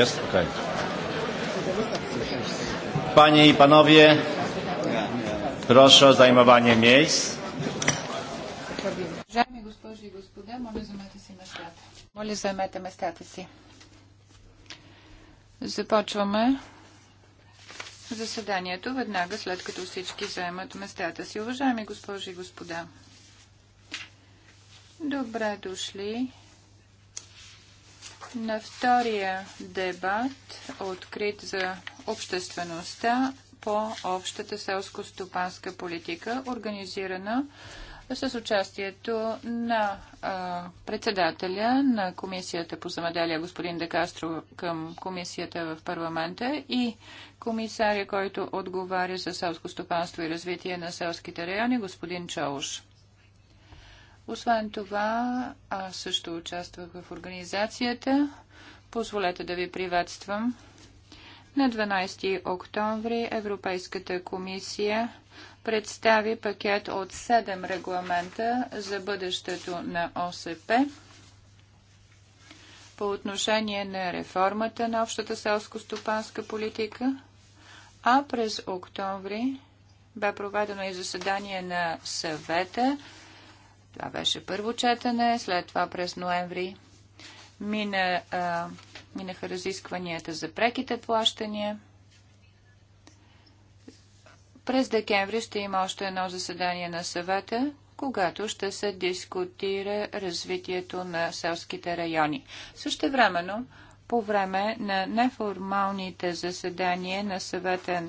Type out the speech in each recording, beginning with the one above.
Jest? Okay. Panie i panowie, proszę o zajmowanie miejsc. Моля заемете местата си. Започваме заседанието веднага след като всички заемат местата си. Уважаеми госпожи и господа, добре дошли на втория дебат, открит за обществеността по общата селско-стопанска политика, организирана с участието на а, председателя на Комисията по замеделие господин Декастро към Комисията в парламента и комисаря, който отговаря за селско стопанство и развитие на селските райони, господин Чоуш. Освен това, аз също участвах в организацията. Позволете да ви приветствам. На 12 октомври Европейската комисия представи пакет от 7 регламента за бъдещето на ОСП по отношение на реформата на общата селско-стопанска политика, а през октомври бе проведено и заседание на съвета това беше първо четене, след това през ноември мина, а, минаха разискванията за преките плащания. През декември ще има още едно заседание на съвета, когато ще се дискутира развитието на селските райони. Също времено, по време на неформалните заседания на съвета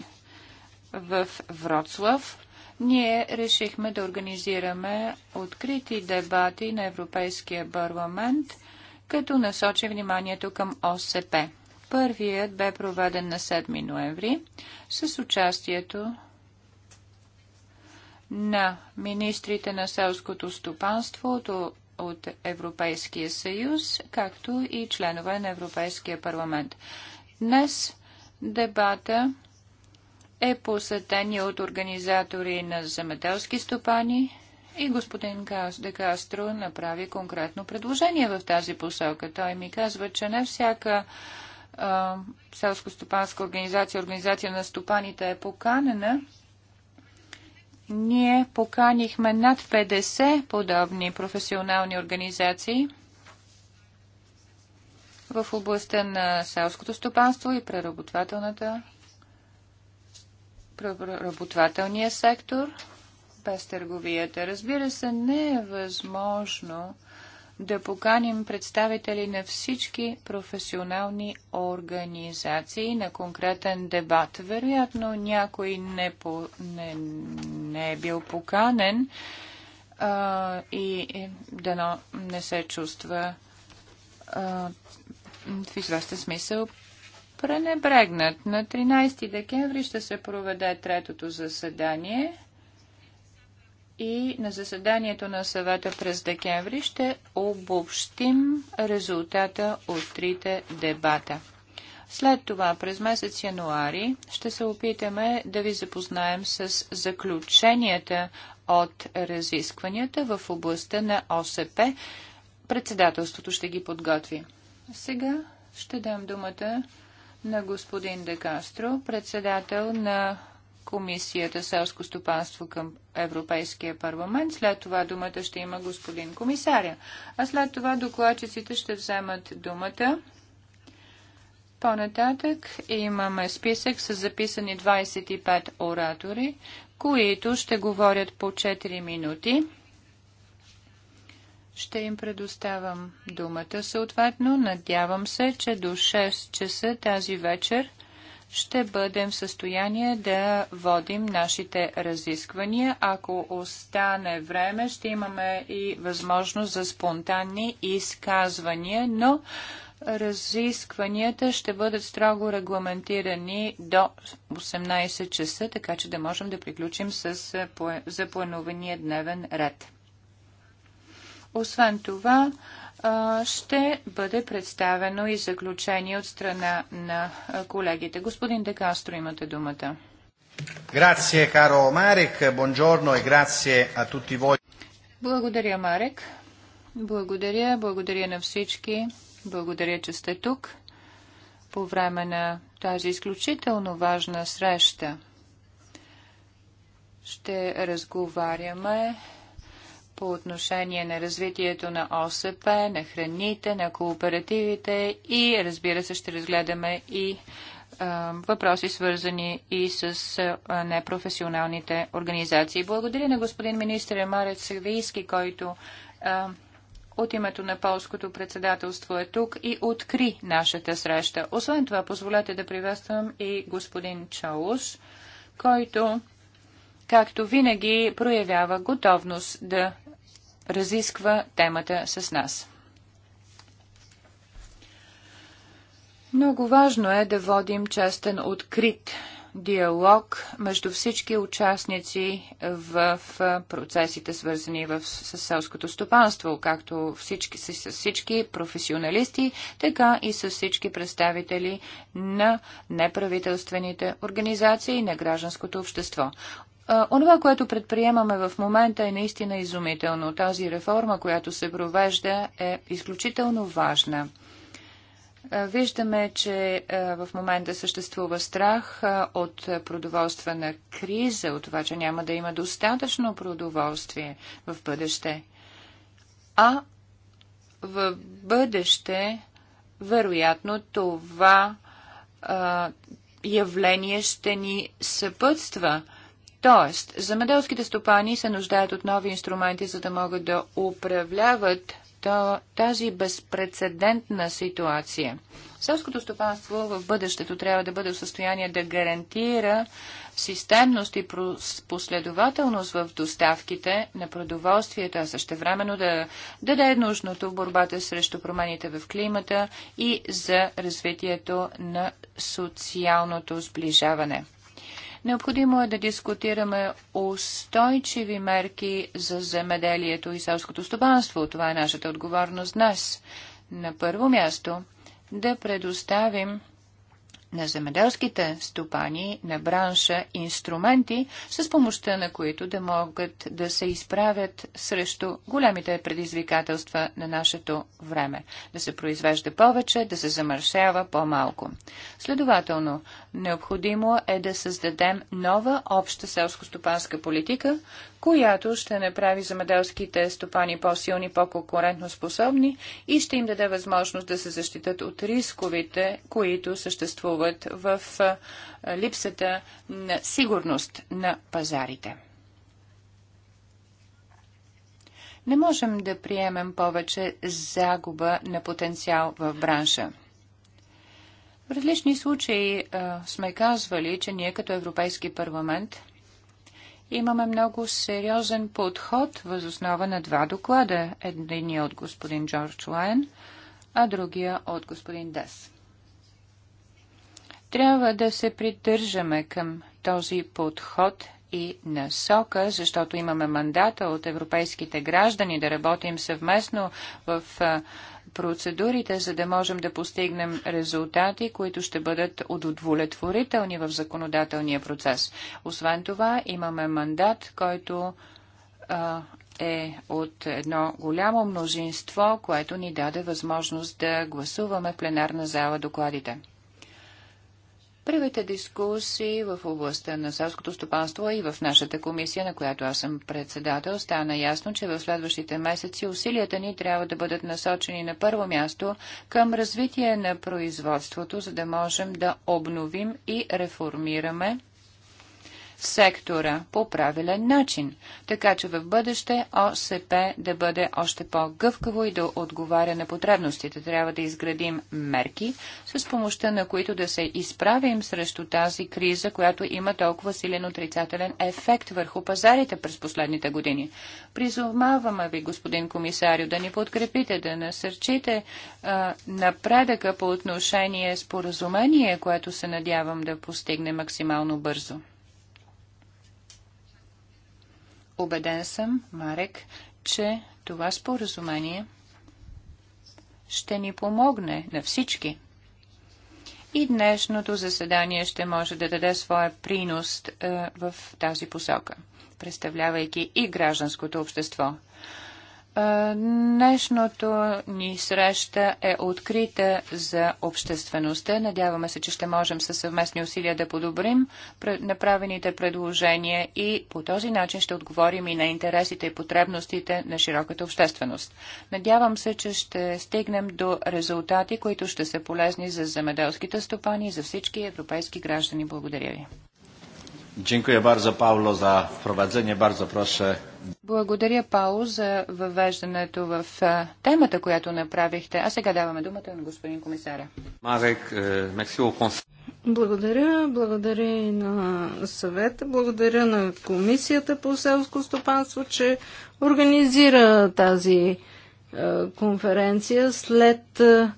в Вроцлав, ние решихме да организираме открити дебати на Европейския парламент, като насочи вниманието към ОСП. Първият бе проведен на 7 ноември с участието на министрите на селското стопанство от Европейския съюз, както и членове на Европейския парламент. Днес дебата е посетени от организатори на земеделски стопани и господин Де Кастро направи конкретно предложение в тази посока. Той ми казва, че не всяка селско-стопанска организация, организация на стопаните е поканена. Ние поканихме над 50 подобни професионални организации в областта на селското стопанство и преработвателната преработвателния сектор, без търговията. Разбира се, не е възможно да поканим представители на всички професионални организации на конкретен дебат. Вероятно, някой не, по, не, не е бил поканен а, и, и дано не се чувства а, в известен смисъл пренебрегнат. На 13 декември ще се проведе третото заседание и на заседанието на съвета през декември ще обобщим резултата от трите дебата. След това през месец януари ще се опитаме да ви запознаем с заключенията от разискванията в областта на ОСП. Председателството ще ги подготви. Сега ще дам думата на господин Де Кастро, председател на Комисията селско стопанство към Европейския парламент. След това думата ще има господин комисаря. А след това докладчиците ще вземат думата. Понататък имаме списък с записани 25 оратори, които ще говорят по 4 минути ще им предоставям думата съответно. Надявам се, че до 6 часа тази вечер ще бъдем в състояние да водим нашите разисквания. Ако остане време, ще имаме и възможност за спонтанни изказвания, но разискванията ще бъдат строго регламентирани до 18 часа, така че да можем да приключим с, запланувания дневен ред. Освен това, ще бъде представено и заключение от страна на колегите. Господин Декастро, имате думата. Грация, каро Марек. Бонжорно и грация a тути вой. Благодаря, Марек. Благодаря, благодаря на всички. Благодаря, че сте тук по време на тази изключително важна среща. Ще разговаряме по отношение на развитието на ОСП, на храните, на кооперативите и разбира се ще разгледаме и въпроси, свързани и с непрофесионалните организации. Благодаря на господин министър Марец Савийски, който от името на полското председателство е тук и откри нашата среща. Освен това, позволете да приветствам и господин Чаус, който, както винаги, проявява готовност да разисква темата с нас. Много важно е да водим честен, открит диалог между всички участници в процесите, свързани в, с селското стопанство, както всички, с всички професионалисти, така и с всички представители на неправителствените организации и на гражданското общество. Онова, което предприемаме в момента е наистина изумително. Тази реформа, която се провежда, е изключително важна. Виждаме, че в момента съществува страх от продоволствена криза, от това, че няма да има достатъчно продоволствие в бъдеще. А в бъдеще, вероятно, това явление ще ни съпътства – Тоест, замеделските стопани се нуждаят от нови инструменти, за да могат да управляват тази безпредседентна ситуация. Селското стопанство в бъдещето трябва да бъде в състояние да гарантира системност и последователност в доставките на продоволствието, а същевременно да даде нужното в борбата срещу промените в климата и за развитието на социалното сближаване. Необходимо е да дискутираме устойчиви мерки за земеделието и селското стопанство. Това е нашата отговорност днес. На първо място да предоставим на земеделските стопани на бранша инструменти, с помощта на които да могат да се изправят срещу големите предизвикателства на нашето време. Да се произвежда повече, да се замършава по-малко. Следователно, необходимо е да създадем нова обща селско-стопанска политика, която ще направи земеделските стопани по-силни, по-конкурентно способни и ще им даде възможност да се защитат от рисковите, които съществуват в липсата на сигурност на пазарите. Не можем да приемем повече загуба на потенциал в бранша. В различни случаи а, сме казвали, че ние като Европейски парламент имаме много сериозен подход възоснова на два доклада. Единият от господин Джордж Лайен, а другия от господин Дес. Трябва да се придържаме към този подход и насока, защото имаме мандата от европейските граждани да работим съвместно в процедурите, за да можем да постигнем резултати, които ще бъдат удовлетворителни в законодателния процес. Освен това, имаме мандат, който а, е от едно голямо мнозинство, което ни даде възможност да гласуваме в пленарна зала докладите първите дискусии в областта на селското стопанство и в нашата комисия, на която аз съм председател, стана ясно, че в следващите месеци усилията ни трябва да бъдат насочени на първо място към развитие на производството, за да можем да обновим и реформираме сектора по правилен начин, така че в бъдеще ОСП да бъде още по-гъвкаво и да отговаря на потребностите. Трябва да изградим мерки, с помощта на които да се изправим срещу тази криза, която има толкова силен отрицателен ефект върху пазарите през последните години. Призумаваме ви, господин комисарио, да ни подкрепите, да насърчите а, напредъка по отношение споразумение, което се надявам да постигне максимално бързо. Обеден съм, Марек, че това споразумение ще ни помогне на всички. И днешното заседание ще може да даде своя принос е, в тази посока, представлявайки и гражданското общество. Днешното ни среща е открита за обществеността. Надяваме се, че ще можем със съвместни усилия да подобрим направените предложения и по този начин ще отговорим и на интересите и потребностите на широката общественост. Надявам се, че ще стигнем до резултати, които ще са полезни за земеделските стопани и за всички европейски граждани. Благодаря ви. Dziękuję bardzo, Bardzo proszę. Благодаря, Пауло, за въвеждането в темата, която направихте. А сега даваме думата на господин комисаря. Марек, е, благодаря, благодаря и на съвета, благодаря на Комисията по селско стопанство, че организира тази е, конференция след е,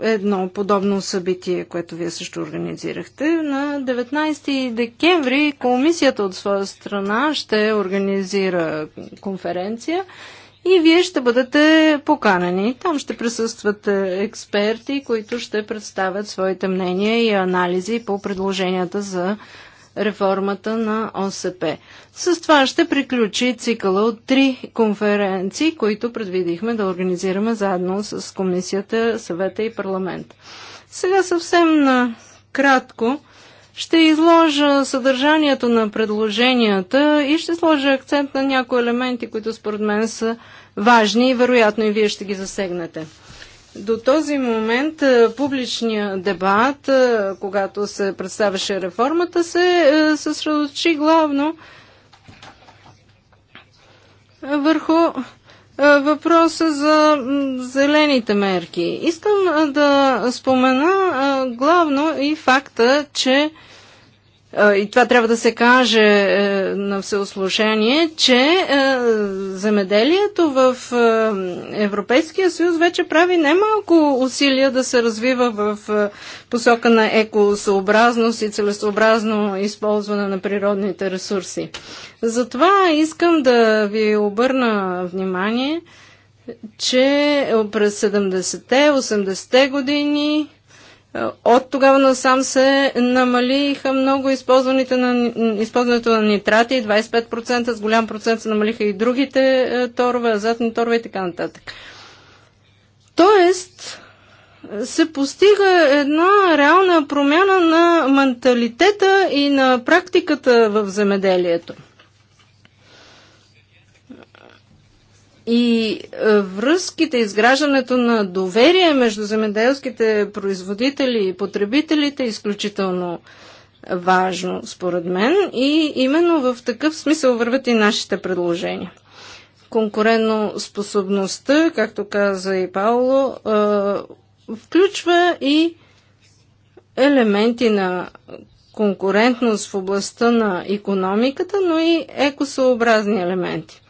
едно подобно събитие, което вие също организирахте. На 19 декември комисията от своя страна ще организира конференция и вие ще бъдете поканени. Там ще присъстват е, експерти, които ще представят своите мнения и анализи по предложенията за реформата на ОСП. С това ще приключи цикъла от три конференции, които предвидихме да организираме заедно с Комисията, съвета и парламент. Сега съвсем на кратко ще изложа съдържанието на предложенията и ще сложа акцент на някои елементи, които според мен са важни и вероятно и вие ще ги засегнете. До този момент е, публичния дебат, е, когато се представяше реформата, се е, съсредоточи главно върху въпроса за зелените мерки. Искам да спомена главно и факта, че и това трябва да се каже е, на всеослушение, че е, земеделието в е, Европейския съюз вече прави немалко усилия да се развива в посока на екосъобразност и целесообразно използване на природните ресурси. Затова искам да ви обърна внимание, че през 70-те, 80-те години от тогава насам се намалиха много използването на, използването на нитрати, 25%, с голям процент се намалиха и другите е, торове, азотни торове и така нататък. Тоест, се постига една реална промяна на менталитета и на практиката в земеделието. И е, връзките, изграждането на доверие между земеделските производители и потребителите е изключително важно, според мен. И именно в такъв смисъл върват и нашите предложения. Конкурентно способността, както каза и Пауло, е, включва и елементи на конкурентност в областта на економиката, но и екосъобразни елементи.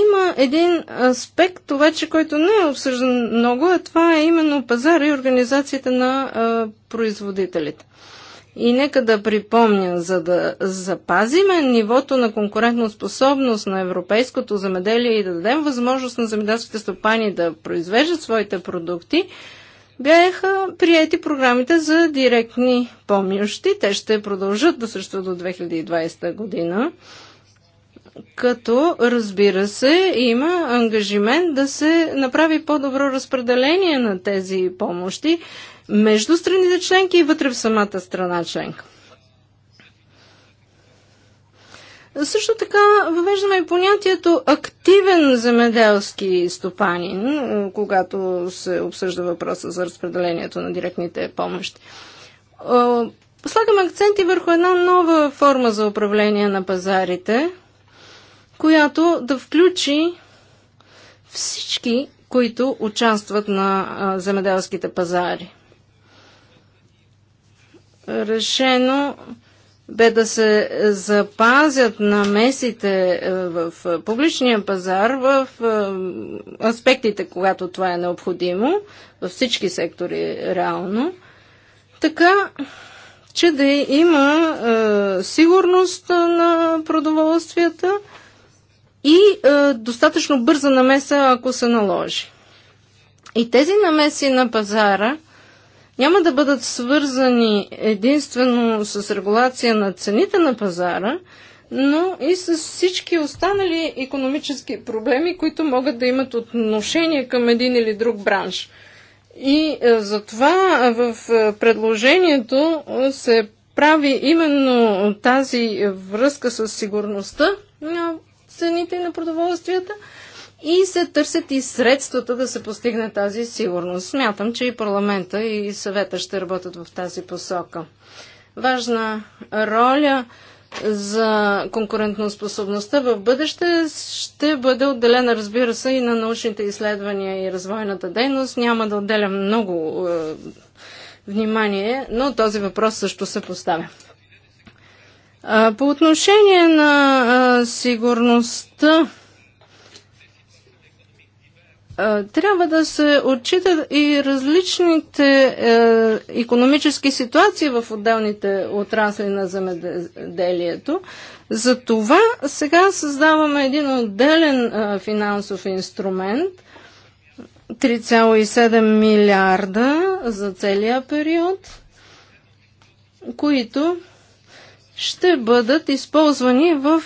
Има един аспект, обаче, който не е обсъждан много, а това е именно пазара и организацията на а, производителите. И нека да припомня, за да запазиме нивото на конкурентоспособност на европейското земеделие и да дадем възможност на земеделските стопани да произвеждат своите продукти, бяха приети програмите за директни помощи. Те ще продължат да съществуват до 2020 година като разбира се има ангажимент да се направи по-добро разпределение на тези помощи между страните членки и вътре в самата страна членка. Също така въвеждаме и понятието активен земеделски стопанин, когато се обсъжда въпроса за разпределението на директните помощи. Слагаме акценти върху една нова форма за управление на пазарите – която да включи всички, които участват на земеделските пазари. Решено бе да се запазят намесите е, в публичния пазар в е, аспектите, когато това е необходимо, във всички сектори реално, така че да има е, сигурност на продоволствията – и е, достатъчно бърза намеса, ако се наложи. И тези намеси на пазара няма да бъдат свързани единствено с регулация на цените на пазара, но и с всички останали економически проблеми, които могат да имат отношение към един или друг бранш. И е, затова в е, предложението се прави именно тази връзка с сигурността на цените на продоволствията и се търсят и средствата да се постигне тази сигурност. Смятам, че и парламента и съвета ще работят в тази посока. Важна роля за конкурентноспособността в бъдеще ще бъде отделена, разбира се, и на научните изследвания и развойната дейност. Няма да отделям много е, внимание, но този въпрос също се поставя. По отношение на сигурността, трябва да се отчитат и различните економически ситуации в отделните отрасли на земеделието. За това сега създаваме един отделен е, финансов инструмент 3,7 милиарда за целия период, които ще бъдат използвани в,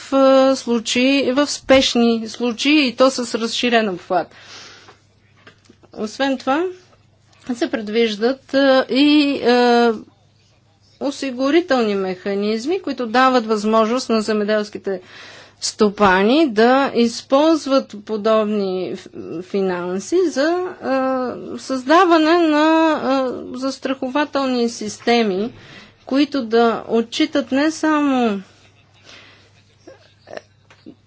случаи, в спешни случаи и то с разширен обхват. Освен това, се предвиждат и осигурителни механизми, които дават възможност на земеделските стопани да използват подобни финанси за а, създаване на а, застрахователни системи които да отчитат не само е,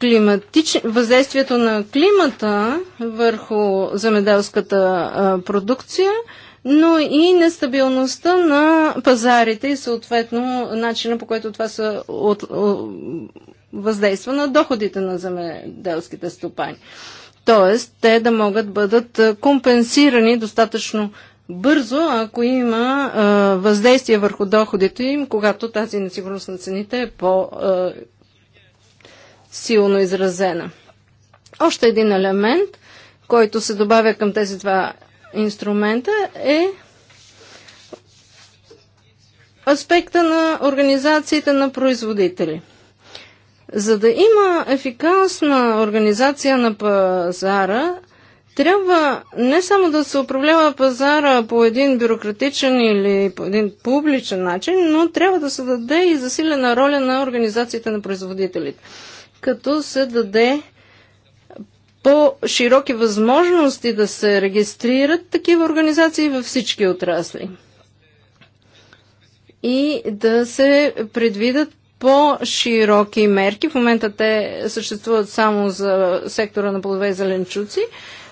климатич... въздействието на климата върху земеделската а, продукция, но и нестабилността на пазарите и съответно начина по който това се от... въздейства на доходите на земеделските стопани. Тоест, те да могат бъдат е, компенсирани достатъчно бързо, ако има а, въздействие върху доходите им, когато тази несигурност на цените е по-силно изразена. Още един елемент, който се добавя към тези два инструмента е аспекта на организациите на производители. За да има ефикасна организация на пазара, трябва не само да се управлява пазара по един бюрократичен или по един публичен начин, но трябва да се даде и засилена роля на организациите на производителите, като се даде по-широки възможности да се регистрират такива организации във всички отрасли и да се предвидат по-широки мерки. В момента те съществуват само за сектора на плодове и зеленчуци,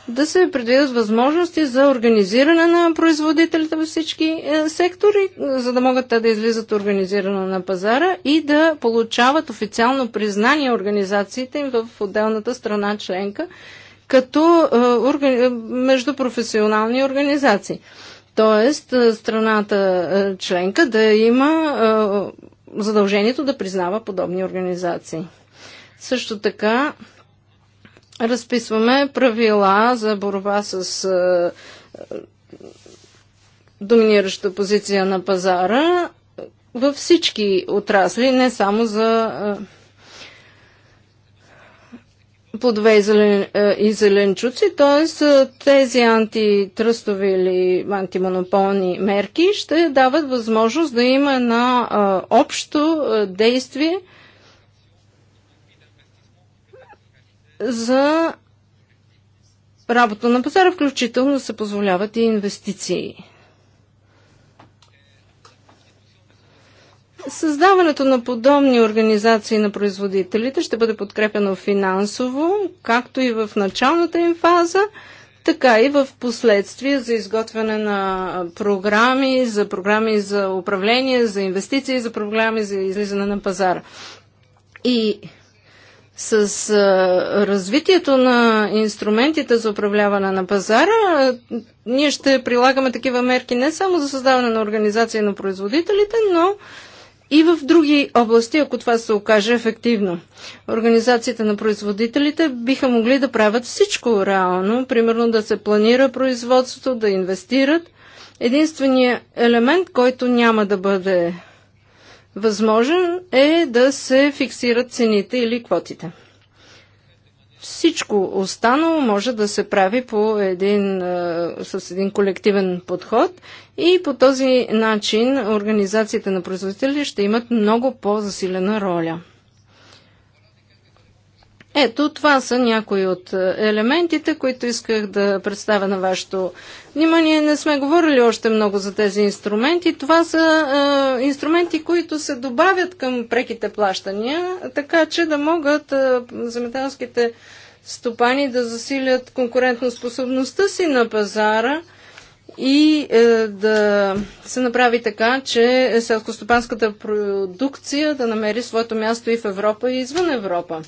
да се предвидят възможности за организиране на производителите във всички е, сектори, е, за да могат те да излизат организирано на пазара и да получават официално признание организациите им в отделната страна членка, като е, междупрофесионални организации. Тоест, страната членка да има задължението да признава подобни организации. Също така, разписваме правила за борба с е, е, доминираща позиция на пазара във всички отрасли, не само за е, плодове и, зелен, и зеленчуци, т.е. тези антитръстови или антимонополни мерки ще дават възможност да има а, общо действие – за работа на пазара, включително да се позволяват и инвестиции. Създаването на подобни организации на производителите ще бъде подкрепено финансово, както и в началната им фаза, така и в последствие за изготвяне на програми, за програми за управление, за инвестиции, за програми за излизане на пазара. И с развитието на инструментите за управляване на пазара, ние ще прилагаме такива мерки не само за създаване на организации на производителите, но и в други области, ако това се окаже ефективно. Организациите на производителите биха могли да правят всичко реално, примерно да се планира производството, да инвестират. Единственият елемент, който няма да бъде възможен е да се фиксират цените или квотите. Всичко останало може да се прави по един, с един колективен подход и по този начин организациите на производители ще имат много по-засилена роля. Ето, това са някои от е, елементите, които исках да представя на вашето внимание. Не сме говорили още много за тези инструменти. Това са е, инструменти, които се добавят към преките плащания, така че да могат е, земеделските стопани да засилят конкурентоспособността си на пазара и е, да се направи така, че селскостопанската продукция да намери своето място и в Европа, и извън Европа.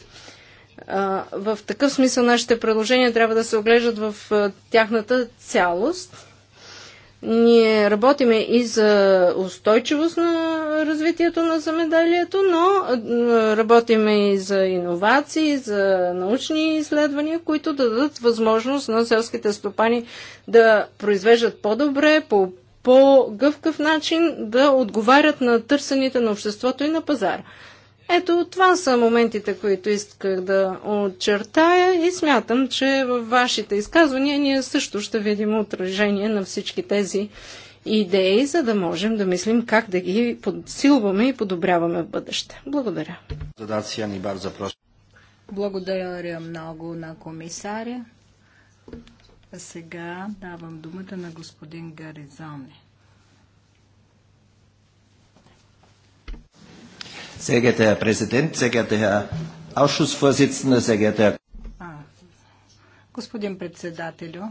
В такъв смисъл нашите предложения трябва да се оглеждат в тяхната цялост. Ние работиме и за устойчивост на развитието на замедалието, но работиме и за иновации, за научни изследвания, които да дадат възможност на селските стопани да произвеждат по-добре, по по-гъвкав начин да отговарят на търсените на обществото и на пазара. Ето това са моментите, които исках да очертая и смятам, че във вашите изказвания ние също ще видим отражение на всички тези идеи, за да можем да мислим как да ги подсилваме и подобряваме в бъдеще. Благодаря. Благодаря много на комисаря. Сега давам думата на господин Гаризоне. Sehr geehrter Herr Präsident, sehr geehrter Herr Ausschussvorsitzender, sehr geehrter Herr Господин председателю,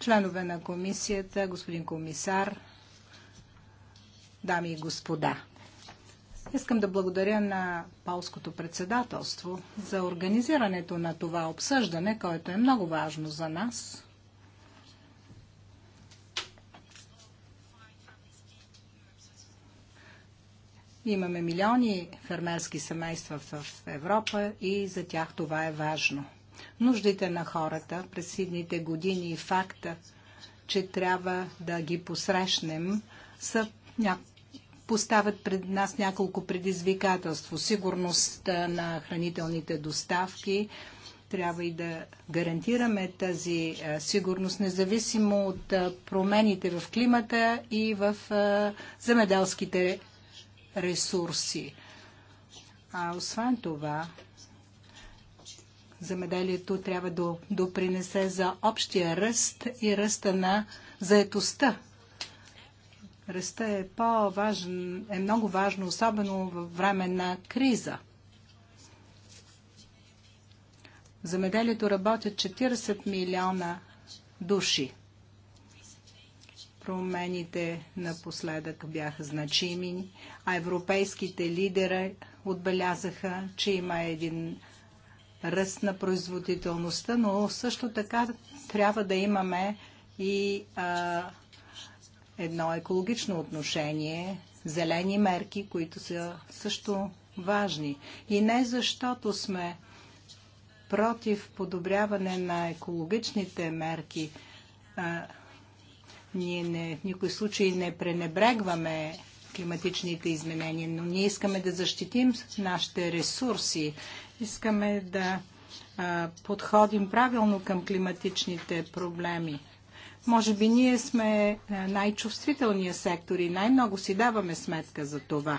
членове на комисията, господин комисар, дами и господа. Искам да благодаря на Палското председателство за организирането на това обсъждане, което е много важно за нас. Имаме милиони фермерски семейства в Европа и за тях това е важно. Нуждите на хората през седните години и факта, че трябва да ги посрещнем, са ня... поставят пред нас няколко предизвикателство. Сигурността на хранителните доставки, трябва и да гарантираме тази сигурност, независимо от промените в климата и в земеделските ресурси. А освен това, земеделието трябва да допринесе за общия ръст и ръста на заетостта. Ръста е по-важен, е много важно, особено в време на криза. Замеделието работят 40 милиона души – Промените напоследък бяха значими, а европейските лидери отбелязаха, че има един ръст на производителността, но също така трябва да имаме и а, едно екологично отношение, зелени мерки, които са също важни. И не защото сме против подобряване на екологичните мерки, а, ние не, в никой случай не пренебрегваме климатичните изменения, но ние искаме да защитим нашите ресурси. Искаме да а, подходим правилно към климатичните проблеми. Може би ние сме най-чувствителният сектор и най-много си даваме сметка за това.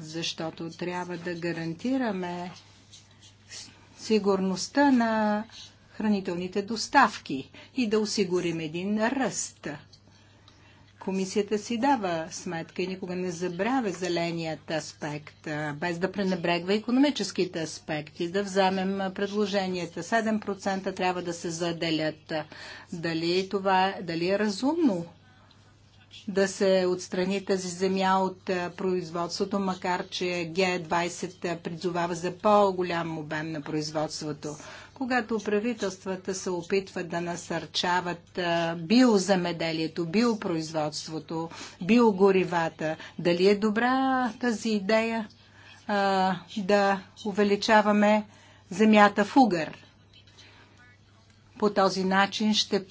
Защото трябва да гарантираме сигурността на хранителните доставки и да осигурим един ръст. Комисията си дава сметка и никога не забравя зеленият аспект, без да пренебрегва економическите аспекти, да вземем предложенията. 7% трябва да се заделят. Дали, това, дали е разумно да се отстрани тази земя от производството, макар че Г20 призовава за по-голям обем на производството когато правителствата се опитват да насърчават биоземеделието, биопроизводството, биогоривата, дали е добра тази идея а, да увеличаваме земята в угър? По този начин ще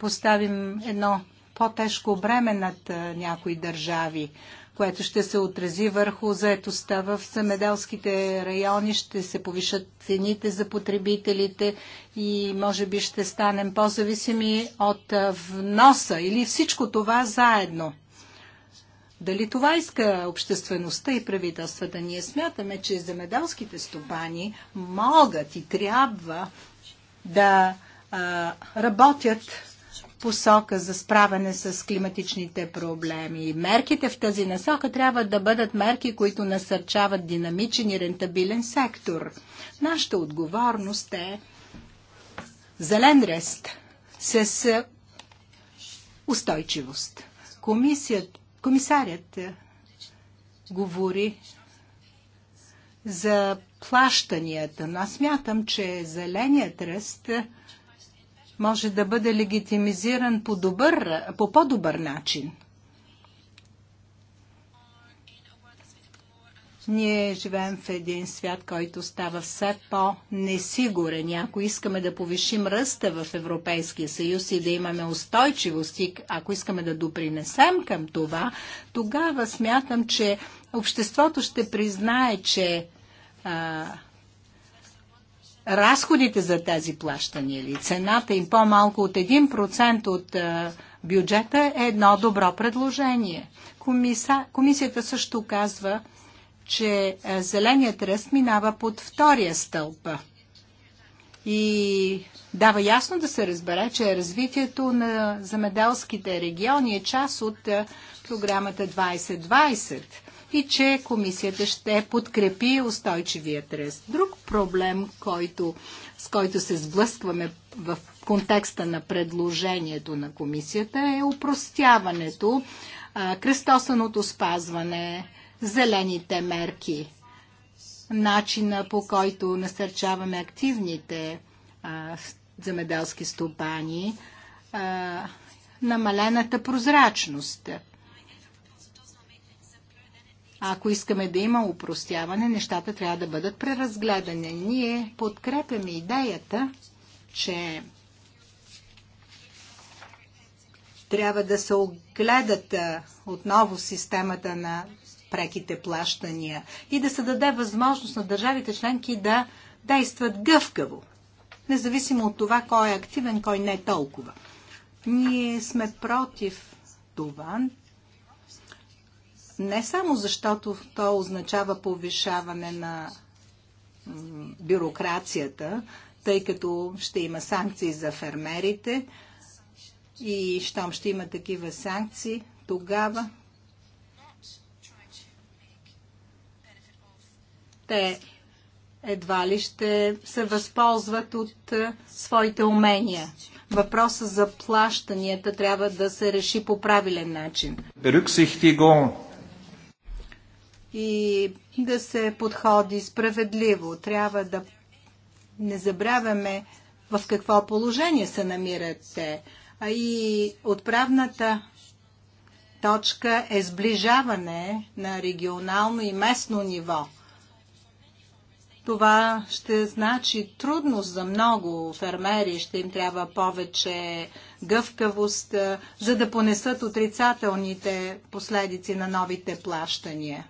поставим едно по-тежко бреме над някои държави което ще се отрази върху заетостта в земеделските райони, ще се повишат цените за потребителите и може би ще станем по-зависими от вноса или всичко това заедно. Дали това иска обществеността и правителствата? Ние смятаме, че земеделските стопани могат и трябва да а, работят посока за справяне с климатичните проблеми. Мерките в тази насока трябва да бъдат мерки, които насърчават динамичен и рентабилен сектор. Нашата отговорност е зелен рест с устойчивост. Комисият, комисарят говори за плащанията, но аз мятам, че зеленият ръст може да бъде легитимизиран по, добър, по по-добър начин. Ние живеем в един свят, който става все по-несигурен. Ако искаме да повишим ръста в Европейския съюз и да имаме устойчивост, и ако искаме да допринесем към това, тогава смятам, че обществото ще признае, че а, разходите за тези плащания или цената им по-малко от 1% от бюджета е едно добро предложение. Комиса, комисията също казва, че зеленият ръст минава под втория стълб и дава ясно да се разбере, че развитието на замеделските региони е част от програмата 2020 и че комисията ще подкрепи устойчивият ръст. Друг проблем, който, с който се сблъскваме в контекста на предложението на комисията е упростяването, кръстосаното спазване, зелените мерки, начина по който насърчаваме активните а, земеделски стопани, намалената прозрачност. Ако искаме да има упростяване, нещата трябва да бъдат преразгледани. Ние подкрепяме идеята, че трябва да се огледат отново системата на преките плащания и да се даде възможност на държавите членки да действат гъвкаво, независимо от това кой е активен, кой не е толкова. Ние сме против това не само защото то означава повишаване на бюрокрацията, тъй като ще има санкции за фермерите и щом ще има такива санкции, тогава те едва ли ще се възползват от е, своите умения. Въпросът за плащанията трябва да се реши по правилен начин и да се подходи справедливо. Трябва да не забравяме в какво положение се намират те. А и отправната точка е сближаване на регионално и местно ниво. Това ще значи трудност за много фермери, ще им трябва повече гъвкавост, за да понесат отрицателните последици на новите плащания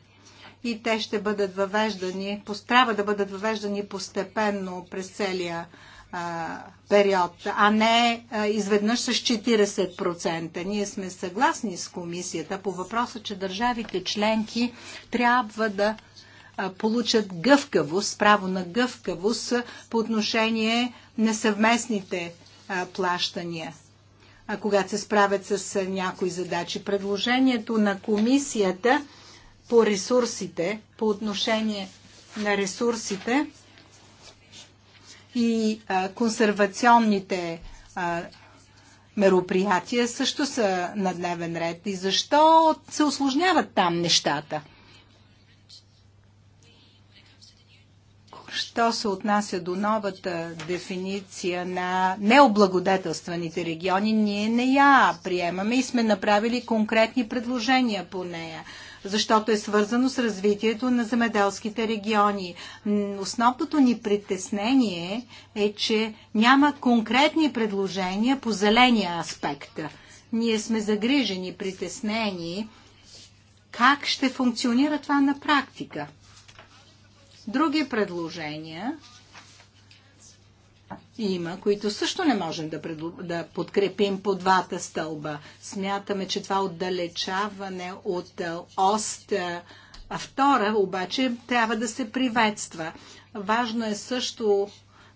и те ще бъдат въвеждани, трябва да бъдат въвеждани постепенно през целия а, период, а не а, изведнъж с 40%. Ние сме съгласни с комисията по въпроса, че държавите членки трябва да получат гъвкавост, право на гъвкавост по отношение на съвместните плащания, когато се справят с някои задачи. Предложението на комисията по ресурсите, по отношение на ресурсите и а, консервационните а, мероприятия също са на дневен ред. И защо се осложняват там нещата? Що се отнася до новата дефиниция на необлагодетелстваните региони, ние не я приемаме и сме направили конкретни предложения по нея защото е свързано с развитието на земеделските региони. Основното ни притеснение е, че няма конкретни предложения по зеления аспект. Ние сме загрижени, притеснени как ще функционира това на практика. Други предложения има, които също не можем да, предл... да подкрепим по двата стълба. Смятаме, че това отдалечаване от е, ОСТ е, а втора обаче трябва да се приветства. Важно е също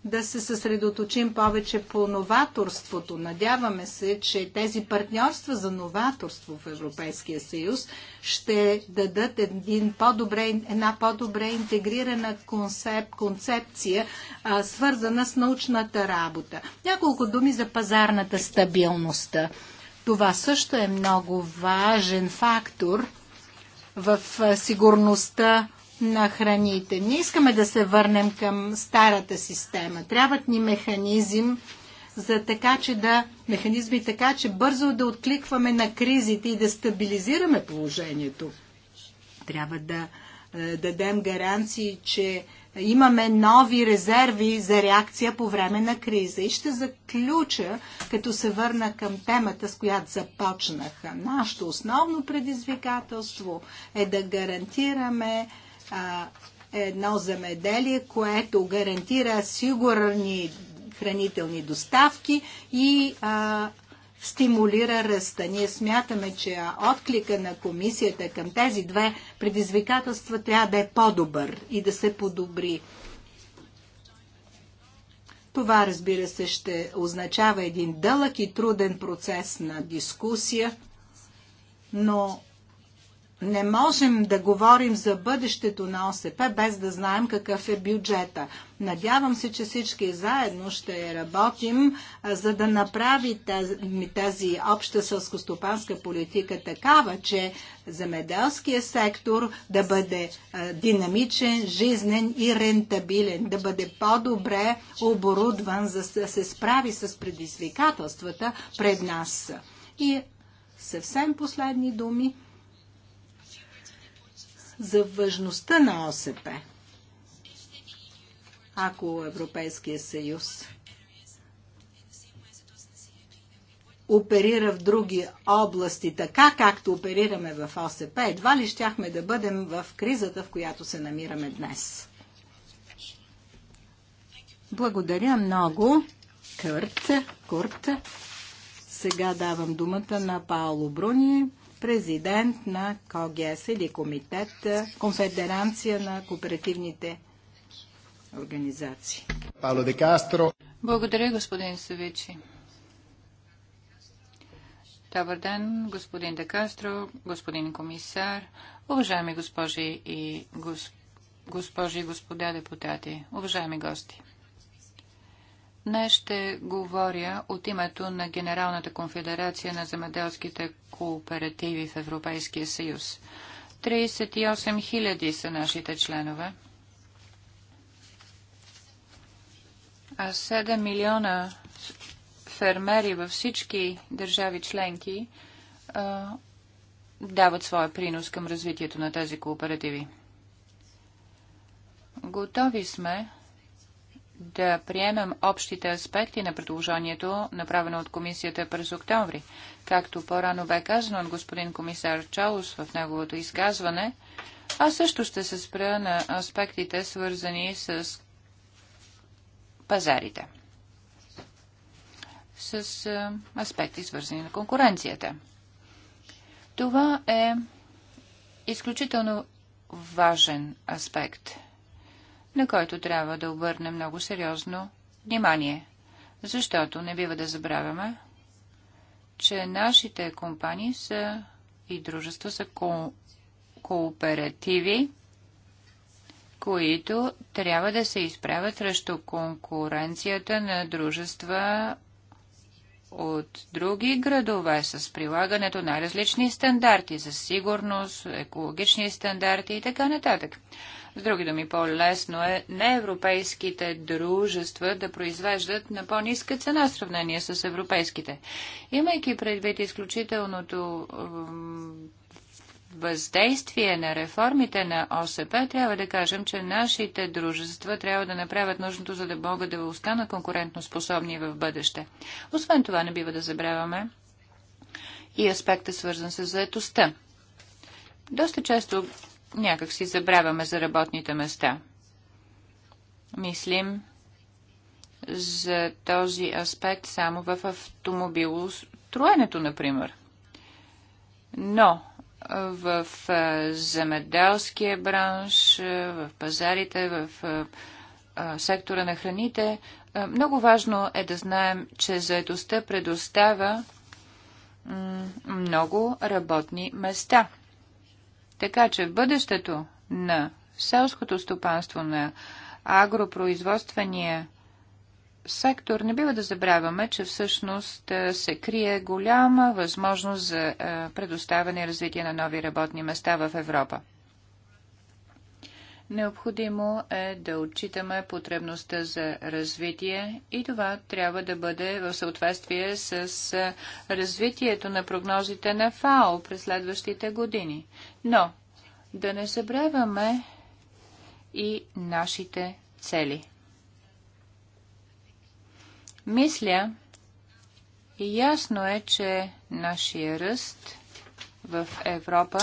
да се съсредоточим повече по новаторството. Надяваме се, че тези партньорства за новаторство в Европейския съюз ще дадат един по-добре, една по-добре интегрирана концеп, концепция, а, свързана с научната работа. Няколко думи за пазарната стабилност. Това също е много важен фактор в сигурността на храните. Не искаме да се върнем към старата система. Трябват ни механизъм, за така, че да, механизми така, че бързо да откликваме на кризите и да стабилизираме положението. Трябва да е, дадем гаранции, че имаме нови резерви за реакция по време на криза. И ще заключа, като се върна към темата, с която започнаха. Нашето основно предизвикателство е да гарантираме а, едно замеделие, което гарантира сигурни хранителни доставки и а, стимулира ръста. Ние смятаме, че отклика на комисията към тези две предизвикателства трябва да е по-добър и да се подобри. Това, разбира се, ще означава един дълъг и труден процес на дискусия, но не можем да говорим за бъдещето на ОСП без да знаем какъв е бюджета. Надявам се, че всички заедно ще работим, за да направи тази, тази обща сълскостопанска политика такава, че земеделския сектор да бъде динамичен, жизнен и рентабилен, да бъде по-добре оборудван, за да се справи с предизвикателствата пред нас. И съвсем последни думи за важността на ОСП. Ако Европейския съюз оперира в други области, така както оперираме в ОСП, едва ли щяхме да бъдем в кризата, в която се намираме днес. Благодаря много, Кърт. Курт. Сега давам думата на Паоло Бруни, президент на КОГС или комитет, конфедерация на кооперативните организации. Пауло де Кастро. Благодаря, господин Савичи. Добър ден, господин Де Кастро, господин комисар, уважаеми госпожи и, госп... госпожи и господа депутати, уважаеми гости. Днес ще говоря от името на Генералната конфедерация на земеделските кооперативи в Европейския съюз. 38 000 са нашите членове, а 7 милиона фермери във всички държави членки а, дават своя принос към развитието на тези кооперативи. Готови сме да приемем общите аспекти на предложението, направено от комисията през октомври. Както по-рано бе казано от господин комисар Чаус в неговото изказване, а също ще се спра на аспектите, свързани с пазарите. С аспекти, свързани на конкуренцията. Това е изключително важен аспект – на който трябва да обърне много сериозно внимание, защото не бива да забравяме, че нашите компании са и дружества са ко- кооперативи, които трябва да се изправят срещу конкуренцията на дружества от други градове с прилагането на различни стандарти за сигурност, екологични стандарти и така нататък. С други думи, по-лесно е неевропейските дружества да произвеждат на по-ниска цена в сравнение с европейските. Имайки предвид изключителното въздействие на реформите на ОСП, трябва да кажем, че нашите дружества трябва да направят нужното, за да могат да останат конкурентно способни в бъдеще. Освен това, не бива да забравяме и аспекта свързан с заетостта. Доста често някак си забравяме за работните места. Мислим за този аспект само в автомобилостроенето, например. Но в земеделския бранш, в пазарите, в сектора на храните, много важно е да знаем, че заедостта предоставя много работни места – така че в бъдещето на селското стопанство, на агропроизводствения сектор, не бива да забравяме, че всъщност е, се крие голяма възможност за е, предоставяне и развитие на нови работни места в Европа. Необходимо е да отчитаме потребността за развитие и това трябва да бъде в съответствие с развитието на прогнозите на ФАО през следващите години. Но да не забравяме и нашите цели. Мисля, и ясно е, че нашия ръст в Европа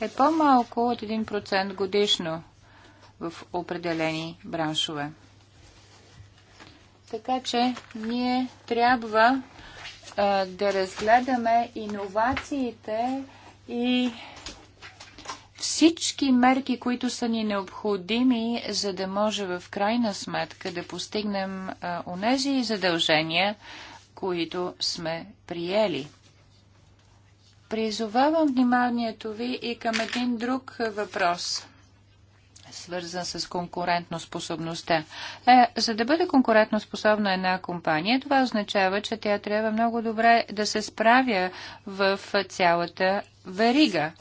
е по-малко от 1% годишно в определени браншове. Така че ние трябва а, да разгледаме иновациите и всички мерки, които са ни необходими, за да може в крайна сметка да постигнем а, онези задължения, които сме приели. Призовавам вниманието ви и към един друг въпрос свързан с конкурентноспособността. Е, за да бъде конкурентноспособна една компания, това означава, че тя трябва много добре да се справя в цялата верига.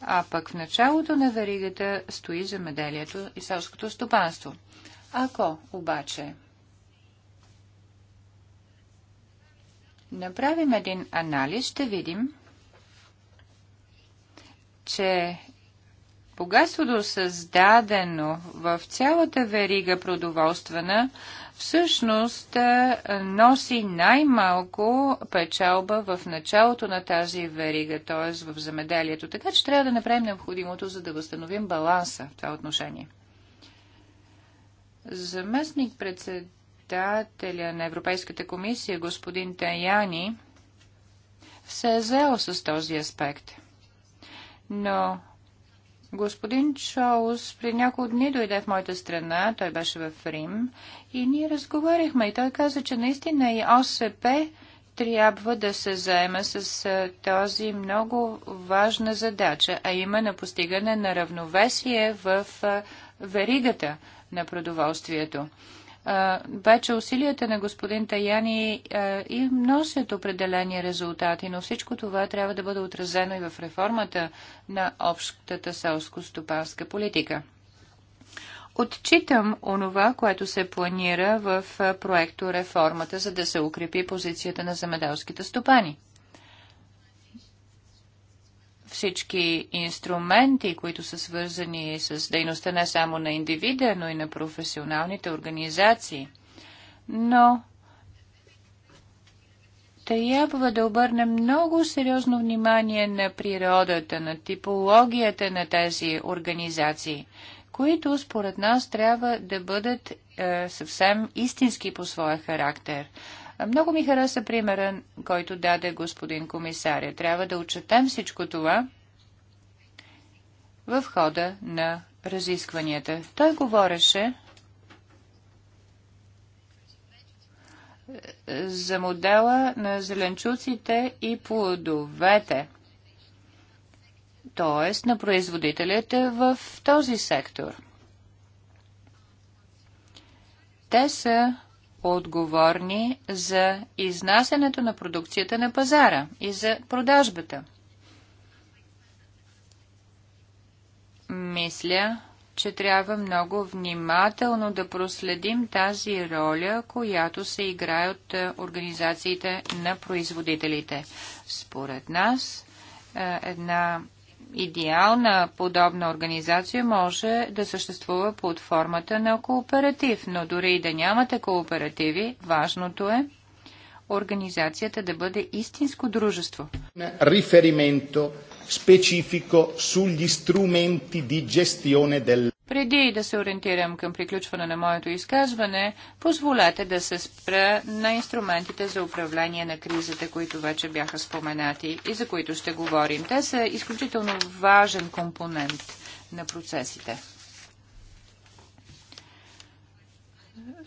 А пък в началото на веригата стои земеделието и селското стопанство. Ако обаче направим един анализ, ще видим, че богатството създадено в цялата верига продоволствена, всъщност е, носи най-малко печалба в началото на тази верига, т.е. в замеделието. Така че трябва да направим необходимото, за да възстановим баланса в това отношение. Заместник председателя на Европейската комисия, господин Таяни, се е заел с този аспект. Но Господин Чоус при няколко дни дойде в моята страна, той беше в Рим, и ние разговаряхме и той каза, че наистина и ОСП трябва да се заема с този много важна задача, а именно постигане на равновесие в веригата на продоволствието вече усилията на господин Таяни и носят определени резултати, но всичко това трябва да бъде отразено и в реформата на общата селско-стопанска политика. Отчитам онова, което се планира в проекто реформата, за да се укрепи позицията на земеделските стопани всички инструменти, които са свързани с дейността не само на индивида, но и на професионалните организации. Но трябва да обърнем много сериозно внимание на природата, на типологията на тези организации, които според нас трябва да бъдат е, съвсем истински по своя характер. Много ми хареса примера, който даде господин комисаря. Трябва да отчетем всичко това в хода на разискванията. Той говореше за модела на зеленчуците и плодовете, т.е. на производителите в този сектор. Те са отговорни за изнасянето на продукцията на пазара и за продажбата. Мисля, че трябва много внимателно да проследим тази роля, която се играе от е, организациите на производителите. Според нас, е, една идеална подобна организация може да съществува под формата на кооператив, но дори и да нямате кооперативи, важното е организацията да бъде истинско дружество. Риферименто специфико sugli инструменти ди gestione дел преди да се ориентирам към приключване на моето изказване, позволете да се спра на инструментите за управление на кризата, които вече бяха споменати и за които ще говорим. Те са изключително важен компонент на процесите.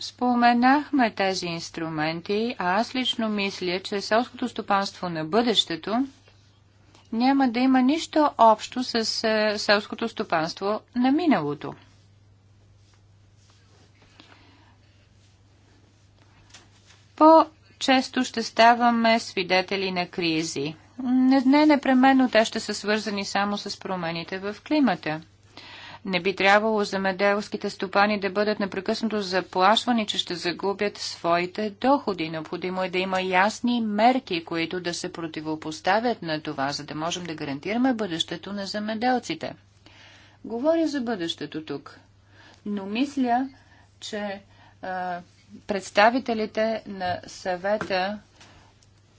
Споменахме тези инструменти, а аз лично мисля, че селското стопанство на бъдещето няма да има нищо общо с е, селското стопанство на миналото. По-често ще ставаме свидетели на кризи. Не, не непременно те ще са свързани само с промените в климата – не би трябвало земеделските стопани да бъдат непрекъснато заплашвани, че ще загубят своите доходи. Необходимо е да има ясни мерки, които да се противопоставят на това, за да можем да гарантираме бъдещето на земеделците. Говоря за бъдещето тук, но мисля, че а, представителите на съвета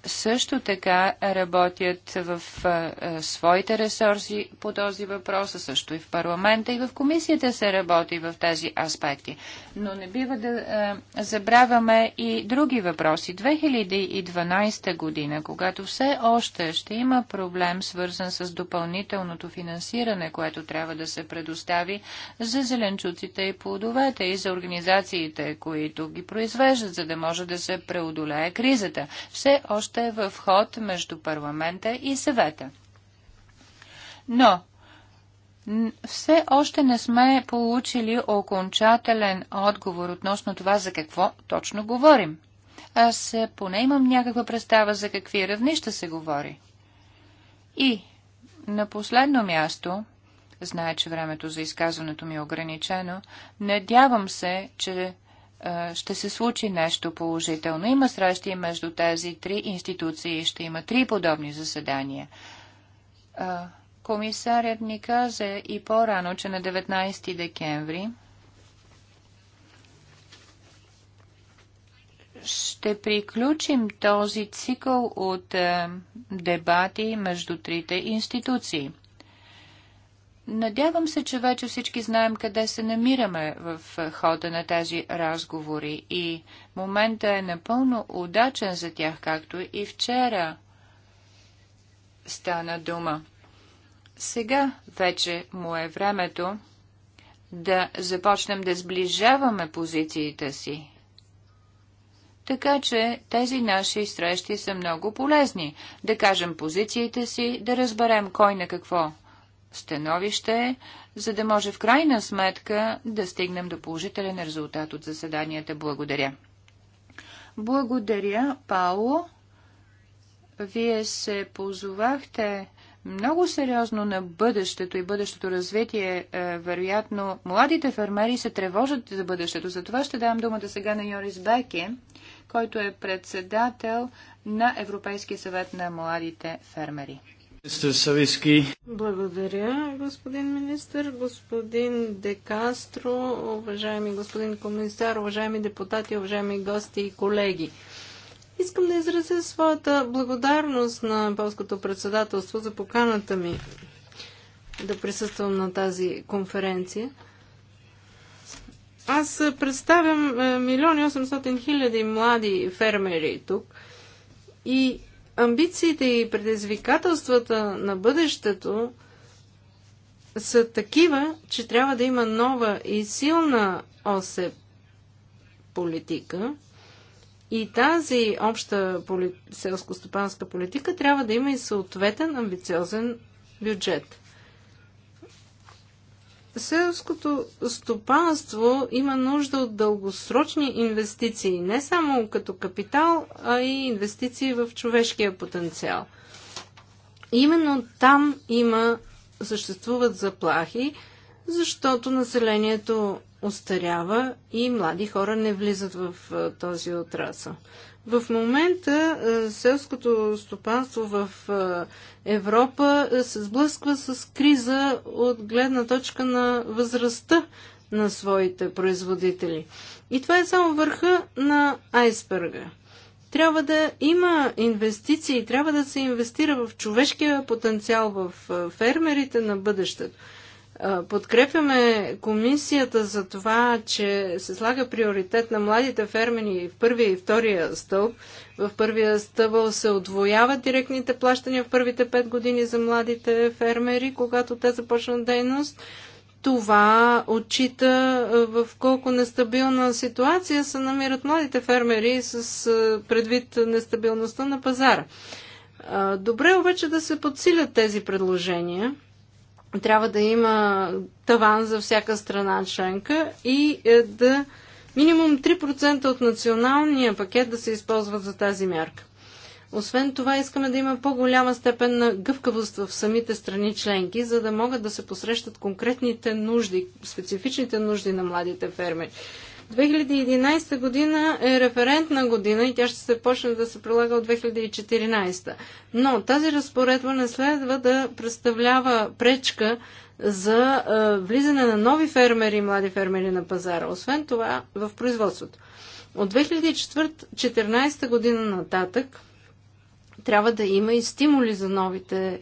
също така работят в а, своите ресурси по този въпрос, а също и в парламента и в комисията се работи в тези аспекти. Но не бива да а, забравяме и други въпроси. 2012 година, когато все още ще има проблем свързан с допълнителното финансиране, което трябва да се предостави за зеленчуците и плодовете и за организациите, които ги произвеждат, за да може да се преодолее кризата. Все още още в ход между парламента и съвета. Но все още не сме получили окончателен отговор относно това за какво точно говорим. Аз е, поне имам някаква представа за какви равнища се говори. И на последно място, знае, че времето за изказването ми е ограничено, надявам се, че ще се случи нещо положително. Има срещи между тези три институции. Ще има три подобни заседания. Комисарят ни каза и по-рано, че на 19 декември ще приключим този цикъл от дебати между трите институции. Надявам се, че вече всички знаем къде се намираме в хода на тези разговори и момента е напълно удачен за тях, както и вчера стана дума. Сега вече му е времето да започнем да сближаваме позициите си. Така че тези наши срещи са много полезни. Да кажем позициите си, да разберем кой на какво становище, за да може в крайна сметка да стигнем до положителен резултат от заседанията. Благодаря. Благодаря, Пауло. Вие се позовахте много сериозно на бъдещето и бъдещото развитие. Е, вероятно, младите фермери се тревожат за бъдещето. Затова ще дам думата сега на Йорис Беке, който е председател на Европейския съвет на младите фермери. Благодаря, господин министър, господин Декастро, уважаеми господин комисар, уважаеми депутати, уважаеми гости и колеги. Искам да изразя своята благодарност на полското председателство за поканата ми да присъствам на тази конференция. Аз представям е, милиони 800 хиляди млади фермери тук и амбициите и предизвикателствата на бъдещето са такива, че трябва да има нова и силна ОСЕ политика. И тази обща поли... селско-стопанска политика трябва да има и съответен амбициозен бюджет селското стопанство има нужда от дългосрочни инвестиции, не само като капитал, а и инвестиции в човешкия потенциал. Именно там има, съществуват заплахи, защото населението остарява и млади хора не влизат в този отрасъл. В момента селското стопанство в Европа се сблъсква с криза от гледна точка на възрастта на своите производители. И това е само върха на айсберга. Трябва да има инвестиции, трябва да се инвестира в човешкия потенциал в фермерите на бъдещето. Подкрепяме комисията за това, че се слага приоритет на младите фермери в първия и втория стълб. В първия стълб се отвояват директните плащания в първите пет години за младите фермери, когато те започнат дейност. Това отчита в колко нестабилна ситуация се намират младите фермери с предвид нестабилността на пазара. Добре е обаче да се подсилят тези предложения трябва да има таван за всяка страна членка и е, да минимум 3% от националния пакет да се използват за тази мярка. Освен това, искаме да има по-голяма степен на гъвкавост в самите страни членки, за да могат да се посрещат конкретните нужди, специфичните нужди на младите фермери. 2011 година е референтна година и тя ще се почне да се прилага от 2014. Но тази разпоредба не следва да представлява пречка за е, влизане на нови фермери и млади фермери на пазара, освен това в производството. От 2014 година нататък трябва да има и стимули за новите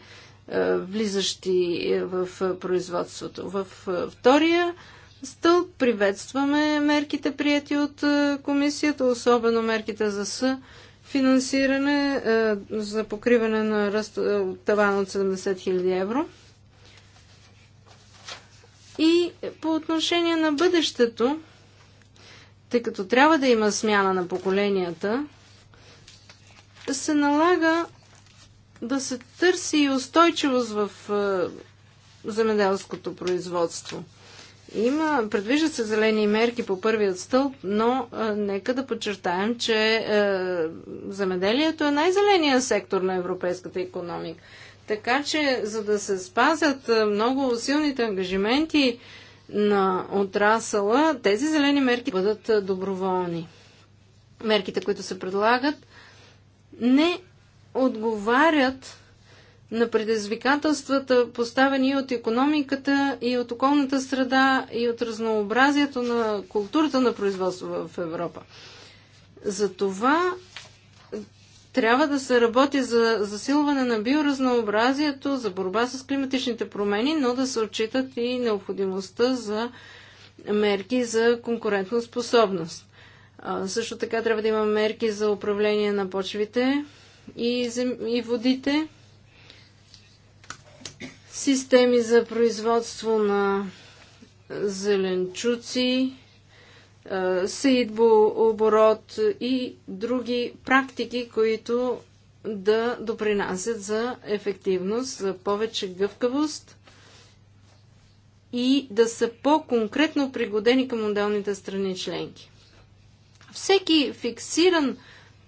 е, влизащи в производството. В втория стълб. Приветстваме мерките, прияти от е, комисията, особено мерките за С финансиране е, за покриване на ръст, е, таван от 70 000 евро. И по отношение на бъдещето, тъй като трябва да има смяна на поколенията, се налага да се търси и устойчивост в земеделското производство – има, предвижда се зелени мерки по първият стълб, но а, нека да подчертаем, че а, замеделието е най зеления сектор на европейската економика. Така че, за да се спазят а, много силните ангажименти на отрасъла, тези зелени мерки бъдат доброволни. Мерките, които се предлагат, не отговарят на предизвикателствата, поставени от економиката и от околната среда и от разнообразието на културата на производство в Европа. Затова трябва да се работи за засилване на биоразнообразието, за борба с климатичните промени, но да се отчитат и необходимостта за мерки за конкурентоспособност. Също така трябва да има мерки за управление на почвите и, зем... и водите системи за производство на зеленчуци, сейдбо оборот и други практики, които да допринасят за ефективност, за повече гъвкавост и да са по-конкретно пригодени към отделните страни членки. Всеки фиксиран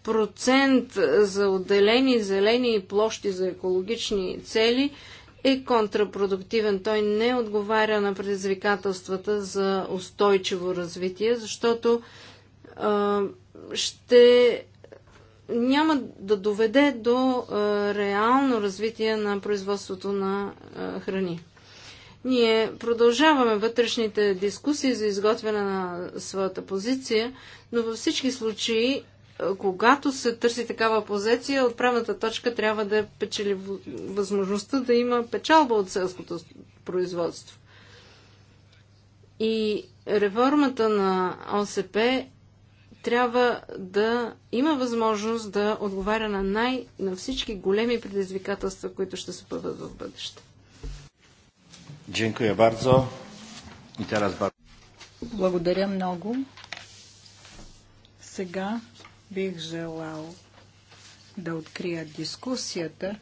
процент за отделени зелени площи за екологични цели – е контрапродуктивен. Той не отговаря на предизвикателствата за устойчиво развитие, защото а, ще няма да доведе до а, реално развитие на производството на а, храни. Ние продължаваме вътрешните дискусии за изготвяне на своята позиция, но във всички случаи когато се търси такава позиция, отправната точка трябва да е печели възможността да има печалба от селското производство. И реформата на ОСП трябва да има възможност да отговаря на най- на всички големи предизвикателства, които ще се появят в бъдеще. Благодаря много. Сега Бих желал да открия дискусията.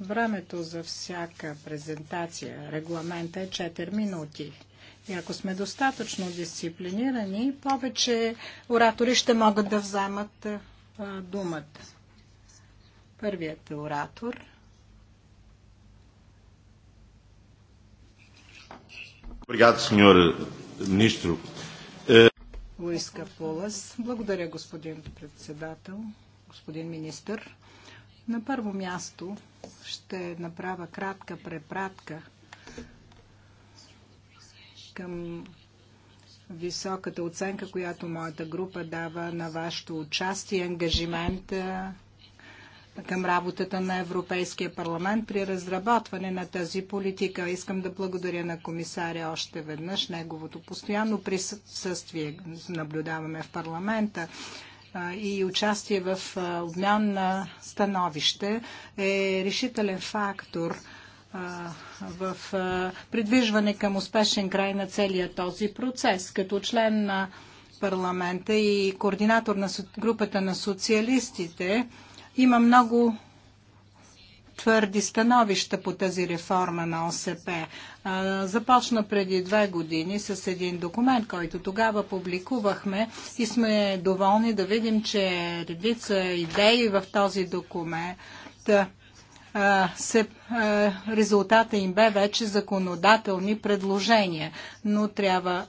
Времето за всяка презентация, регламента е 4 минути. И ако сме достатъчно дисциплинирани, повече оратори ще могат да вземат а, думата. Първият е оратор. Obrigado, Sr. Ministro. Луиска Полас. Благодаря, господин председател, господин министър. На първо място ще направя кратка препратка към високата оценка, която моята група дава на вашето участие и ангажимент към работата на Европейския парламент при разработване на тази политика. Искам да благодаря на комисаря още веднъж неговото постоянно присъствие наблюдаваме в парламента и участие в обмян на становище е решителен фактор в придвижване към успешен край на целия този процес. Като член на парламента и координатор на групата на социалистите, има много твърди становища по тази реформа на ОСП. Започна преди две години с един документ, който тогава публикувахме и сме доволни да видим, че редица идеи в този документ се, резултата им бе вече законодателни предложения, но трябва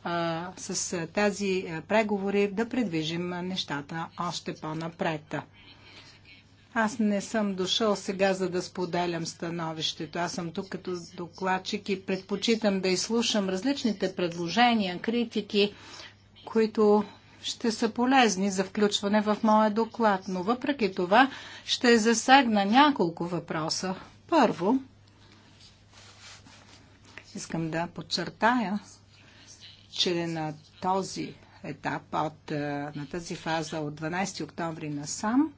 с тези преговори да предвижим нещата още по-напред. Аз не съм дошъл сега, за да споделям становището. Аз съм тук като докладчик и предпочитам да изслушам различните предложения, критики, които ще са полезни за включване в моя доклад, но въпреки това ще засегна няколко въпроса. Първо, искам да подчертая, че на този етап, от, на тази фаза от 12 октомври насам,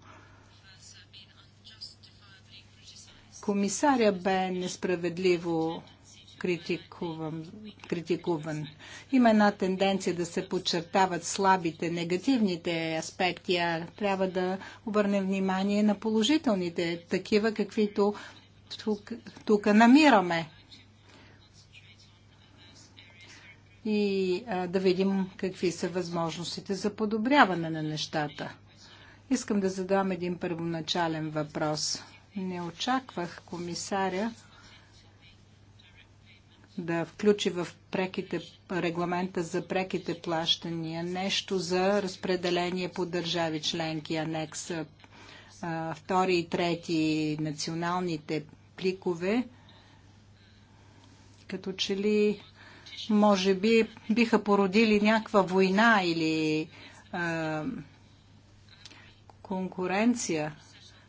комисаря бе несправедливо критикуван, критикуван. Има една тенденция да се подчертават слабите, негативните аспекти, а трябва да обърнем внимание на положителните, такива каквито тук, тук намираме. И а, да видим какви са възможностите за подобряване на нещата. Искам да задам един първоначален въпрос не очаквах комисаря да включи в преките, регламента за преките плащания нещо за разпределение по държави членки, анекс а, втори и трети националните пликове, като че ли може би биха породили някаква война или а, конкуренция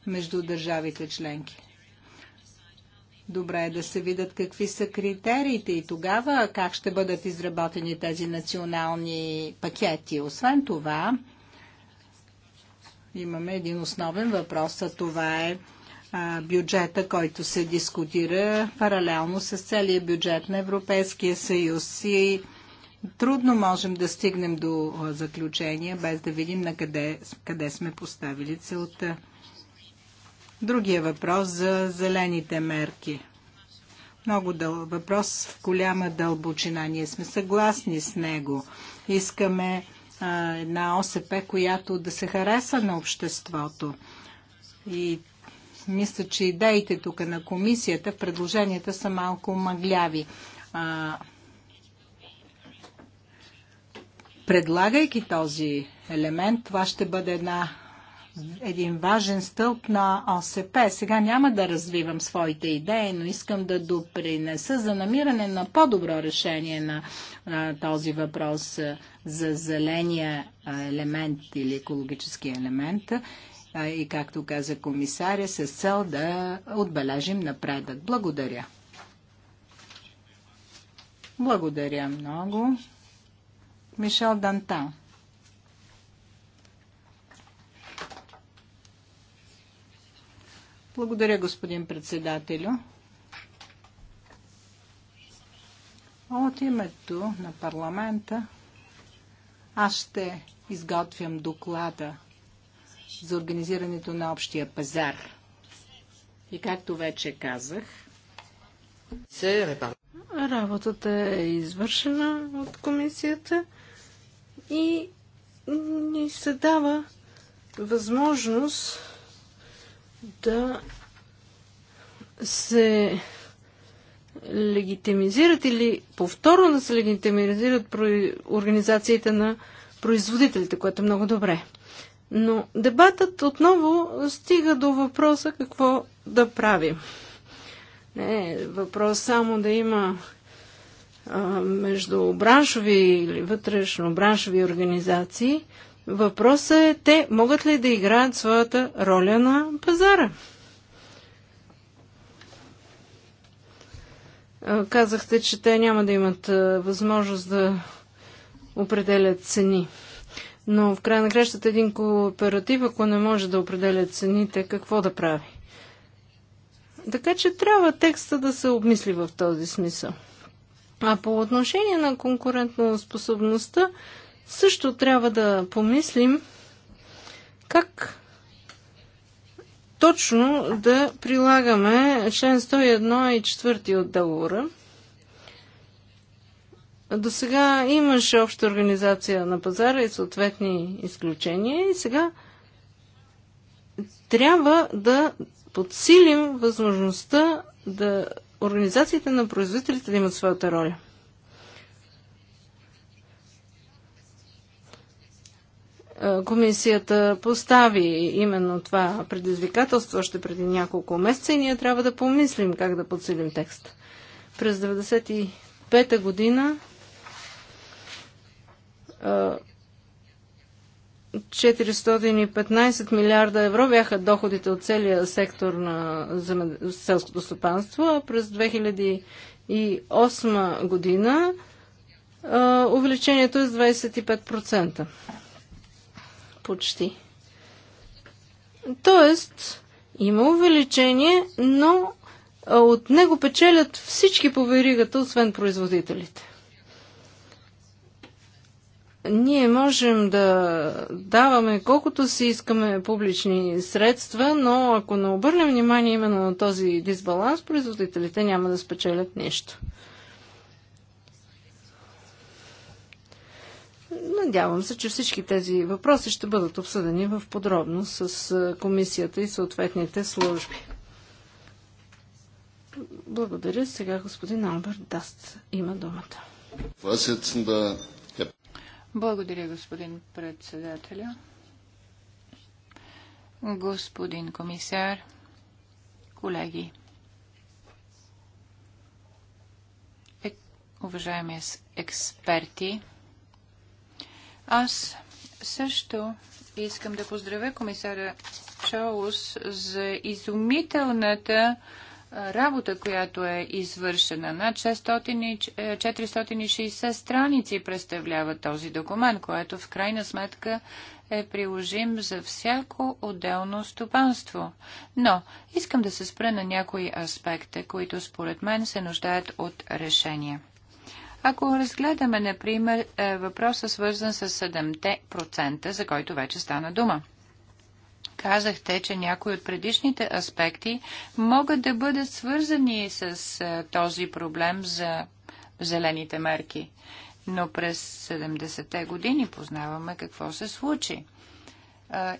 между държавите членки. Добре е да се видят какви са критериите и тогава как ще бъдат изработени тези национални пакети. Освен това, имаме един основен въпрос, а това е бюджета, който се дискутира паралелно с целият бюджет на Европейския съюз. И трудно можем да стигнем до заключения, без да видим на къде, къде сме поставили целта. Другия въпрос за зелените мерки. Много дъл... въпрос в голяма дълбочина. Ние сме съгласни с него. Искаме а, една ОСП, която да се хареса на обществото. И мисля, че идеите тук на комисията, в предложенията са малко мъгляви. А, предлагайки този елемент, това ще бъде една един важен стълб на ОСП. Сега няма да развивам своите идеи, но искам да допринеса за намиране на по-добро решение на а, този въпрос а, за зеления елемент или екологически елемент а, и, както каза комисаря, с цел да отбележим напредък. Благодаря. Благодаря много. Мишел Дантан. Благодаря, господин председателю. От името на парламента аз ще изготвям доклада за организирането на общия пазар. И както вече казах, работата е извършена от комисията и ни се дава възможност да се легитимизират или повторно да се легитимизират организациите на производителите, което е много добре. Но дебатът отново стига до въпроса какво да правим. Не е въпрос само да има а, между браншови или вътрешно браншови организации – Въпросът е те могат ли да играят своята роля на пазара? Казахте, че те няма да имат възможност да определят цени. Но в край на кращата един кооператив, ако не може да определя цените, какво да прави? Така че трябва текста да се обмисли в този смисъл. А по отношение на конкурентно способността, също трябва да помислим как точно да прилагаме член 101 и 4 от договора. До сега имаше обща организация на пазара и съответни изключения и сега трябва да подсилим възможността да организациите на производителите да имат своята роля. Е, комисията постави именно това предизвикателство още преди няколко месеца и ние трябва да помислим как да подсилим текст. През 1995 година 415 е, милиарда евро бяха доходите от целия сектор на селското стопанство, а през 2008 година е, увеличението е с 25% почти. Тоест, има увеличение, но от него печелят всички по веригата, освен производителите. Ние можем да даваме колкото си искаме публични средства, но ако не обърнем внимание именно на този дисбаланс, производителите няма да спечелят нищо. Надявам се, че всички тези въпроси ще бъдат обсъдени в подробно с комисията и съответните служби. Благодаря. Сега господин Алберт Даст има думата. Благодаря, господин председателя. Господин комисар, колеги, е, уважаеми експерти, аз също искам да поздравя комисаря Чаус за изумителната работа, която е извършена. Над 600, 460 е, страници представлява този документ, което в крайна сметка е приложим за всяко отделно стопанство. Но искам да се спра на някои аспекти, които според мен се нуждаят от решение. Ако разгледаме, например, е, въпроса свързан с 7%, за който вече стана дума. Казахте, че някои от предишните аспекти могат да бъдат свързани с е, този проблем за зелените мерки. Но през 70-те години познаваме какво се случи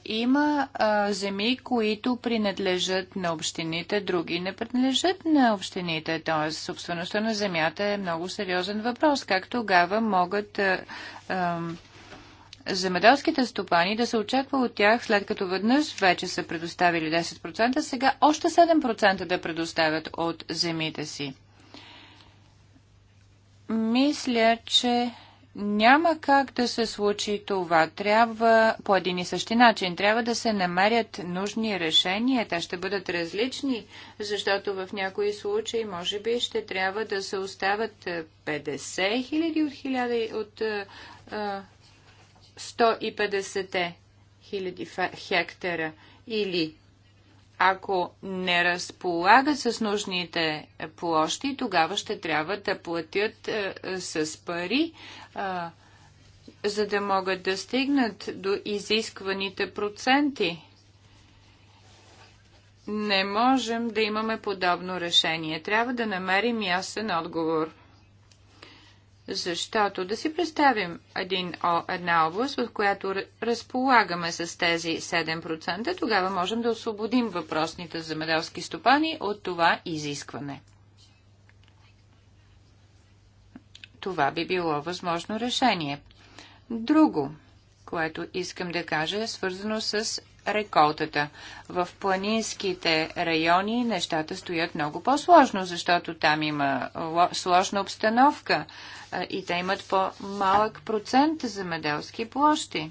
има а, земи, които принадлежат на общините, други не принадлежат на общините. Т.е. собствеността на земята е много сериозен въпрос. Как тогава могат а, а, земеделските стопани да се очаква от тях, след като веднъж вече са предоставили 10%, сега още 7% да предоставят от земите си? Мисля, че няма как да се случи това. Трябва по един и същи начин. Трябва да се намерят нужни решения. Те ще бъдат различни, защото в някои случаи може би ще трябва да се остават 50 е, хиляди от, хиляди от а, е, 150 е, хиляди хектара или ако не разполагат с нужните площи, тогава ще трябва да платят е, с пари, е, за да могат да стигнат до изискваните проценти. Не можем да имаме подобно решение. Трябва да намерим ясен отговор. Защото да си представим един, о, една област, в която разполагаме с тези 7%, тогава можем да освободим въпросните земеделски стопани от това изискване. Това би било възможно решение. Друго, което искам да кажа, е свързано с реколтата. В планинските райони нещата стоят много по-сложно, защото там има сложна обстановка и те имат по-малък процент земеделски площи.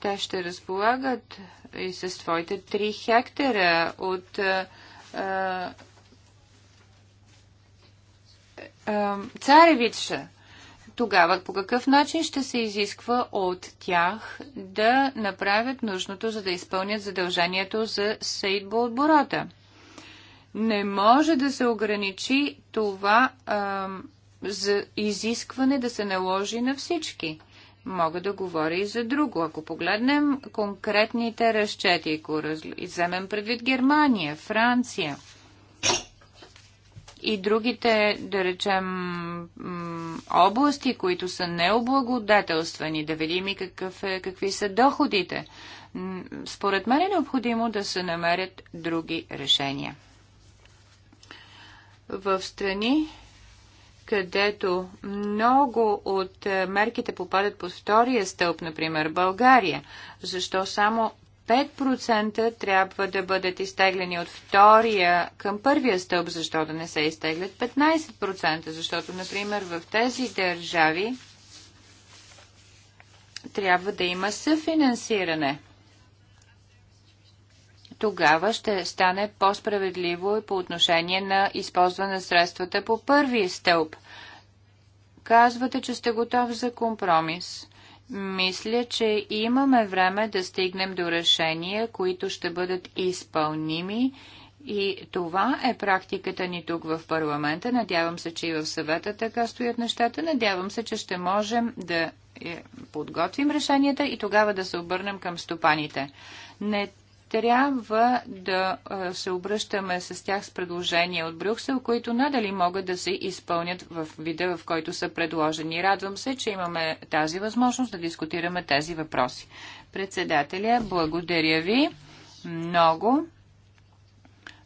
Те ще разполагат и с твоите 3 хектара от царевица тогава по какъв начин ще се изисква от тях да направят нужното, за да изпълнят задължението за сейдбо оборота? Не може да се ограничи това а, за изискване да се наложи на всички. Мога да говоря и за друго. Ако погледнем конкретните разчети, ако вземем предвид Германия, Франция – и другите, да речем, области, които са необлагодателствани, да видим и какъв е, какви са доходите. Според мен е необходимо да се намерят други решения. В страни, където много от е, мерките попадат по втория стълб, например България. Защо само 5% трябва да бъдат изтеглени от втория към първия стълб, защо да не се изтеглят 15%, защото, например, в тези държави трябва да има съфинансиране. Тогава ще стане по-справедливо и по отношение на използване на средствата по първия стълб. Казвате, че сте готов за компромис. Мисля, че имаме време да стигнем до решения, които ще бъдат изпълними и това е практиката ни тук в парламента. Надявам се, че и в съвета така стоят нещата. Надявам се, че ще можем да е, подготвим решенията и тогава да се обърнем към стопаните. Не трябва да е, се обръщаме с тях с предложения от Брюксел, които надали могат да се изпълнят в вида, в който са предложени. Радвам се, че имаме тази възможност да дискутираме тези въпроси. Председателя, благодаря ви много.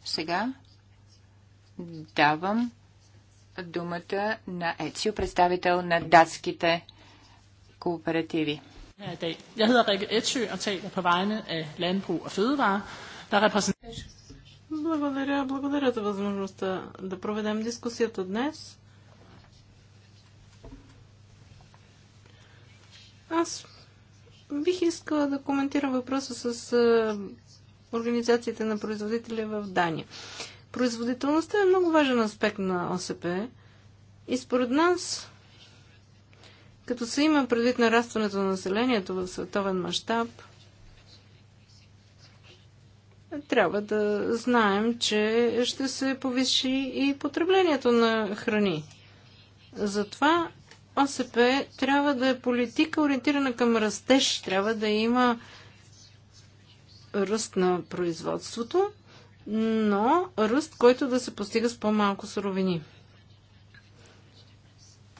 Сега давам думата на Ецио, представител на датските кооперативи. Her i dag. Jeg hedder Rikke Etsø og taler på vegne af Landbrug og Fødevare, der repræsenterer... Благодаря, благодаря за възможността да проведем дискусията днес. Аз бих искала да коментирам въпроса с организациите на производители в Дания. Производителността е много важен аспект на ОСП и според нас като се има предвид нарастването на населението в световен мащаб, трябва да знаем, че ще се повиши и потреблението на храни. Затова ОСП трябва да е политика ориентирана към растеж, трябва да има ръст на производството, но ръст, който да се постига с по-малко суровини.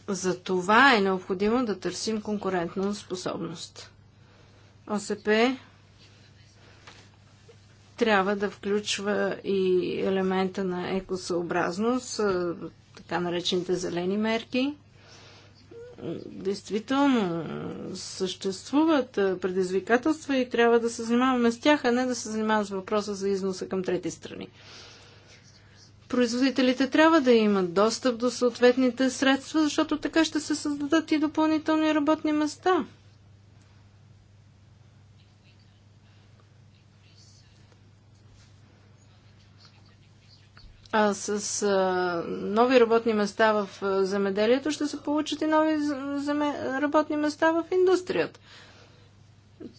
За това е необходимо да търсим конкурентна способност. ОСП трябва да включва и елемента на екосъобразност, така наречените зелени мерки. Действително съществуват предизвикателства и трябва да се занимаваме с тях, а не да се занимаваме с въпроса за износа към трети страни производителите трябва да имат достъп до съответните средства, защото така ще се създадат и допълнителни работни места. А с а, нови работни места в а, земеделието ще се получат и нови земе, работни места в индустрията.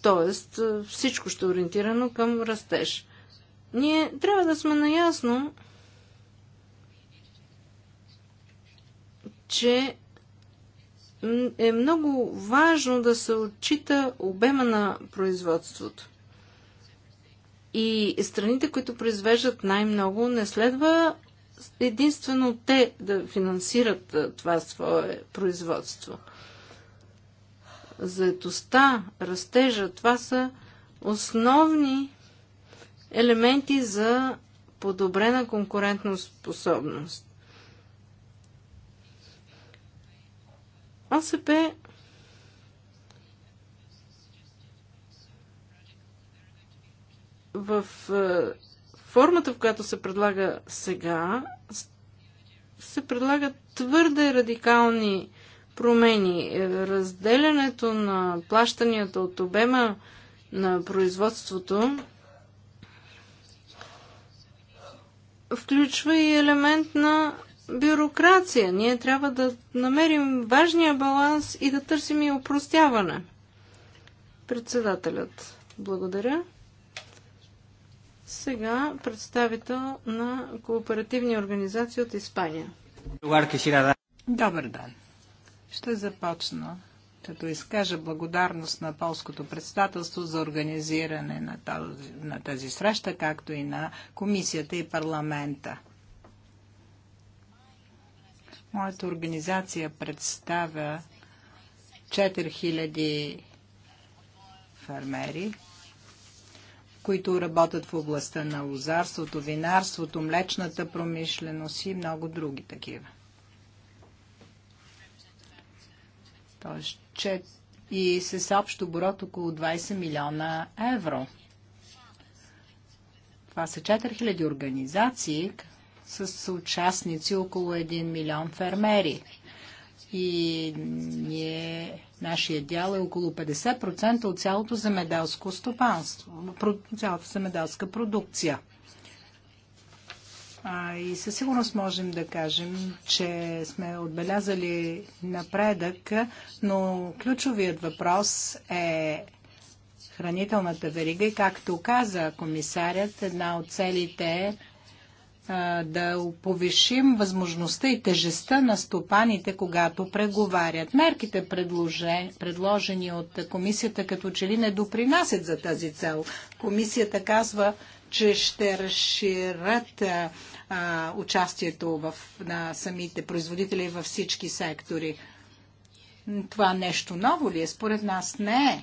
Тоест, всичко ще е ориентирано към растеж. Ние трябва да сме наясно, че е много важно да се отчита обема на производството. И страните, които произвеждат най-много, не следва единствено те да финансират това свое производство. Заетостта, растежа, това са основни елементи за подобрена конкурентна способност. АСП в е, формата, в която се предлага сега, се предлагат твърде радикални промени. Е, разделянето на плащанията от обема на производството включва и елемент на бюрокрация. Ние трябва да намерим важния баланс и да търсим и опростяване. Председателят, благодаря. Сега представител на кооперативни организации от Испания. Добър ден. Ще започна като изкажа благодарност на полското председателство за организиране на тази, на тази среща, както и на комисията и парламента. Моята организация представя 4000 фермери, които работят в областта на лозарството, винарството, млечната промишленост и много други такива. Тоест, и с общ оборот около 20 милиона евро. Това са 4000 организации, с участници около 1 милион фермери. И ние, нашия дял е около 50% от цялото земеделско стопанство, цялата земеделска продукция. А, и със сигурност можем да кажем, че сме отбелязали напредък, но ключовият въпрос е хранителната верига и както каза комисарят, една от целите е да повишим възможността и тежестта на стопаните, когато преговарят. Мерките, предложени от комисията, като че ли не допринасят за тази цел. Комисията казва, че ще разширят а, участието в, на самите производители във всички сектори. Това нещо ново ли е? Според нас не е.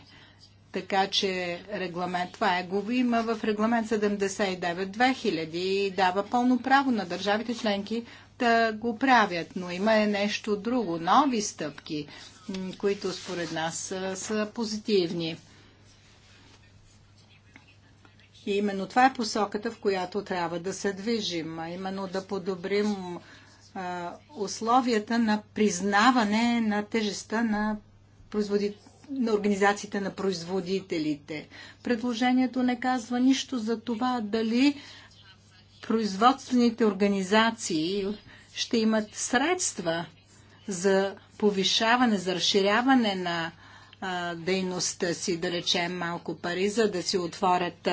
Така че регламент, това е го има в регламент 79-2000 и дава пълно право на държавите членки да го правят, но има е нещо друго, нови стъпки, които според нас са, са позитивни. И именно това е посоката, в която трябва да се движим, а именно да подобрим а, условията на признаване на тежестта на производителите на организациите на производителите. Предложението не казва нищо за това дали производствените организации ще имат средства за повишаване, за разширяване на дейността си, да речем малко пари, за да си отворят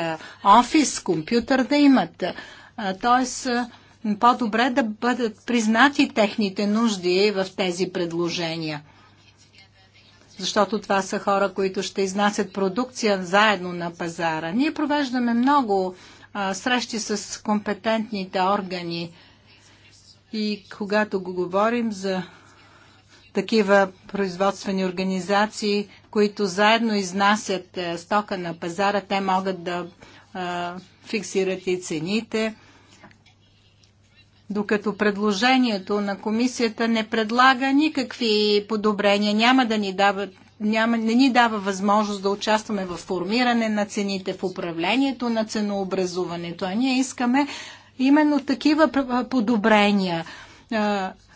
офис, компютър да имат. тоест, по-добре да бъдат признати техните нужди в тези предложения защото това са хора, които ще изнасят продукция заедно на пазара. Ние провеждаме много а, срещи с компетентните органи и когато го говорим за такива производствени организации, които заедно изнасят стока на пазара, те могат да а, фиксират и цените докато предложението на комисията не предлага никакви подобрения, няма да ни дава няма, не ни дава възможност да участваме в формиране на цените, в управлението на ценообразуването. А ние искаме именно такива подобрения,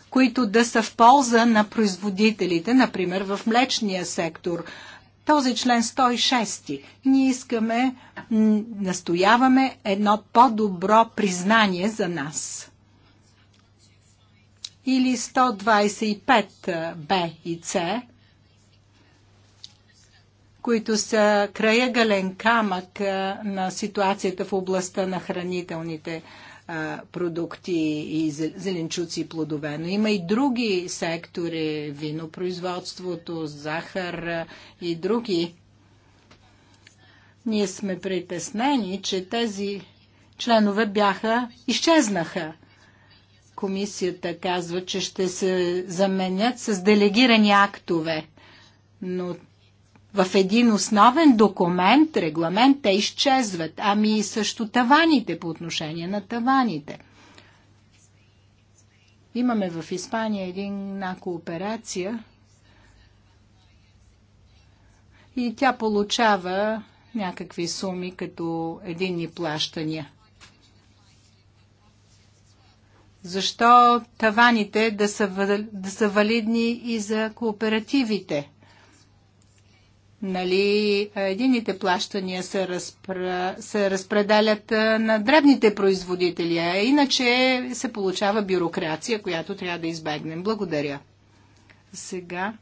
които да са в полза на производителите, например в млечния сектор. Този член 106. Ние искаме, настояваме едно по-добро признание за нас или 125 Б и С, които са края гален камък на ситуацията в областта на хранителните продукти и зеленчуци и плодове. Но има и други сектори, винопроизводството, захар и други. Ние сме притеснени, че тези членове бяха, изчезнаха комисията казва, че ще се заменят с делегирани актове. Но в един основен документ, регламент, те изчезват. Ами и също таваните по отношение на таваните. Имаме в Испания една кооперация и тя получава някакви суми като единни плащания. Защо таваните да са, да са валидни и за кооперативите? Нали, едините плащания се, разпра... се разпределят на дребните производители, а иначе се получава бюрокрация, която трябва да избегнем. Благодаря. Сега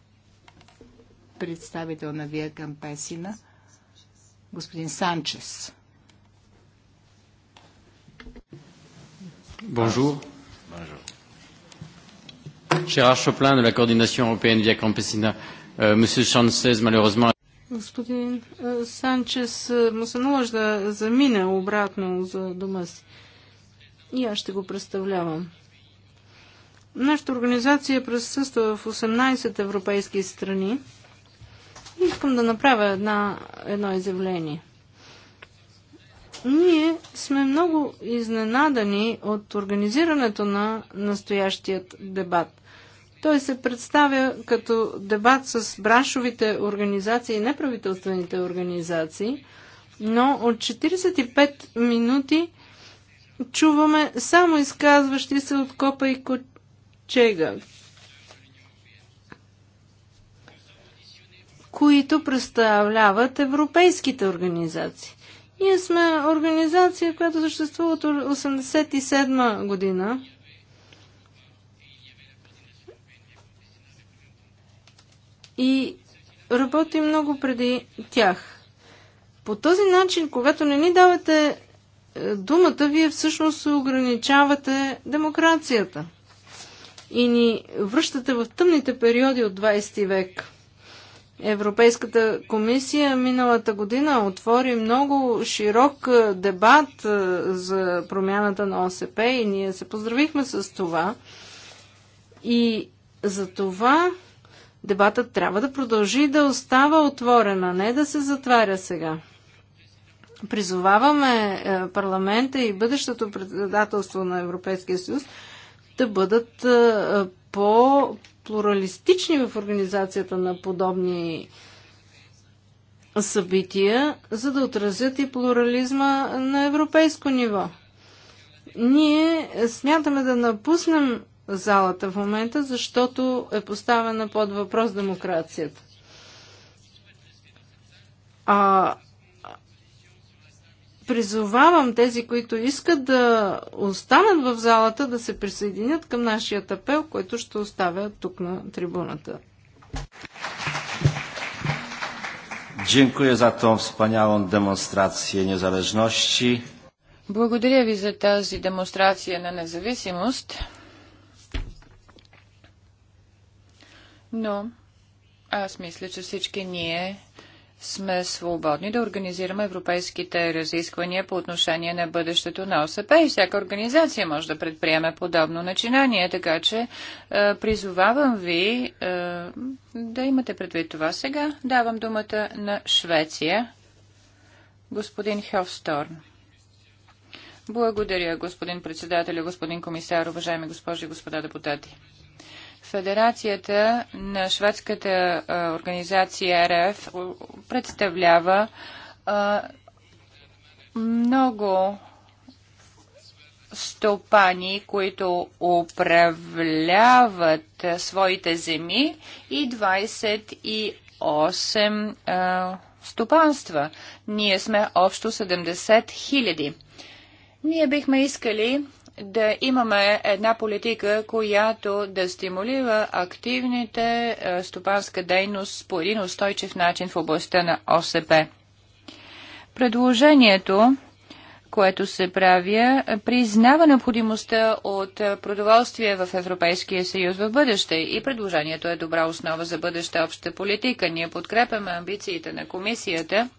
представител на Вия Кампесина, господин Санчес. Бонжур. Gérard Choplin de la coordination européenne via Campesina. Euh, Monsieur Sanchez, malheureusement. Господин э, Санчес э, му се наложи да замине обратно за дома си. И аз ще го представлявам. Нашата организация присъства в 18 европейски страни. Искам да направя една, едно изявление – ние сме много изненадани от организирането на настоящият дебат. Той се представя като дебат с браншовите организации и неправителствените организации, но от 45 минути чуваме само изказващи се от Копа и Кочега, които представляват европейските организации. Ние сме организация, която съществува от 1987 година. И работи много преди тях. По този начин, когато не ни давате е, думата, вие всъщност ограничавате демокрацията и ни връщате в тъмните периоди от 20 век. Европейската комисия миналата година отвори много широк дебат за промяната на ОСП и ние се поздравихме с това. И за това дебатът трябва да продължи да остава отворен, а не да се затваря сега. Призоваваме парламента и бъдещото председателство на Европейския съюз да бъдат по плуралистични в организацията на подобни събития, за да отразят и плурализма на европейско ниво. Ние смятаме да напуснем залата в момента, защото е поставена под въпрос демокрацията. А призовавам тези, които искат да останат в залата, да се присъединят към нашия апел, който ще оставя тук на трибуната. Dziękuję за tą wspaniałą демонстрация niezależności. Благодаря ви за тази демонстрация на независимост. Но аз мисля, че всички ние сме свободни да организираме европейските разисквания по отношение на бъдещето на ОСП и всяка организация може да предприеме подобно начинание, така че е, призовавам ви е, да имате предвид това сега. Давам думата на Швеция. Господин Хелсторн. Благодаря, господин председател, господин комисар, уважаеми госпожи и господа депутати. Федерацията на шведската организация РФ представлява много стопани, които управляват своите земи и 28 а, стопанства. Ние сме общо 70 хиляди. Ние бихме искали да имаме една политика, която да стимулира активните е, стопанска дейност по един устойчив начин в областта на ОСП. Предложението което се прави, е, признава необходимостта от е, продоволствие в Европейския съюз в бъдеще и предложението е добра основа за бъдеща обща политика. Ние подкрепяме амбициите на комисията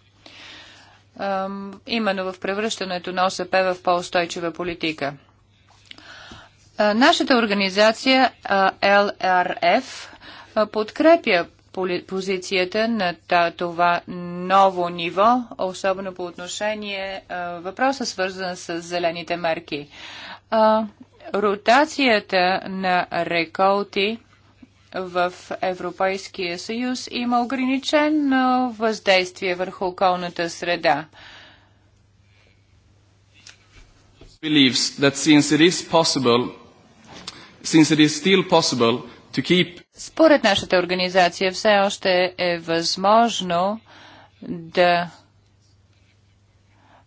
именно в превръщането на ОСП в по-устойчива политика. Нашата организация ЛРФ подкрепя позицията на това ново ниво, особено по отношение въпроса свързан с зелените мерки. Ротацията на реколти в Европейския съюз има ограничено въздействие върху околната среда. believes that since it is possible since it is still possible to keep... Според нашата организация все още е възможно да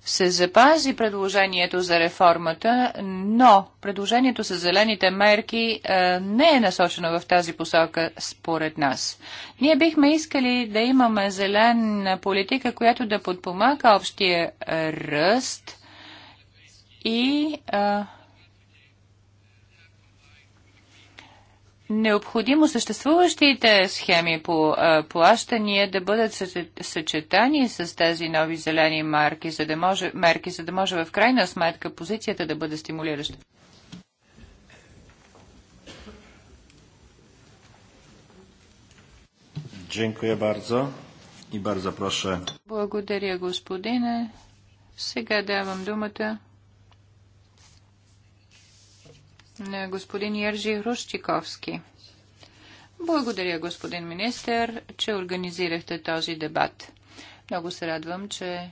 се запази предложението за реформата, но предложението с зелените мерки е, не е насочено в тази посока според нас. Ние бихме искали да имаме зелена политика, която да подпомага общия ръст и а, е, необходимо съществуващите схеми по плащания да бъдат съчетани с тези нови зелени марки, за да може, мерки, за да може в крайна сметка позицията да бъде стимулираща. Благодаря, господине. Сега давам думата на господин Ержи Рущиковски. Благодаря, господин министр, че организирахте този дебат. Много се радвам, че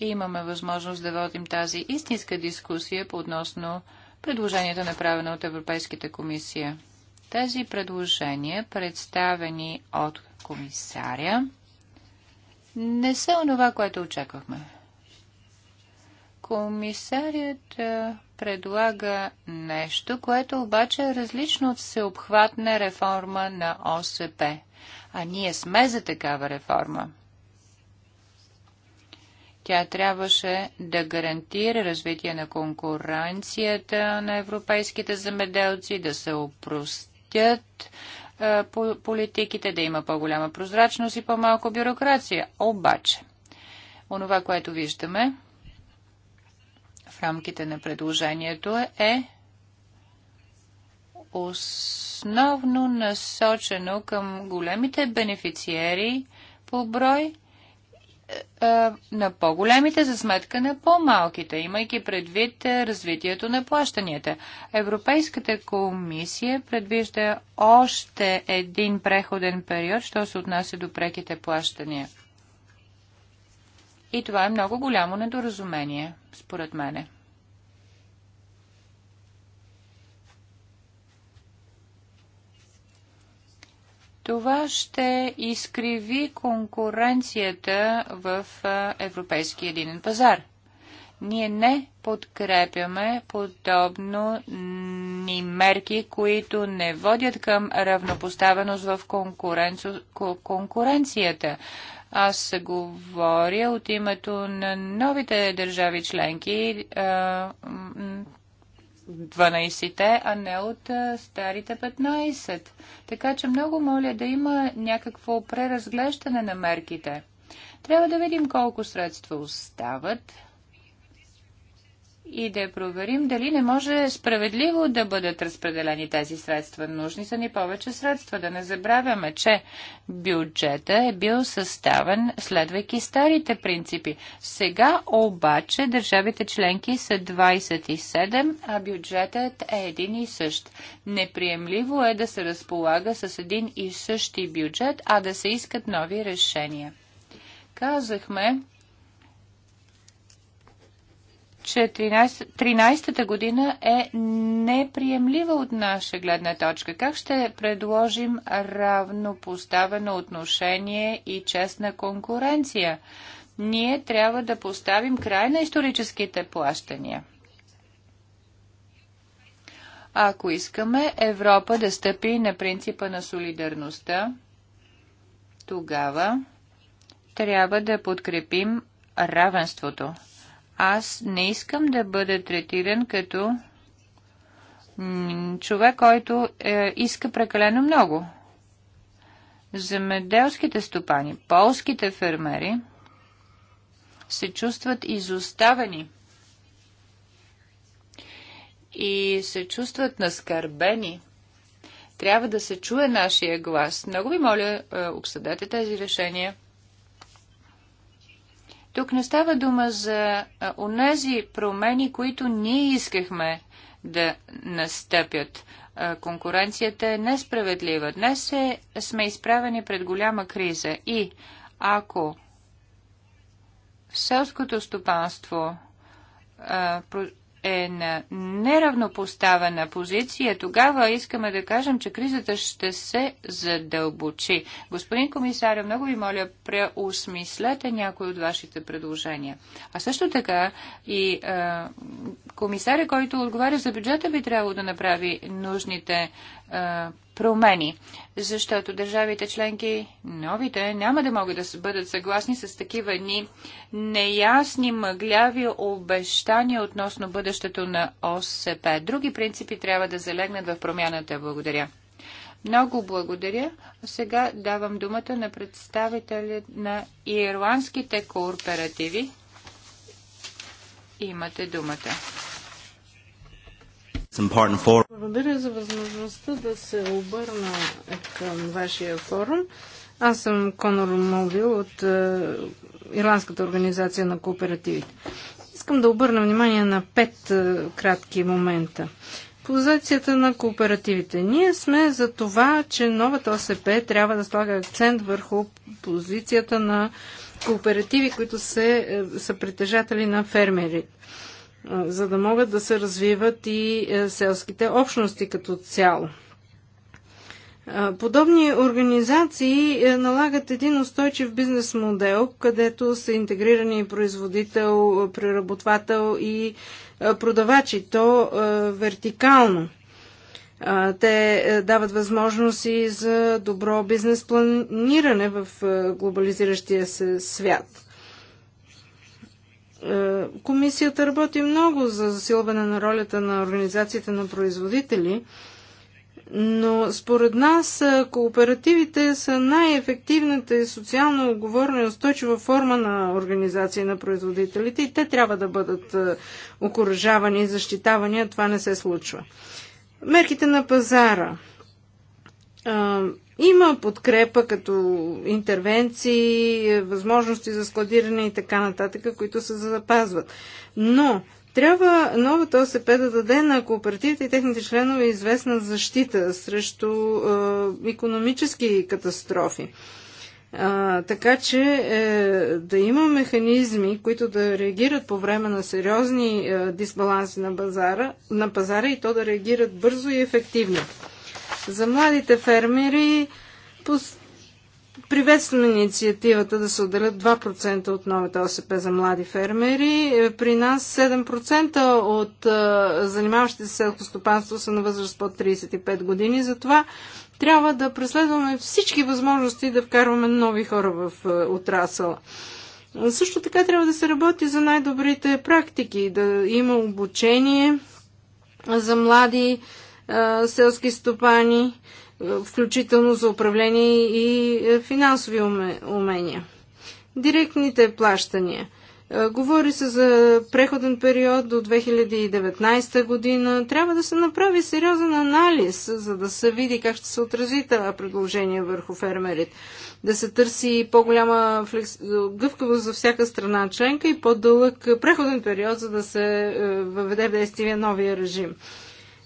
имаме възможност да водим тази истинска дискусия по относно предложението, направено от Европейската комисия. Тези предложения, представени от комисаря, не са онова, което очаквахме. Комисарият предлага нещо, което обаче е различно от всеобхватна реформа на ОСП. А ние сме за такава реформа. Тя трябваше да гарантира развитие на конкуренцията на европейските земеделци, да се опростят е, политиките, да има по-голяма прозрачност и по-малко бюрокрация. Обаче, онова, което виждаме, в рамките на предложението е основно насочено към големите бенефициери по брой е, е, на по-големите за сметка на по-малките, имайки предвид е, развитието на плащанията. Европейската комисия предвижда още един преходен период, що се отнася до преките плащания. И това е много голямо недоразумение, според мене. Това ще изкриви конкуренцията в Европейския единен пазар. Ние не подкрепяме подобно ни мерки, които не водят към равнопоставеност в конкуренцията. Аз се говоря от името на новите държави членки, 12-те, а не от старите 15. Така че много моля да има някакво преразглеждане на мерките. Трябва да видим колко средства остават, и да проверим дали не може справедливо да бъдат разпределени тези средства. Нужни са ни повече средства. Да не забравяме, че бюджета е бил съставен следвайки старите принципи. Сега обаче държавите членки са 27, а бюджетът е един и същ. Неприемливо е да се разполага с един и същи бюджет, а да се искат нови решения. Казахме, че 13-та година е неприемлива от наша гледна точка. Как ще предложим равнопоставено отношение и честна конкуренция? Ние трябва да поставим край на историческите плащания. Ако искаме Европа да стъпи на принципа на солидарността, тогава трябва да подкрепим равенството аз не искам да бъда третиран като човек, който е, иска прекалено много. Земеделските стопани, полските фермери се чувстват изоставени и се чувстват наскърбени. Трябва да се чуе нашия глас. Много ви моля, е, обсъдете тези решения. Тук не става дума за онези промени, които ние искахме да настъпят. Конкуренцията е несправедлива. Днес е, сме изправени пред голяма криза и ако в селското стопанство е на неравнопоставена позиция, тогава искаме да кажем, че кризата ще се задълбочи. Господин комисар, много ви моля, преосмислете някои от вашите предложения. А също така и е, комисаря, който отговаря за бюджета, би трябвало да направи нужните е, промени защото държавите членки, новите, няма да могат да бъдат съгласни с такива ни неясни, мъгляви обещания относно бъдещето на ОСП. Други принципи трябва да залегнат в промяната. Благодаря. Много благодаря. Сега давам думата на представители на ирландските кооперативи. Имате думата. Благодаря за възможността да се обърна към вашия форум. Аз съм Конор Молвил от е, Ирландската организация на кооперативите. Искам да обърна внимание на пет е, кратки момента. Позицията на кооперативите. Ние сме за това, че новата ОСП трябва да слага акцент върху позицията на кооперативи, които се, е, са притежатели на фермери за да могат да се развиват и е, селските общности като цяло. Подобни организации е, налагат един устойчив бизнес модел, където са интегрирани производител, преработвател и е, продавачи. То вертикално. Те дават възможности за добро бизнес планиране в глобализиращия се свят. Е, комисията работи много за засилване на ролята на организациите на производители, но според нас е, кооперативите са най-ефективната и социално отговорна и устойчива форма на организация на производителите и те трябва да бъдат е, окоръжавани и защитавани, а това не се случва. Мерките на пазара има подкрепа като интервенции, е, възможности за складиране и така нататък, които се запазват. Но трябва новата ОСП да даде на кооперативите и техните членове известна защита срещу е, економически катастрофи. А, така че е, да има механизми, които да реагират по време на сериозни е, дисбаланси на, базара, на пазара и то да реагират бързо и ефективно. За младите фермери приветстваме инициативата да се отделят 2% от новата ОСП за млади фермери. Е, при нас 7% от е, занимаващите се селкостопанство са на възраст под 35 години. Затова трябва да преследваме всички възможности да вкарваме нови хора в е, отрасъла. Също така трябва да се работи за най-добрите практики, да има обучение за млади селски стопани, включително за управление и финансови умения. Директните плащания. Говори се за преходен период до 2019 година. Трябва да се направи сериозен анализ, за да се види как ще се отрази това предложение върху фермерите. Да се търси по-голяма гъвкавост за всяка страна членка и по-дълъг преходен период, за да се въведе в действие новия режим.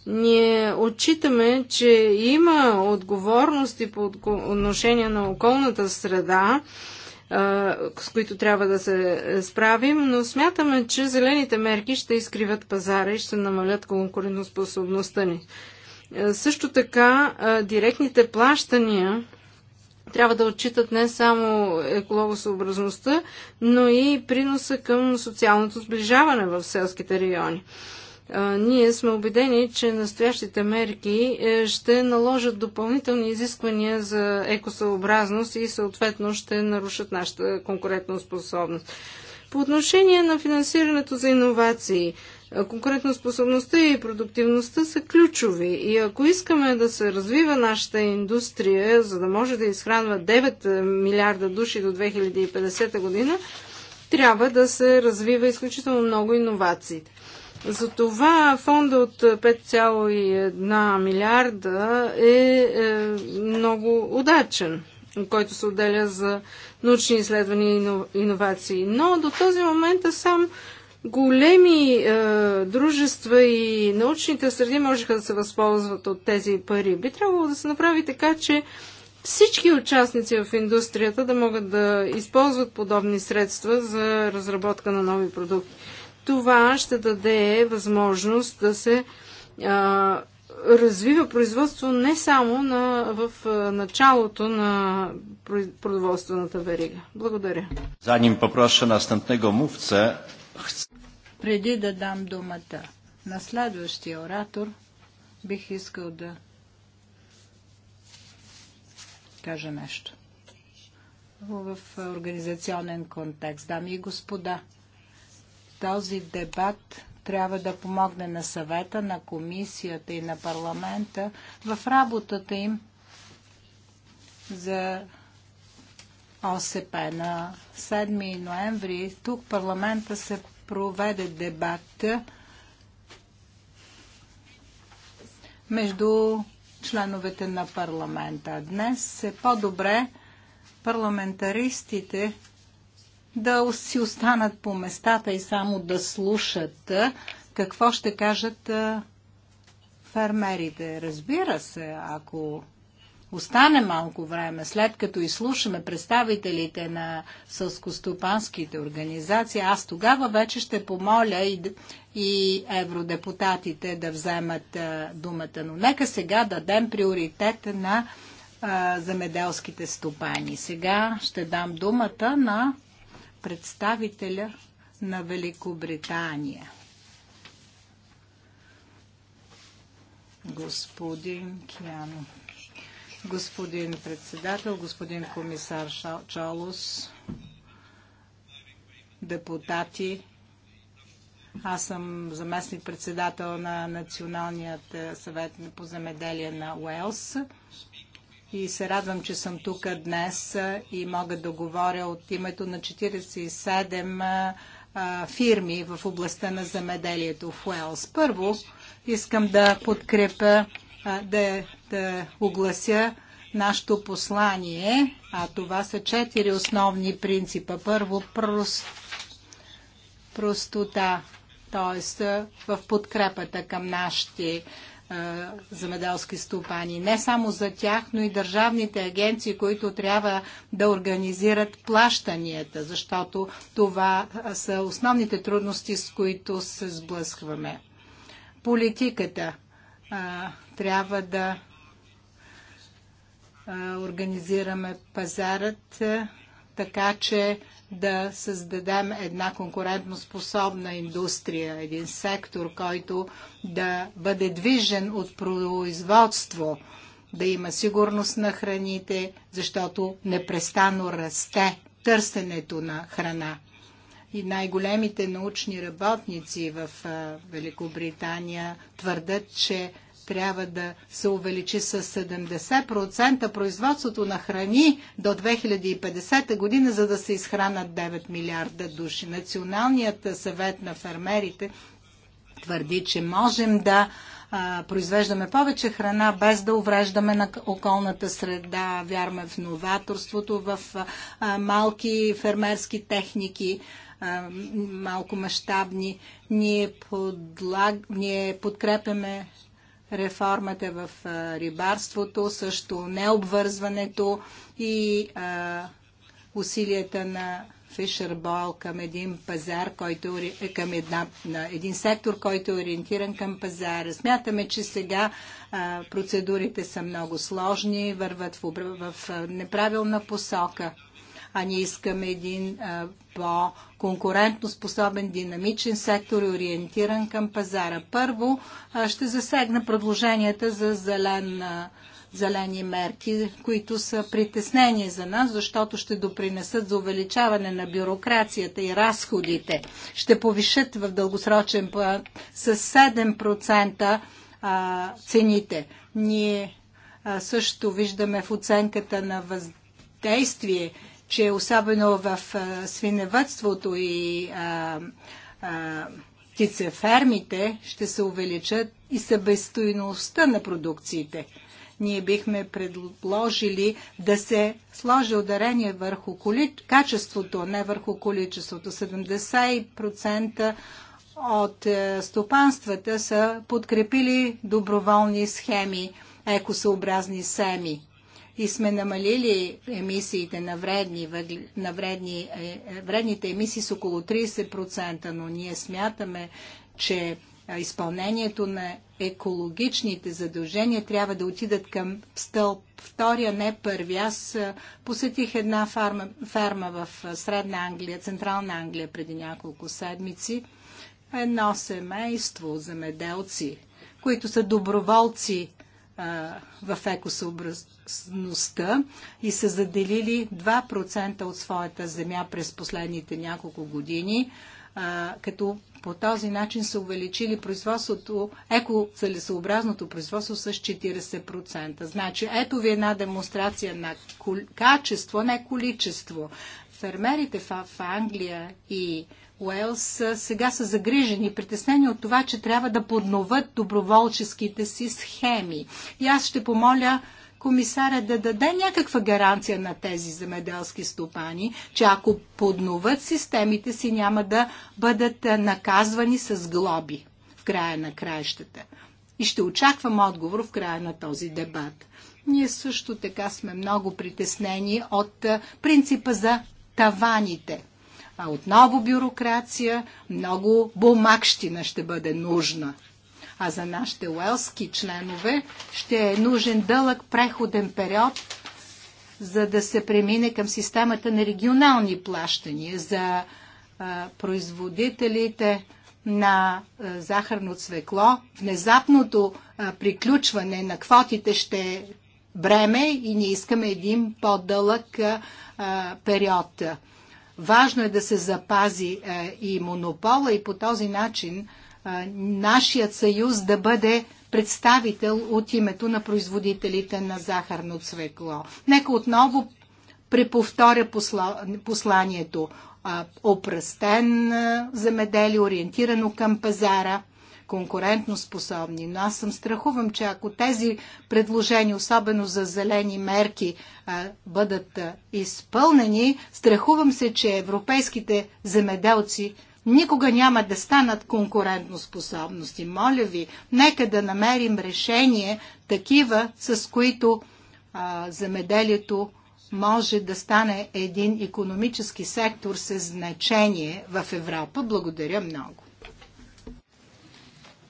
Ние отчитаме, че има отговорности по отношение на околната среда, с които трябва да се справим, но смятаме, че зелените мерки ще изкриват пазара и ще намалят конкурентоспособността ни. Също така, директните плащания трябва да отчитат не само екологосъобразността, но и приноса към социалното сближаване в селските райони ние сме убедени, че настоящите мерки е, ще наложат допълнителни изисквания за екосъобразност и съответно ще нарушат нашата конкурентна способност. По отношение на финансирането за иновации, е, конкурентоспособността и продуктивността са ключови и ако искаме да се развива нашата индустрия, за да може да изхранва 9 е, милиарда души до 2050 година, трябва да се развива изключително много иновациите. Затова фонда от 5,1 милиарда е, е, много удачен, който се отделя за научни изследвания и иновации. Но до този момент сам големи е, дружества и научните среди можеха да се възползват от тези пари. Би трябвало да се направи така, че всички участници в индустрията да могат да използват подобни средства за разработка на нови продукти. Това ще даде възможност да се а, развива производство не само на, в началото на продоволствената верига. Благодаря. Заним попроша настъпнего мувца. Преди да дам думата на следващия оратор, бих искал да кажа нещо. В организационен контекст, дами и господа, този дебат трябва да помогне на съвета, на комисията и на парламента в работата им за ОСП. На 7 ноември тук парламента се проведе дебат между членовете на парламента. Днес е по-добре парламентаристите да си останат по местата и само да слушат какво ще кажат фермерите. Разбира се, ако остане малко време, след като изслушаме представителите на сълскостопанските организации, аз тогава вече ще помоля и, и евродепутатите да вземат а, думата. Но нека сега дадем приоритет на а, замеделските стопани. Сега ще дам думата на представителя на Великобритания. Господин Киано, Господин председател, господин комисар Чолос, депутати, аз съм заместник председател на Националният е, съвет по земеделие на Уелс и се радвам, че съм тук днес и мога да говоря от името на 47 фирми в областта на замеделието в Уелс. Първо искам да подкрепя, да, да оглася нашето послание, а това са четири основни принципа. Първо, прост, простота, т.е. в подкрепата към нашите замеделски стопани. Не само за тях, но и държавните агенции, които трябва да организират плащанията, защото това са основните трудности, с които се сблъскваме. Политиката а, трябва да а, организираме пазарът. А, така че да създадем една конкурентоспособна индустрия, един сектор, който да бъде движен от производство, да има сигурност на храните, защото непрестанно расте търсенето на храна. И най-големите научни работници в Великобритания твърдят, че трябва да се увеличи с 70% производството на храни до 2050 година, за да се изхранат 9 милиарда души. Националният съвет на фермерите твърди, че можем да а, произвеждаме повече храна, без да увреждаме на околната среда. Вярваме в новаторството, в а, малки фермерски техники, а, малко мащабни. Ние, подлаг... Ние подкрепяме реформата в рибарството, също необвързването и а, усилията на фишербол към един пазар, който е към една, един сектор, който е ориентиран към пазара. Смятаме, че сега а, процедурите са много сложни, върват в, в, в неправилна посока а ние искаме един по-конкурентно способен, динамичен сектор, ориентиран към пазара. Първо ще засегна предложенията за зелен зелени мерки, които са притеснение за нас, защото ще допринесат за увеличаване на бюрокрацията и разходите. Ще повишат в дългосрочен план с 7% цените. Ние също виждаме в оценката на въздействие че особено в свиневътството и а, а, птицефермите ще се увеличат и събестойността на продукциите. Ние бихме предложили да се сложи ударение върху коли... качеството, не върху количеството. 70% от е, стопанствата са подкрепили доброволни схеми, екосъобразни семи и сме намалили емисиите на, вредни, на вредни, е, е, вредните емисии с около 30%, но ние смятаме, че изпълнението на екологичните задължения трябва да отидат към стълб втория, не първи. Аз посетих една фарма, ферма в Средна Англия, Централна Англия преди няколко седмици. Едно семейство земеделци, които са доброволци в екосъобразността и са заделили 2% от своята земя през последните няколко години, като по този начин са увеличили производството, екоцелесообразното производство с 40%. Значи, ето ви една демонстрация на качество, не количество. Фермерите в Англия и Уелс сега са загрижени, и притеснени от това, че трябва да подноват доброволческите си схеми. И аз ще помоля комисаря да даде някаква гаранция на тези земеделски стопани, че ако подноват системите си, няма да бъдат наказвани с глоби в края на краищата. И ще очаквам отговор в края на този дебат. Ние също така сме много притеснени от принципа за таваните – а отново бюрокрация, много бумагщина ще бъде нужна. А за нашите уелски членове ще е нужен дълъг преходен период, за да се премине към системата на регионални плащания за а, производителите на а, захарно цвекло. Внезапното а, приключване на квотите ще е бреме и ние искаме един по-дълъг период. Важно е да се запази е, и монопола и по този начин е, нашият съюз да бъде представител от името на производителите на захарно цвекло. Нека отново преповторя посла... посланието. Е, Опръстен земеделие, ориентирано към пазара – конкурентно способни. Но аз съм страхувам, че ако тези предложения, особено за зелени мерки, бъдат изпълнени, страхувам се, че европейските земеделци никога няма да станат конкурентно способности. Моля ви, нека да намерим решение такива, с които а, земеделието може да стане един економически сектор с значение в Европа. Благодаря много.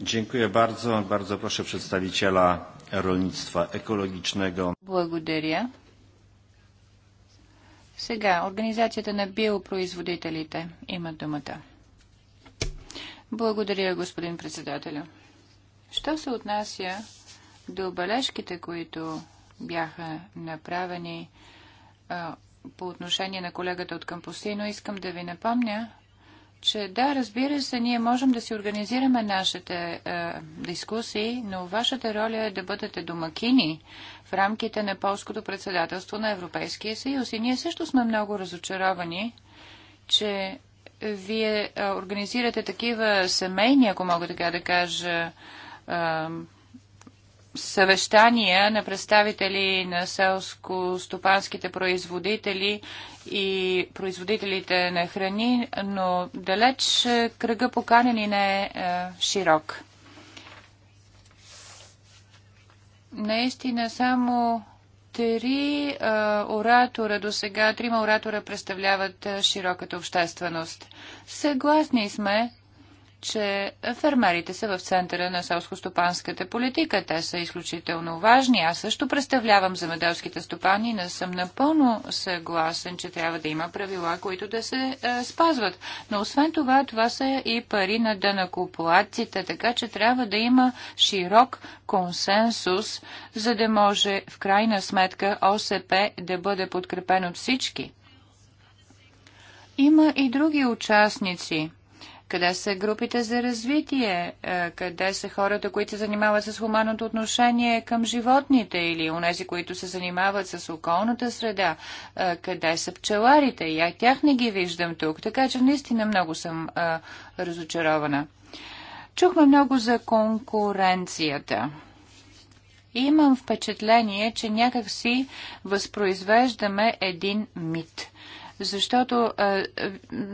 Dziękuję bardzo. Bardzo proszę przedstawiciela rolnictwa Благодаря. Сега, Организацията на биопроизводителите има думата. Благодаря, господин председателю. Що се отнася до бележките, които бяха направени а, по отношение на колегата от Кампусино, искам да ви напомня, че да, разбира се, ние можем да си организираме нашите е, дискусии, но вашата роля е да бъдете домакини в рамките на полското председателство на Европейския съюз. И ние също сме много разочаровани, че вие е, организирате такива семейни, ако мога така да кажа, е, съвещания на представители на селско-стопанските производители и производителите на храни, но далеч е, кръга поканени не е, е широк. Наистина само три е, оратора до сега, трима оратора представляват широката общественост. Съгласни сме, че фермерите са в центъра на селско-стопанската политика. Те са изключително важни. Аз също представлявам земеделските стопани, но съм напълно съгласен, че трябва да има правила, които да се е, спазват. Но освен това, това са и пари на дънакоплатците, така че трябва да има широк консенсус, за да може в крайна сметка ОСП да бъде подкрепен от всички. Има и други участници къде са групите за развитие? Е, къде са хората, които се занимават с хуманното отношение към животните или унези, които се занимават с околната среда? Е, къде са пчеларите? И я тях не ги виждам тук, така че наистина много съм а, е, разочарована. Чухме много за конкуренцията. И имам впечатление, че някакси възпроизвеждаме един мит – защото а, е, е,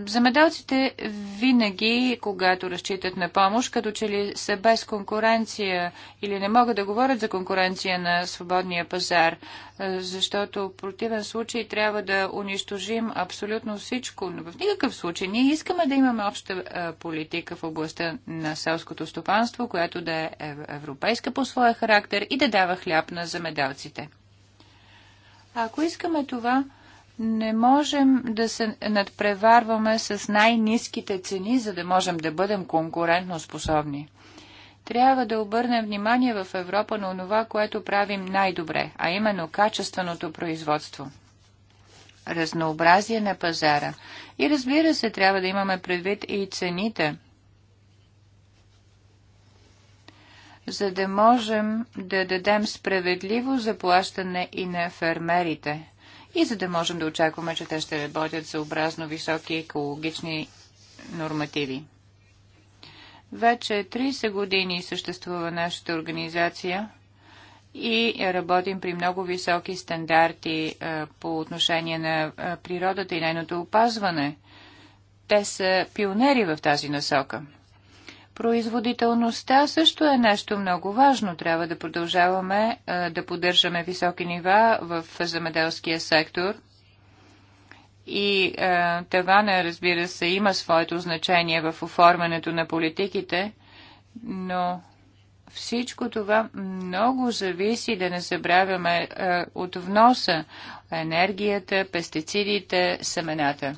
замедалците винаги, когато разчитат на помощ, като че ли са без конкуренция или не могат да говорят за конкуренция на свободния пазар, а, е, защото в противен случай трябва да унищожим абсолютно всичко. Но в никакъв случай ние искаме да имаме обща а, политика в областта на селското стопанство, която да е европейска по своя характер и да дава хляб на замедалците. ако искаме това, не можем да се надпреварваме с най-низките цени, за да можем да бъдем конкурентно способни. Трябва да обърнем внимание в Европа на това, което правим най-добре, а именно качественото производство разнообразие на пазара. И разбира се, трябва да имаме предвид и цените, за да можем да дадем справедливо заплащане и на фермерите и за да можем да очакваме, че те ще работят съобразно високи екологични нормативи. Вече 30 години съществува нашата организация и работим при много високи стандарти е, по отношение на е, природата и нейното опазване. Те са пионери в тази насока. Производителността също е нещо много важно. Трябва да продължаваме е, да поддържаме високи нива в земеделския сектор. И е, тавана, разбира се, има своето значение в оформянето на политиките, но всичко това много зависи, да не забравяме, е, от вноса, енергията, пестицидите, семената.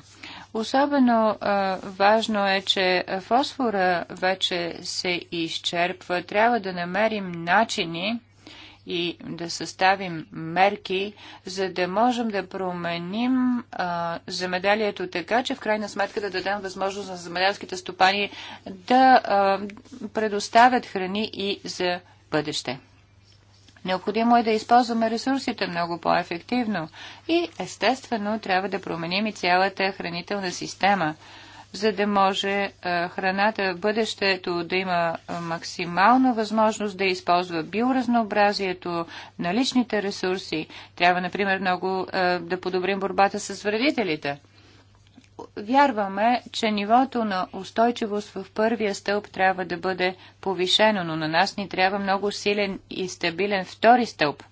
Особено а, важно е, че фосфора вече се изчерпва. Трябва да намерим начини и да съставим мерки, за да можем да променим земеделието така, че в крайна сметка да дадем възможност на земеделските стопани да а, предоставят храни и за бъдеще. Необходимо е да използваме ресурсите много по-ефективно и естествено трябва да променим и цялата хранителна система, за да може е, храната в бъдещето да има е, максимална възможност да използва биоразнообразието, наличните ресурси. Трябва, например, много е, да подобрим борбата с вредителите вярваме, че нивото на устойчивост в първия стълб трябва да бъде повишено, но на нас ни трябва много силен и стабилен втори стълб,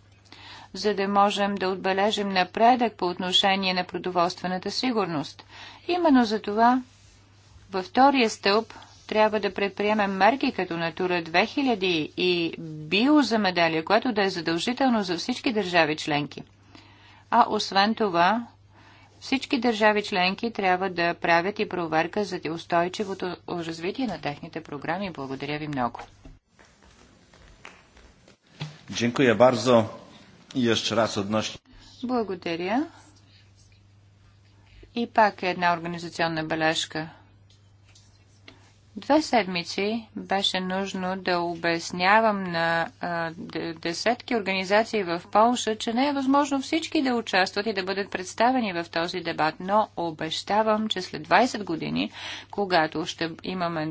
за да можем да отбележим напредък по отношение на продоволствената сигурност. Именно за това във втория стълб трябва да предприемем мерки като Натура 2000 и биозамеделие, което да е задължително за всички държави членки. А освен това, всички държави членки трябва да правят и проверка за устойчивото развитие на техните програми. Благодаря ви много. Благодаря. И пак е една организационна бележка. Две седмици беше нужно да обяснявам на десетки организации в Полша, че не е възможно всички да участват и да бъдат представени в този дебат, но обещавам, че след 20 години, когато ще имаме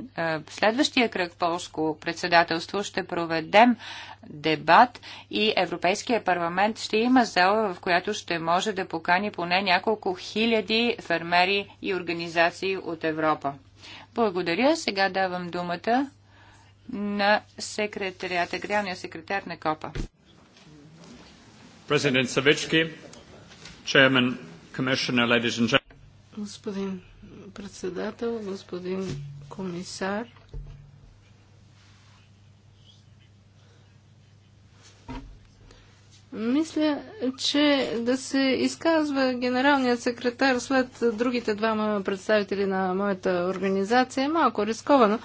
следващия кръг полско председателство, ще проведем дебат и Европейския парламент ще има зала, в която ще може да покани поне няколко хиляди фермери и организации от Европа. Благодаря. Сега давам думата на секретарията, главния секретар на КОПА. Президент Савички, чермен, комисионер, ladies and gentlemen. Господин председател, господин комисар, Мисля, че да се изказва генералният секретар след другите двама представители на моята организация е малко рисковано.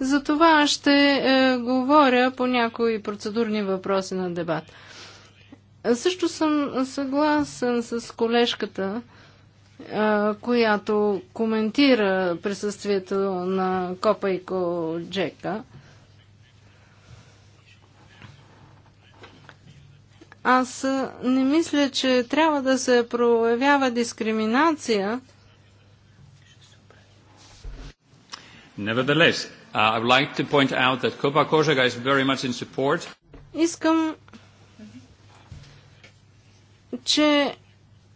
Затова ще е, говоря по някои процедурни въпроси на дебат. Също съм съгласен с колежката, е, която коментира присъствието на Копа и Коджека. Джека Аз не мисля, че трябва да се проявява дискриминация. Nevertheless, uh, I would like to point out that Copa Kozaga is very much in support. Искам че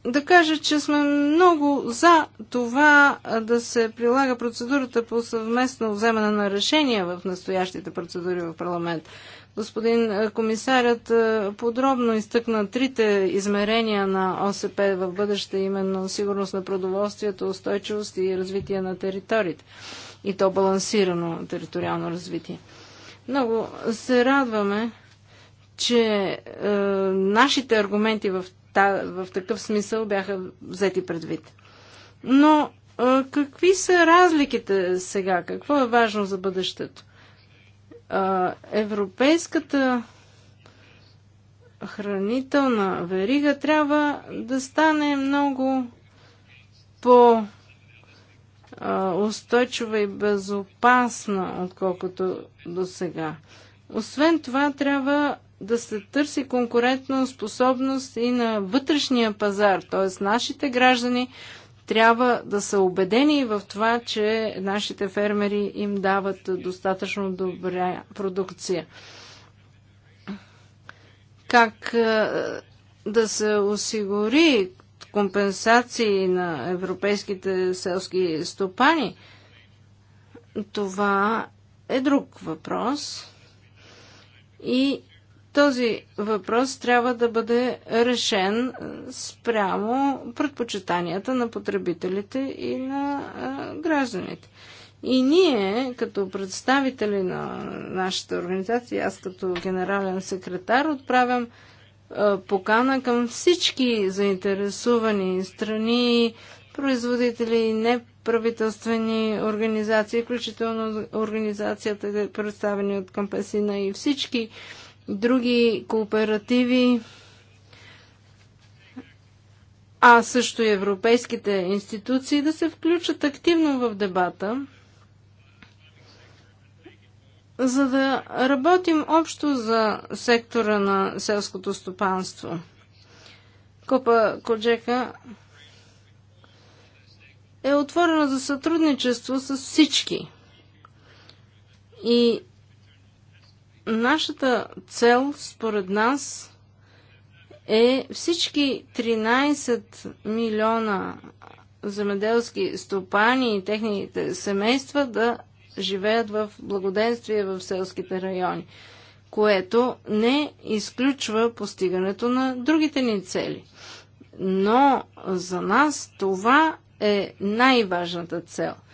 да кажа, че сме много за това да се прилага процедурата по съвместно вземане на решения в настоящите процедури в парламент. Господин е, комисарят е, подробно изтъкна трите измерения на ОСП в бъдеще, именно сигурност на продоволствието, устойчивост и развитие на териториите. И то балансирано териториално развитие. Много се радваме, че е, нашите аргументи в, та, в такъв смисъл бяха взети предвид. Но е, какви са разликите сега? Какво е важно за бъдещето? европейската хранителна верига трябва да стане много по устойчива и безопасна, отколкото до сега. Освен това, трябва да се търси конкурентна способност и на вътрешния пазар, т.е. нашите граждани трябва да са убедени в това, че нашите фермери им дават достатъчно добра продукция. Как е, да се осигури компенсации на европейските селски стопани? Това е друг въпрос. И този въпрос трябва да бъде решен е, спрямо предпочитанията на потребителите и на е, гражданите. И ние, като представители на нашата организация, аз като генерален секретар, отправям е, покана към всички заинтересувани страни, производители, и неправителствени организации, включително организацията, представени от Кампесина и всички други кооперативи, а също и европейските институции да се включат активно в дебата, за да работим общо за сектора на селското стопанство. Копа Коджека е отворена за сътрудничество с всички. И нашата цел, според нас, е всички 13 милиона земеделски стопани и техните семейства да живеят в благоденствие в селските райони, което не изключва постигането на другите ни цели. Но за нас това е най-важната цел –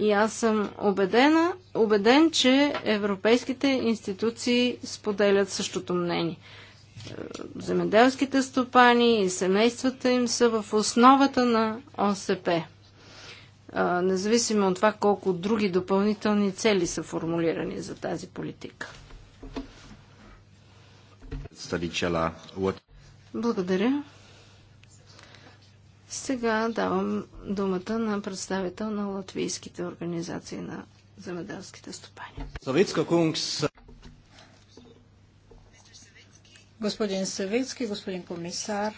и аз съм убедена, убеден, че европейските институции споделят същото мнение. Е, земеделските стопани и семействата им са в основата на ОСП. Е, независимо от това колко други допълнителни цели са формулирани за тази политика. Благодаря. Сега давам думата на представител на латвийските организации на земеделските стопани. Савицка Кунгс. Господин Савицки, господин комисар,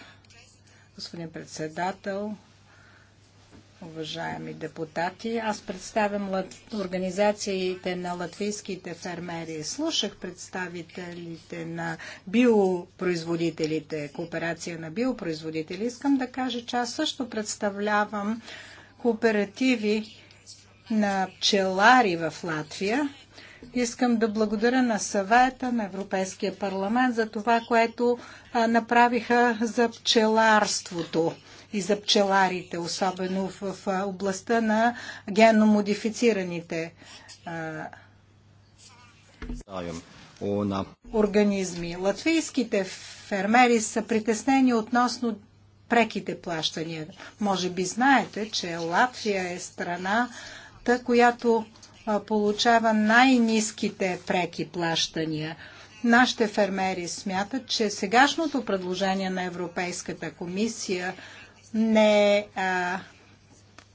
господин председател, уважаеми депутати. Аз представям лат... организациите на латвийските фермери. Слушах представителите на биопроизводителите, кооперация на биопроизводители. Искам да кажа, че аз също представлявам кооперативи на пчелари в Латвия. Искам да благодаря на съвета на Европейския парламент за това, което направиха за пчеларството и за пчеларите, особено в, в областта на генно модифицираните организми. Латвийските фермери са притеснени относно преките плащания. Може би знаете, че Латвия е страната, която получава най-низките преки плащания. Нашите фермери смятат, че сегашното предложение на Европейската комисия не а,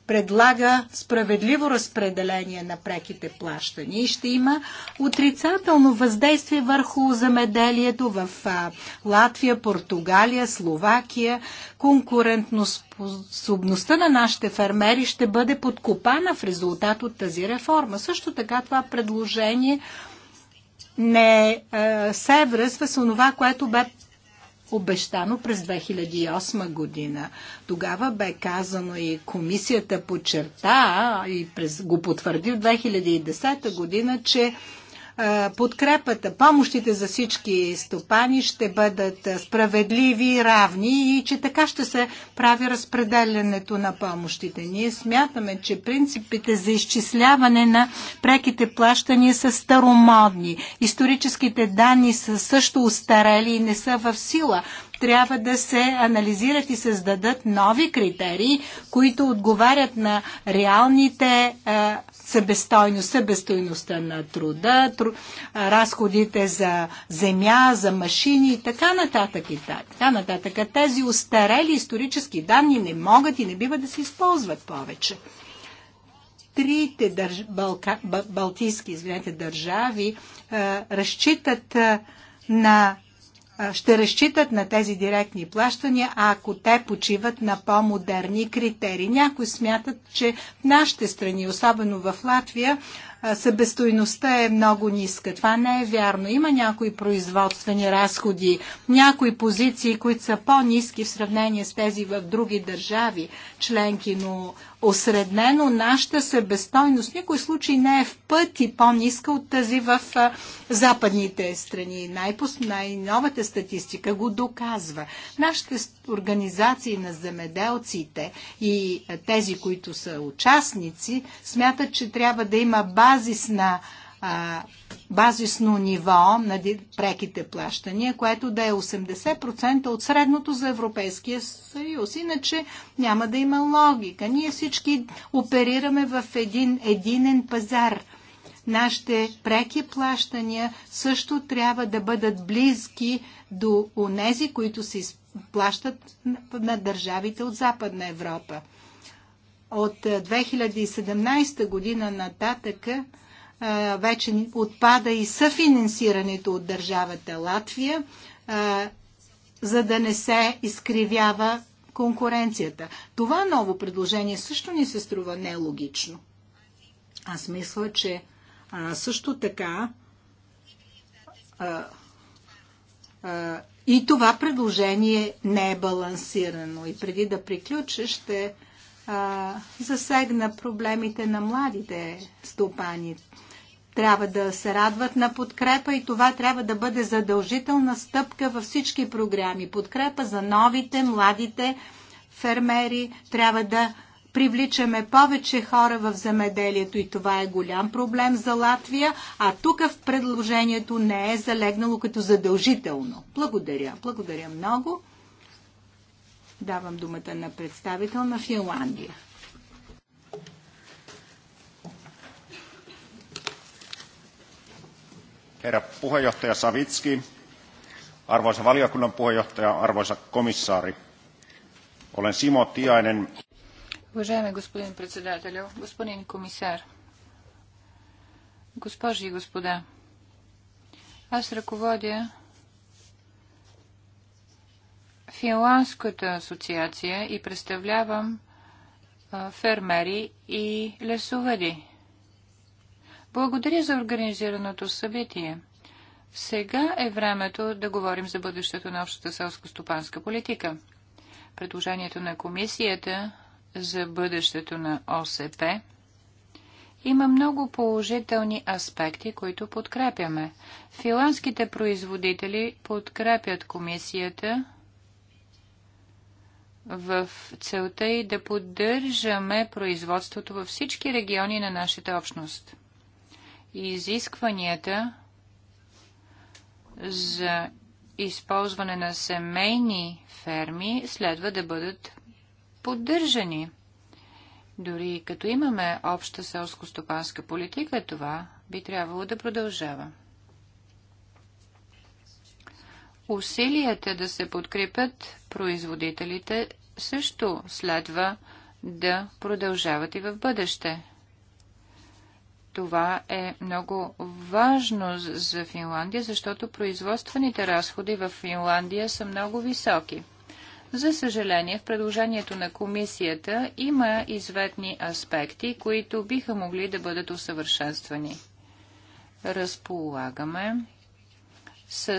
предлага справедливо разпределение на преките плащания и ще има отрицателно въздействие върху замеделието в а, Латвия, Португалия, Словакия. Конкурентоспособността на нашите фермери ще бъде подкопана в резултат от тази реформа. Също така това предложение не а, се връзва с това, което бе обещано през 2008 година. Тогава бе казано и комисията подчерта и през, го потвърди в 2010 година, че подкрепата, помощите за всички стопани ще бъдат справедливи и равни и че така ще се прави разпределянето на помощите. Ние смятаме, че принципите за изчисляване на преките плащания са старомодни. Историческите данни са също устарели и не са в сила трябва да се анализират и създадат нови критерии, които отговарят на реалните е, събестойност, събестойността на труда, тру, е, разходите за земя, за машини и така нататък. И така нататък. Тези устарели исторически данни не могат и не бива да се използват повече трите държ... Балка... балтийски извинете, държави а, е, разчитат а, на ще разчитат на тези директни плащания, ако те почиват на по-модерни критерии. Някои смятат, че в нашите страни, особено в Латвия, събестойността е много ниска. Това не е вярно. Има някои производствени разходи, някои позиции, които са по-низки в сравнение с тези в други държави членки, но осреднено нашата себестойност. Никой случай не е в пъти по-ниска от тази в а, западните страни. Най-новата най статистика го доказва. Нашите организации на замеделците и тези, които са участници, смятат, че трябва да има базисна на а, базисно ниво на преките плащания, което да е 80% от средното за Европейския съюз. Иначе няма да има логика. Ние всички оперираме в един единен пазар. Нашите преки плащания също трябва да бъдат близки до онези, които се плащат на държавите от Западна Европа. От 2017 е, година нататъка вече отпада и съфинансирането от държавата Латвия, за да не се изкривява конкуренцията. Това ново предложение също ни се струва нелогично. Аз мисля, че също така и това предложение не е балансирано. И преди да приключа, ще а, засегна проблемите на младите стопани трябва да се радват на подкрепа и това трябва да бъде задължителна стъпка във всички програми. Подкрепа за новите, младите фермери. Трябва да привличаме повече хора в земеделието и това е голям проблем за Латвия, а тук в предложението не е залегнало като задължително. Благодаря. Благодаря много. Давам думата на представител на Финландия. herra puheenjohtaja Savitski, arvoisa valiokunnan puheenjohtaja, arvoisa komissaari. Olen Simo Tiainen. Уважаеми господин председател, господин комисар, госпожи и господа, аз ръководя Финландската асоциация и представлявам фермери и лесовъди. Благодаря за организираното събитие. Сега е времето да говорим за бъдещето на общата селско-стопанска политика. Предложението на комисията за бъдещето на ОСП има много положителни аспекти, които подкрепяме. Филанските производители подкрепят комисията в целта и да поддържаме производството във всички региони на нашата общност и изискванията за използване на семейни ферми следва да бъдат поддържани. Дори като имаме обща селско-стопанска политика, това би трябвало да продължава. Усилията да се подкрепят производителите също следва да продължават и в бъдеще. Това е много важно за Финландия, защото производствените разходи в Финландия са много високи. За съжаление, в предложението на комисията има изведни аспекти, които биха могли да бъдат усъвършенствани. Разполагаме с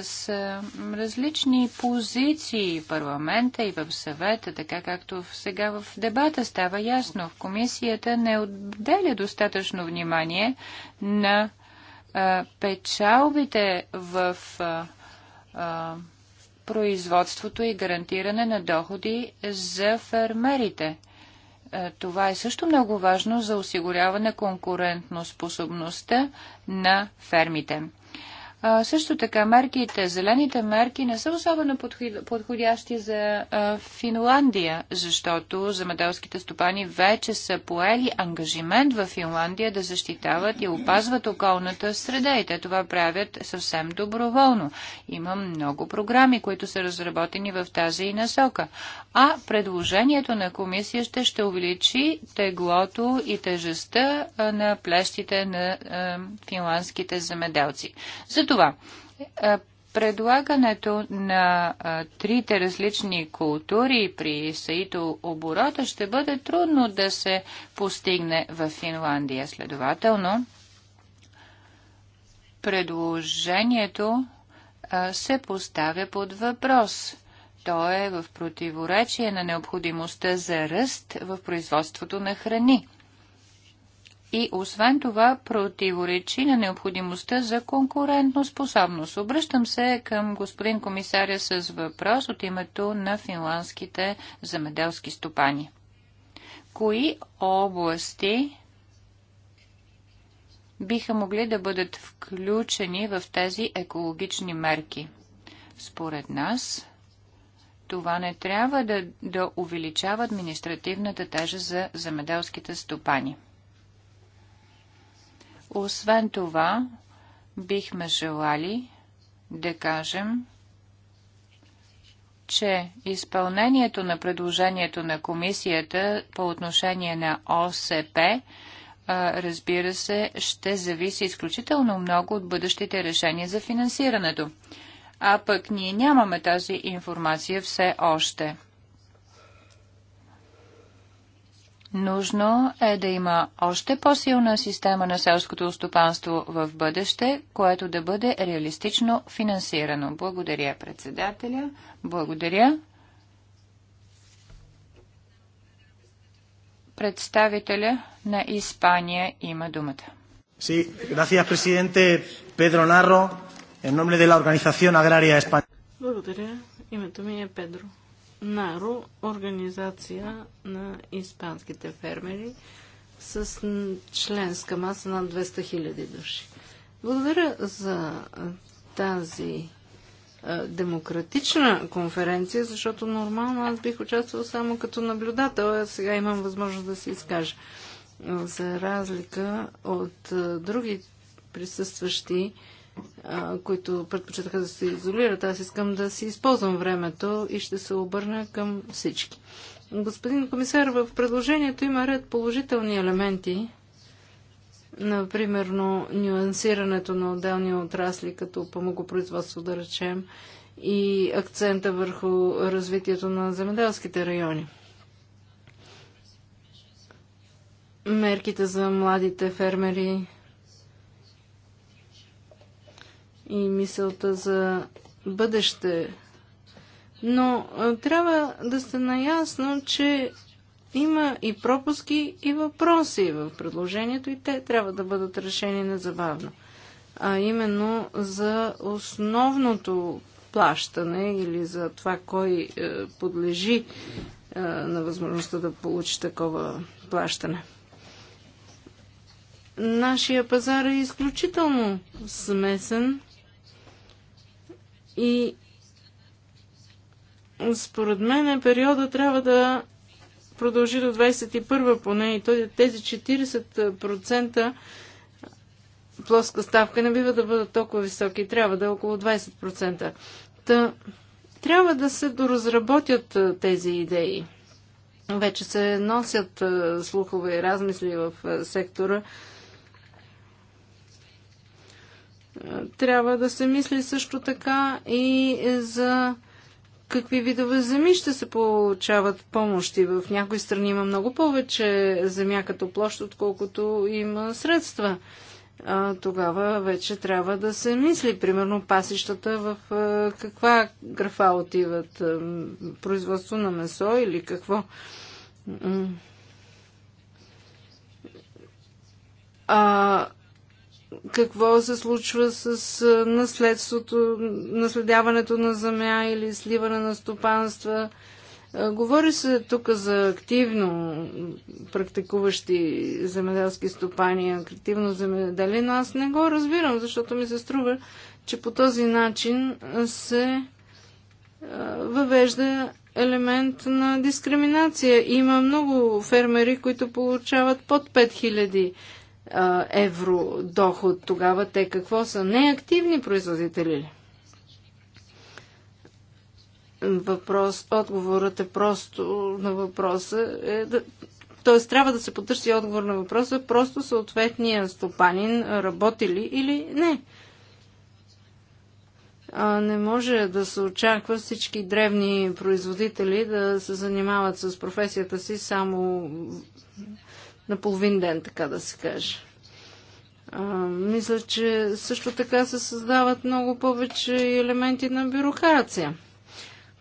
различни позиции в парламента и в съвета, така както сега в дебата става ясно. В комисията не отделя достатъчно внимание на печалбите в производството и гарантиране на доходи за фермерите. Това е също много важно за осигуряване конкурентно способността на фермите също така мерките, зелените мерки не са особено подходящи за Финландия, защото земеделските стопани вече са поели ангажимент в Финландия да защитават и опазват околната среда и те това правят съвсем доброволно. Има много програми, които са разработени в тази и насока. А предложението на комисията ще увеличи теглото и тежестта на плещите на финландските земеделци. Зато това, е, предлагането на е, трите различни култури при Саито оборота ще бъде трудно да се постигне в Финландия. Следователно, предложението е, се поставя под въпрос. То е в противоречие на необходимостта за ръст в производството на храни и освен това противоречи на необходимостта за конкурентно способност. Обръщам се към господин комисаря с въпрос от името на финландските замеделски стопани. Кои области биха могли да бъдат включени в тези екологични мерки? Според нас, това не трябва да, да увеличава административната тежа за замеделските стопани. Освен това, бихме желали да кажем, че изпълнението на предложението на комисията по отношение на ОСП, разбира се, ще зависи изключително много от бъдещите решения за финансирането. А пък ние нямаме тази информация все още. Нужно е да има още по-силна система на селското стопанство в бъдеще, което да бъде реалистично финансирано. Благодаря, председателя. Благодаря. Представителя на Испания има думата. Sí, gracias, presidente Pedro Narro, en nombre de la Organización Agraria Española. Благодаря. Името ми е Педро. НАРО, организация на испанските фермери, с членска маса над 200 000 души. Благодаря за тази демократична конференция, защото нормално аз бих участвал само като наблюдател, а сега имам възможност да се изкажа. За разлика от други присъстващи които предпочитаха да се изолират. Аз искам да си използвам времето и ще се обърна към всички. Господин комисар, в предложението има ред положителни елементи, например нюансирането на отделни отрасли, като помогопроизводство, да речем, и акцента върху развитието на земеделските райони. Мерките за младите фермери, и мисълта за бъдеще. Но трябва да сте наясно, че има и пропуски, и въпроси в предложението и те трябва да бъдат решени незабавно. А именно за основното плащане или за това кой е, подлежи е, на възможността да получи такова плащане. Нашия пазар е изключително смесен и според мен периода трябва да продължи до 21 поне и тези 40% плоска ставка не бива да бъдат толкова високи. Трябва да е около 20%. Та, трябва да се доразработят тези идеи. Вече се носят слухове и размисли в сектора трябва да се мисли също така и за какви видове земи ще се получават помощи. В някои страни има много повече земя като площ, отколкото има средства. А, тогава вече трябва да се мисли, примерно, пасищата в а, каква графа отиват, а, производство на месо или какво. А, какво се случва с наследството, наследяването на земя или сливане на стопанства. Говори се тук за активно практикуващи земеделски стопани, активно земеделие, но аз не го разбирам, защото ми се струва, че по този начин се въвежда елемент на дискриминация. Има много фермери, които получават под 5000 евро доход, тогава те какво са? Неактивни производители ли? Въпрос, отговорът е просто на въпроса. Е да, т.е. трябва да се потърси отговор на въпроса, просто съответния стопанин работи ли или не. А не може да се очаква всички древни производители да се занимават с професията си само на половин ден, така да се каже. А, мисля, че също така се създават много повече елементи на бюрокрация.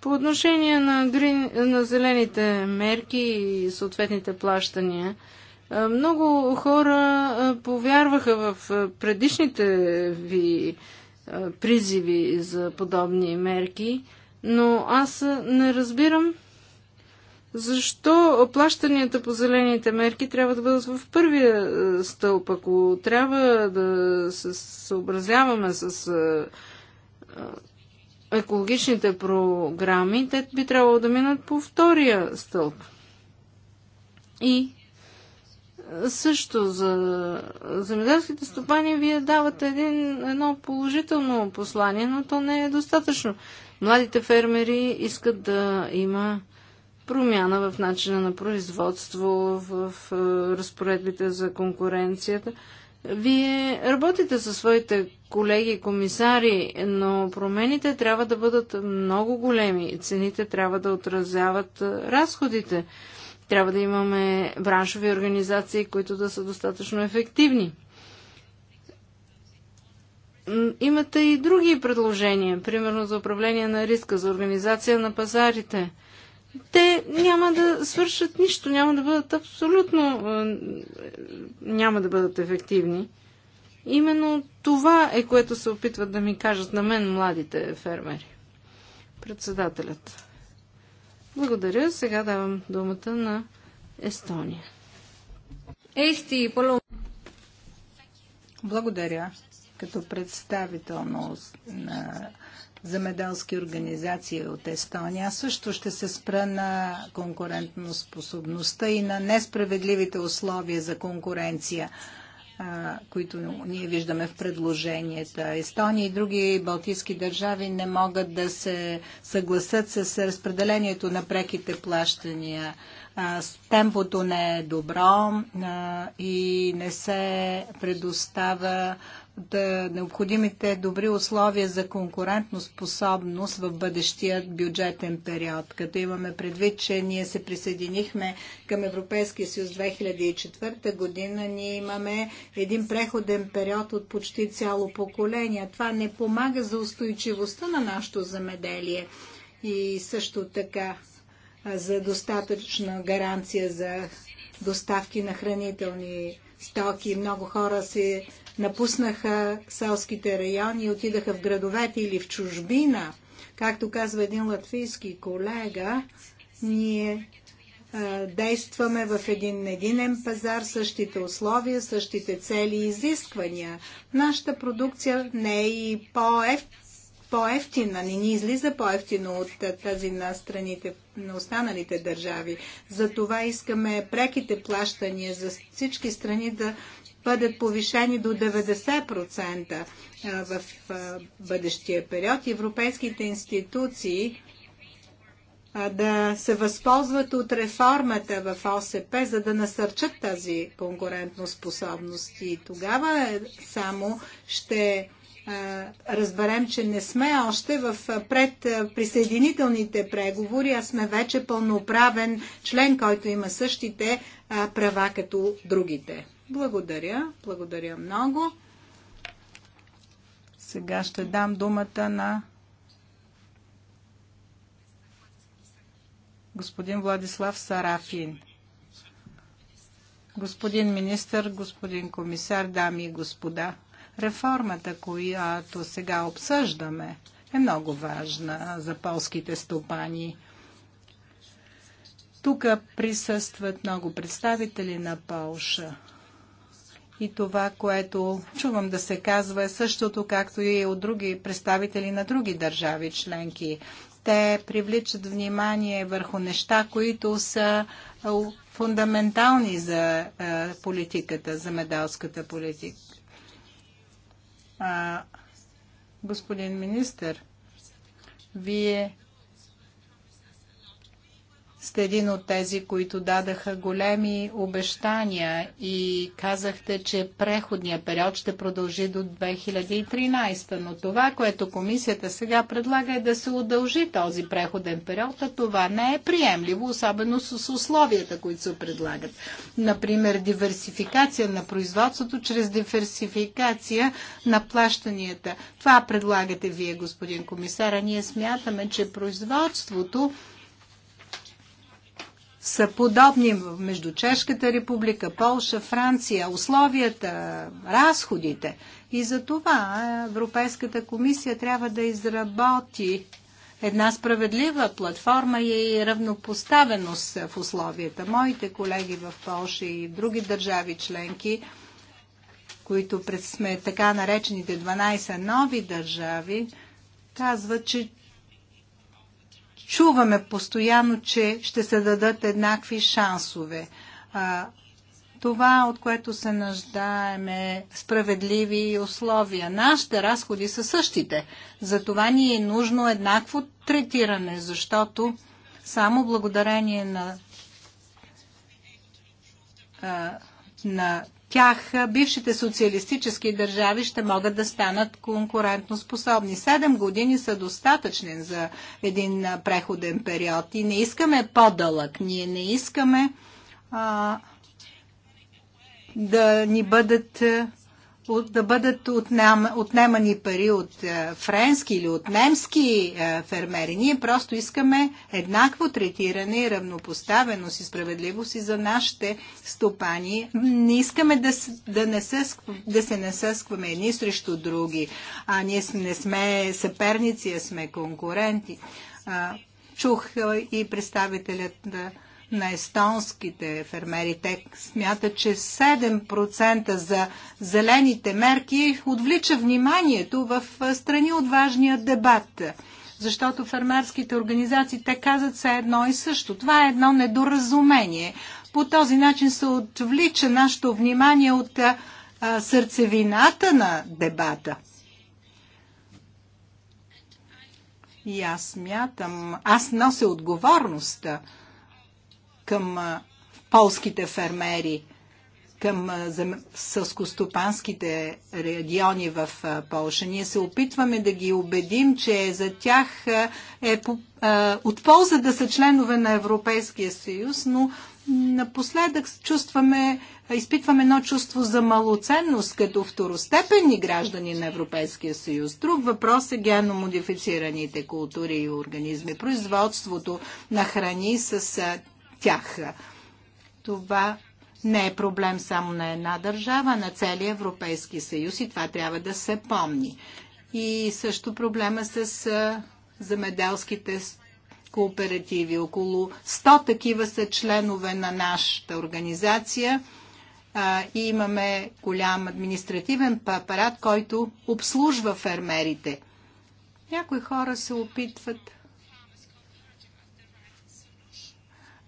По отношение на, грин, на зелените мерки и съответните плащания, много хора повярваха в предишните ви призиви за подобни мерки, но аз не разбирам защо плащанията по зелените мерки трябва да бъдат в първия е, стълб? Ако трябва да се съобразяваме с е, е, екологичните програми, те би трябвало да минат по втория стълб. И също за земеделските стопани вие давате един, едно положително послание, но то не е достатъчно. Младите фермери искат да има промяна в начина на производство, в е, разпоредбите за конкуренцията. Вие работите със своите колеги и комисари, но промените трябва да бъдат много големи. Цените трябва да отразяват е, разходите. Трябва да имаме браншови организации, които да са достатъчно ефективни. Имате и други предложения, примерно за управление на риска, за организация на пазарите – те няма да свършат нищо, няма да бъдат абсолютно, е, няма да бъдат ефективни. Именно това е което се опитват да ми кажат на мен младите фермери. Председателят. Благодаря. Сега давам думата на Естония. Ести, полу... Благодаря. Като представител на земеделски организации от Естония. Аз също ще се спра на конкурентноспособността и на несправедливите условия за конкуренция, които ние виждаме в предложенията. Естония и други балтийски държави не могат да се съгласат с разпределението на преките плащания темпото не е добро и не се предостава да необходимите добри условия за конкурентно способност в бъдещия бюджетен период. Като имаме предвид, че ние се присъединихме към Европейския съюз 2004 година, ние имаме един преходен период от почти цяло поколение. Това не помага за устойчивостта на нашето замеделие и също така за достатъчна гаранция за доставки на хранителни стоки. Много хора се напуснаха селските райони и отидаха в градовете или в чужбина. Както казва един латвийски колега, ние а, действаме в един единен пазар, същите условия, същите цели и изисквания. Нашата продукция не е и по-ефтина по-ефтина, не ни излиза по-ефтино от тази на страните, на останалите държави. Затова искаме преките плащания за всички страни да бъдат повишени до 90% в бъдещия период. Европейските институции да се възползват от реформата в ОСП, за да насърчат тази конкурентоспособност. И тогава е, само ще разберем, че не сме още в предприсъединителните преговори, а сме вече пълноправен член, който има същите права като другите. Благодаря. Благодаря много. Сега ще дам думата на господин Владислав Сарафин. Господин министр, господин комисар, дами и господа, реформата, която сега обсъждаме, е много важна за полските стопани. Тук присъстват много представители на Полша. И това, което чувам да се казва е същото, както и от други представители на други държави членки. Те привличат внимание върху неща, които са фундаментални за политиката, за медалската политика. А, господин министр, вие сте един от тези, които дадаха големи обещания и казахте, че преходният период ще продължи до 2013. Но това, което комисията сега предлага е да се удължи този преходен период, а това не е приемливо, особено с условията, които се предлагат. Например, диверсификация на производството чрез диверсификация на плащанията. Това предлагате вие, господин комисар, а ние смятаме, че производството са подобни между Чешката република, Полша, Франция, условията, разходите. И за това Европейската комисия трябва да изработи една справедлива платформа и равнопоставеност в условията. Моите колеги в Полша и други държави членки, които сме така наречените 12 нови държави, казват, че чуваме постоянно, че ще се дадат еднакви шансове. А, това, от което се нуждаем е справедливи условия. Нашите разходи са същите. Затова ни е нужно еднакво третиране, защото само благодарение на, на тях бившите социалистически държави ще могат да станат конкурентно способни. Седем години са достатъчни за един преходен период и не искаме по-дълъг. Ние не искаме а, да ни бъдат а, да бъдат отнем, отнемани пари от е, френски или от немски е, фермери. Ние просто искаме еднакво третиране и равнопоставеност и справедливост и за нашите стопани. Не искаме да, да, не се, да се насъскваме едни срещу други. А ние не сме съперници, а сме конкуренти. чух е, и представителят да на естонските фермери. Те смятат, че 7% за зелените мерки отвлича вниманието в страни от важния дебат. Защото фермерските организации те казват все едно и също. Това е едно недоразумение. По този начин се отвлича нашето внимание от а, сърцевината на дебата. И аз смятам, аз нося отговорността към полските фермери, към сълскостопанските региони в Полша. Ние се опитваме да ги убедим, че за тях е от полза да са членове на Европейския съюз, но напоследък чувстваме, изпитваме едно чувство за малоценност като второстепенни граждани на Европейския съюз. Друг въпрос е генномодифицираните култури и организми. Производството на храни с тях. Това не е проблем само на една държава, на целия Европейски съюз и това трябва да се помни. И също проблема с замеделските кооперативи. Около 100 такива са членове на нашата организация и имаме голям административен апарат, който обслужва фермерите. Някои хора се опитват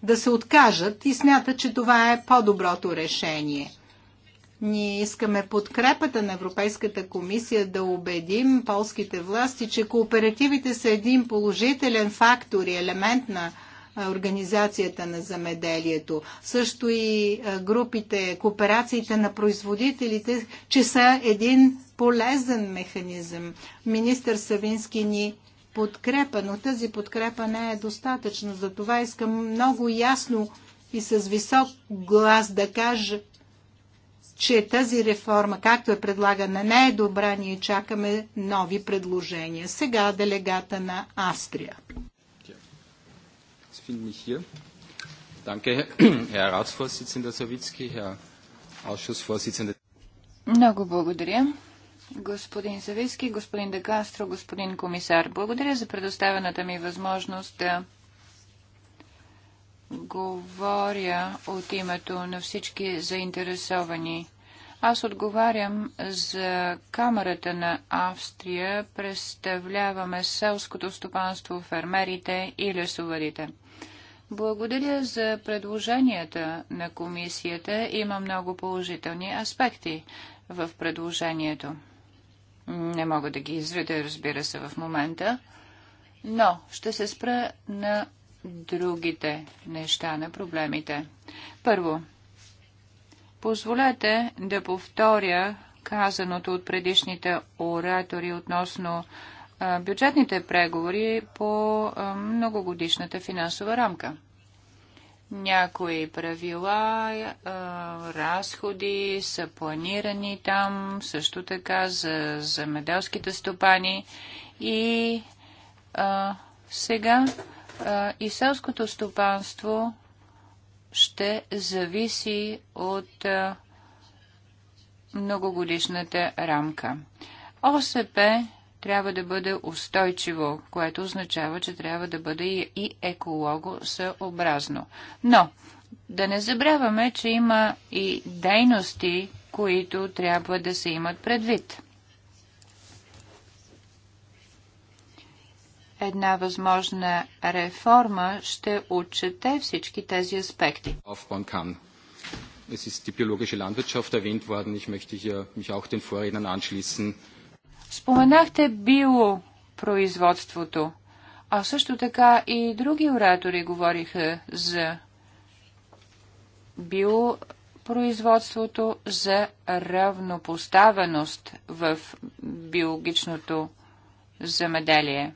да се откажат и смятат, че това е по-доброто решение. Ние искаме подкрепата на Европейската комисия да убедим полските власти, че кооперативите са един положителен фактор и елемент на Организацията на замеделието, също и групите, кооперациите на производителите, че са един полезен механизъм. Министър Савински ни подкрепа, но тази подкрепа не е достатъчна. Затова искам много ясно и с висок глас да кажа, че тази реформа, както е предлагана, не е добра. Ние чакаме нови предложения. Сега делегата на Австрия. Много благодаря господин Зависки, господин Декастро, господин комисар. Благодаря за предоставената ми възможност да говоря от името на всички заинтересовани. Аз отговарям за Камерата на Австрия, представляваме селското стопанство, фермерите и лесоварите. Благодаря за предложенията на комисията. Има много положителни аспекти в предложението. Не мога да ги изведа, разбира се, в момента. Но ще се спра на другите неща, на проблемите. Първо, позволете да повторя казаното от предишните оратори относно бюджетните преговори по многогодишната финансова рамка. Някои правила, разходи са планирани там, също така за земеделските стопани. И а, сега а, и селското стопанство ще зависи от а, многогодишната рамка. ОСП трябва да бъде устойчиво, което означава, че трябва да бъде и екологосъобразно. Но да не забравяме, че има и дейности, които трябва да се имат предвид. Една възможна реформа ще отчете всички тези аспекти. Es ist die biologische Landwirtschaft erwähnt worden. Ich möchte hier mich auch den Vorrednern anschließen. Споменахте биопроизводството, а също така и други оратори говориха за биопроизводството, за равнопоставеност в биологичното замеделие.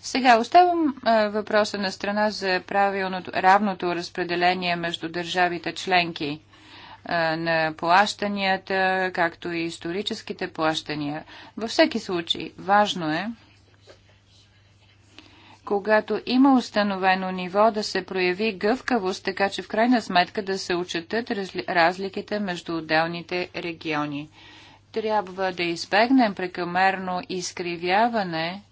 Сега оставам въпроса на страна за правилното равното разпределение между държавите членки – на плащанията, както и историческите плащания. Във всеки случай, важно е, когато има установено ниво, да се прояви гъвкавост, така че в крайна сметка да се учетат разликите между отделните региони. Трябва да избегнем прекомерно изкривяване,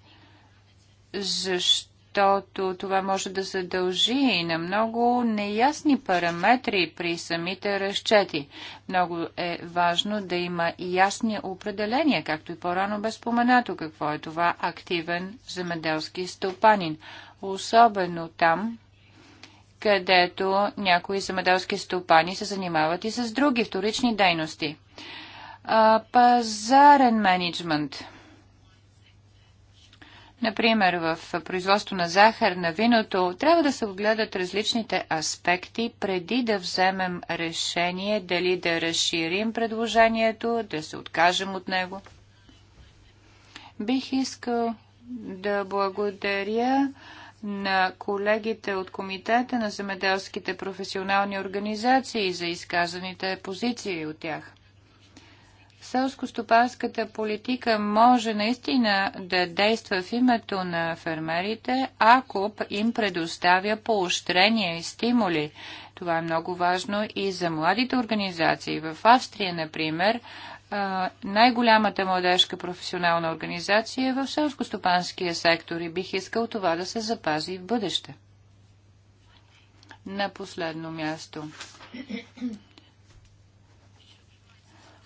защото защото това може да се дължи и на много неясни параметри при самите разчети. Много е важно да има и ясни определения, както и по-рано бе споменато какво е това активен земеделски стопанин. Особено там, където някои земеделски стопани се занимават и с други вторични дейности. А, пазарен менеджмент – Например, в производство на захар, на виното, трябва да се огледат различните аспекти преди да вземем решение дали да разширим предложението, да се откажем от него. Бих искал да благодаря на колегите от Комитета на земеделските професионални организации за изказаните позиции от тях. Селско-стопанската политика може наистина да действа в името на фермерите, ако им предоставя поощрения и стимули. Това е много важно и за младите организации. В Австрия, например, най-голямата младежка професионална организация е в селско-стопанския сектор и бих искал това да се запази в бъдеще. На последно място.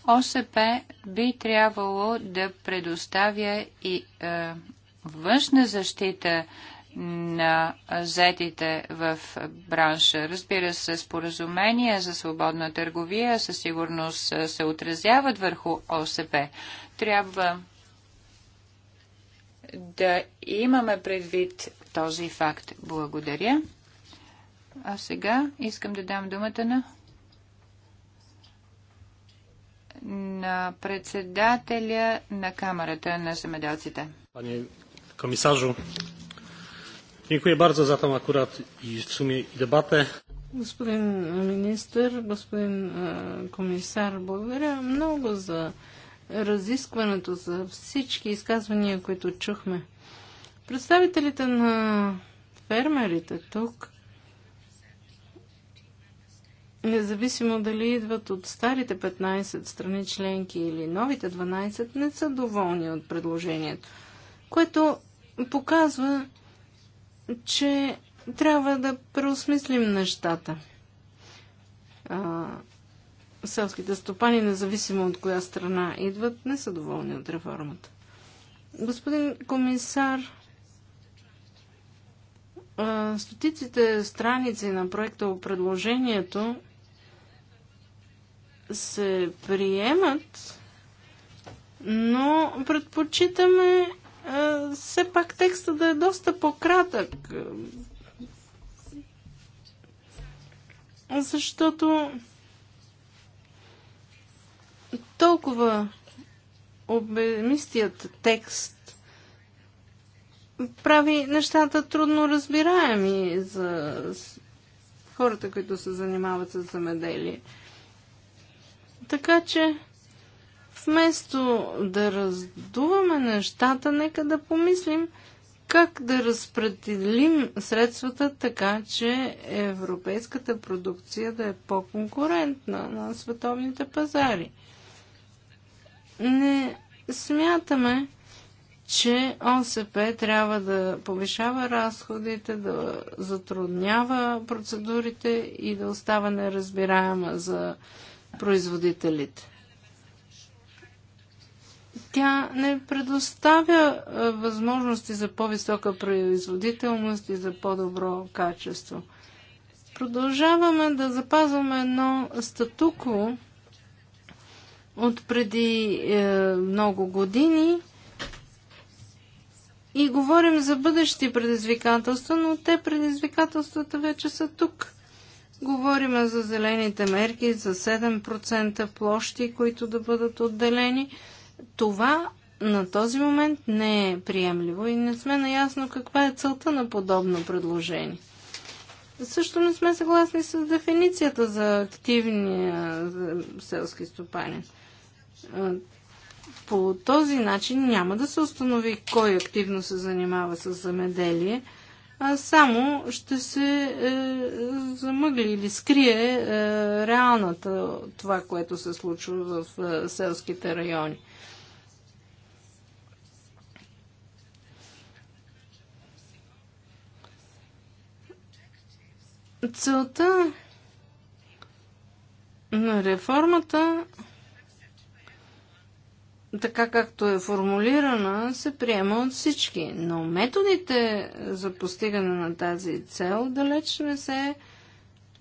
ОСП би трябвало да предоставя и е, външна защита на заетите в бранша. Разбира се, споразумения за свободна търговия със сигурност се отразяват върху ОСП. Трябва да имаме предвид този факт. Благодаря. А сега искам да дам думата на на председателя на Камерата на земеделците. Пане комисажо, Никой бързо за там акурат и w sumie i Господин министр, господин комисар, благодаря много за разискването, за всички изказвания, които чухме. Представителите на фермерите тук независимо дали идват от старите 15 страни членки или новите 12, не са доволни от предложението, което показва, че трябва да преосмислим нещата. А, селските стопани, независимо от коя страна идват, не са доволни от реформата. Господин комисар, стотиците страници на проекта предложението се приемат, но предпочитаме е, все пак текста да е доста по-кратък. Защото толкова обемистият текст прави нещата трудно разбираеми за хората, които се занимават с замеделие. Така че, вместо да раздуваме нещата, нека да помислим как да разпределим средствата така, че европейската продукция да е по-конкурентна на световните пазари. Не смятаме, че ОСП трябва да повишава разходите, да затруднява процедурите и да остава неразбираема за производителите. Тя не предоставя е, възможности за по-висока производителност и за по-добро качество. Продължаваме да запазваме едно статуко от преди е, много години, и говорим за бъдещи предизвикателства, но те предизвикателствата вече са тук. Говориме за зелените мерки, за 7% площи, които да бъдат отделени. Това на този момент не е приемливо и не сме наясно каква е целта на подобно предложение. Също не сме съгласни с дефиницията за активния селски стопанин. По този начин няма да се установи кой активно се занимава с замеделие – а само ще се е, замъгли или скрие е, реалната това, което се случва в е, селските райони. Целта на реформата така както е формулирана, се приема от всички. Но методите за постигане на тази цел далеч не се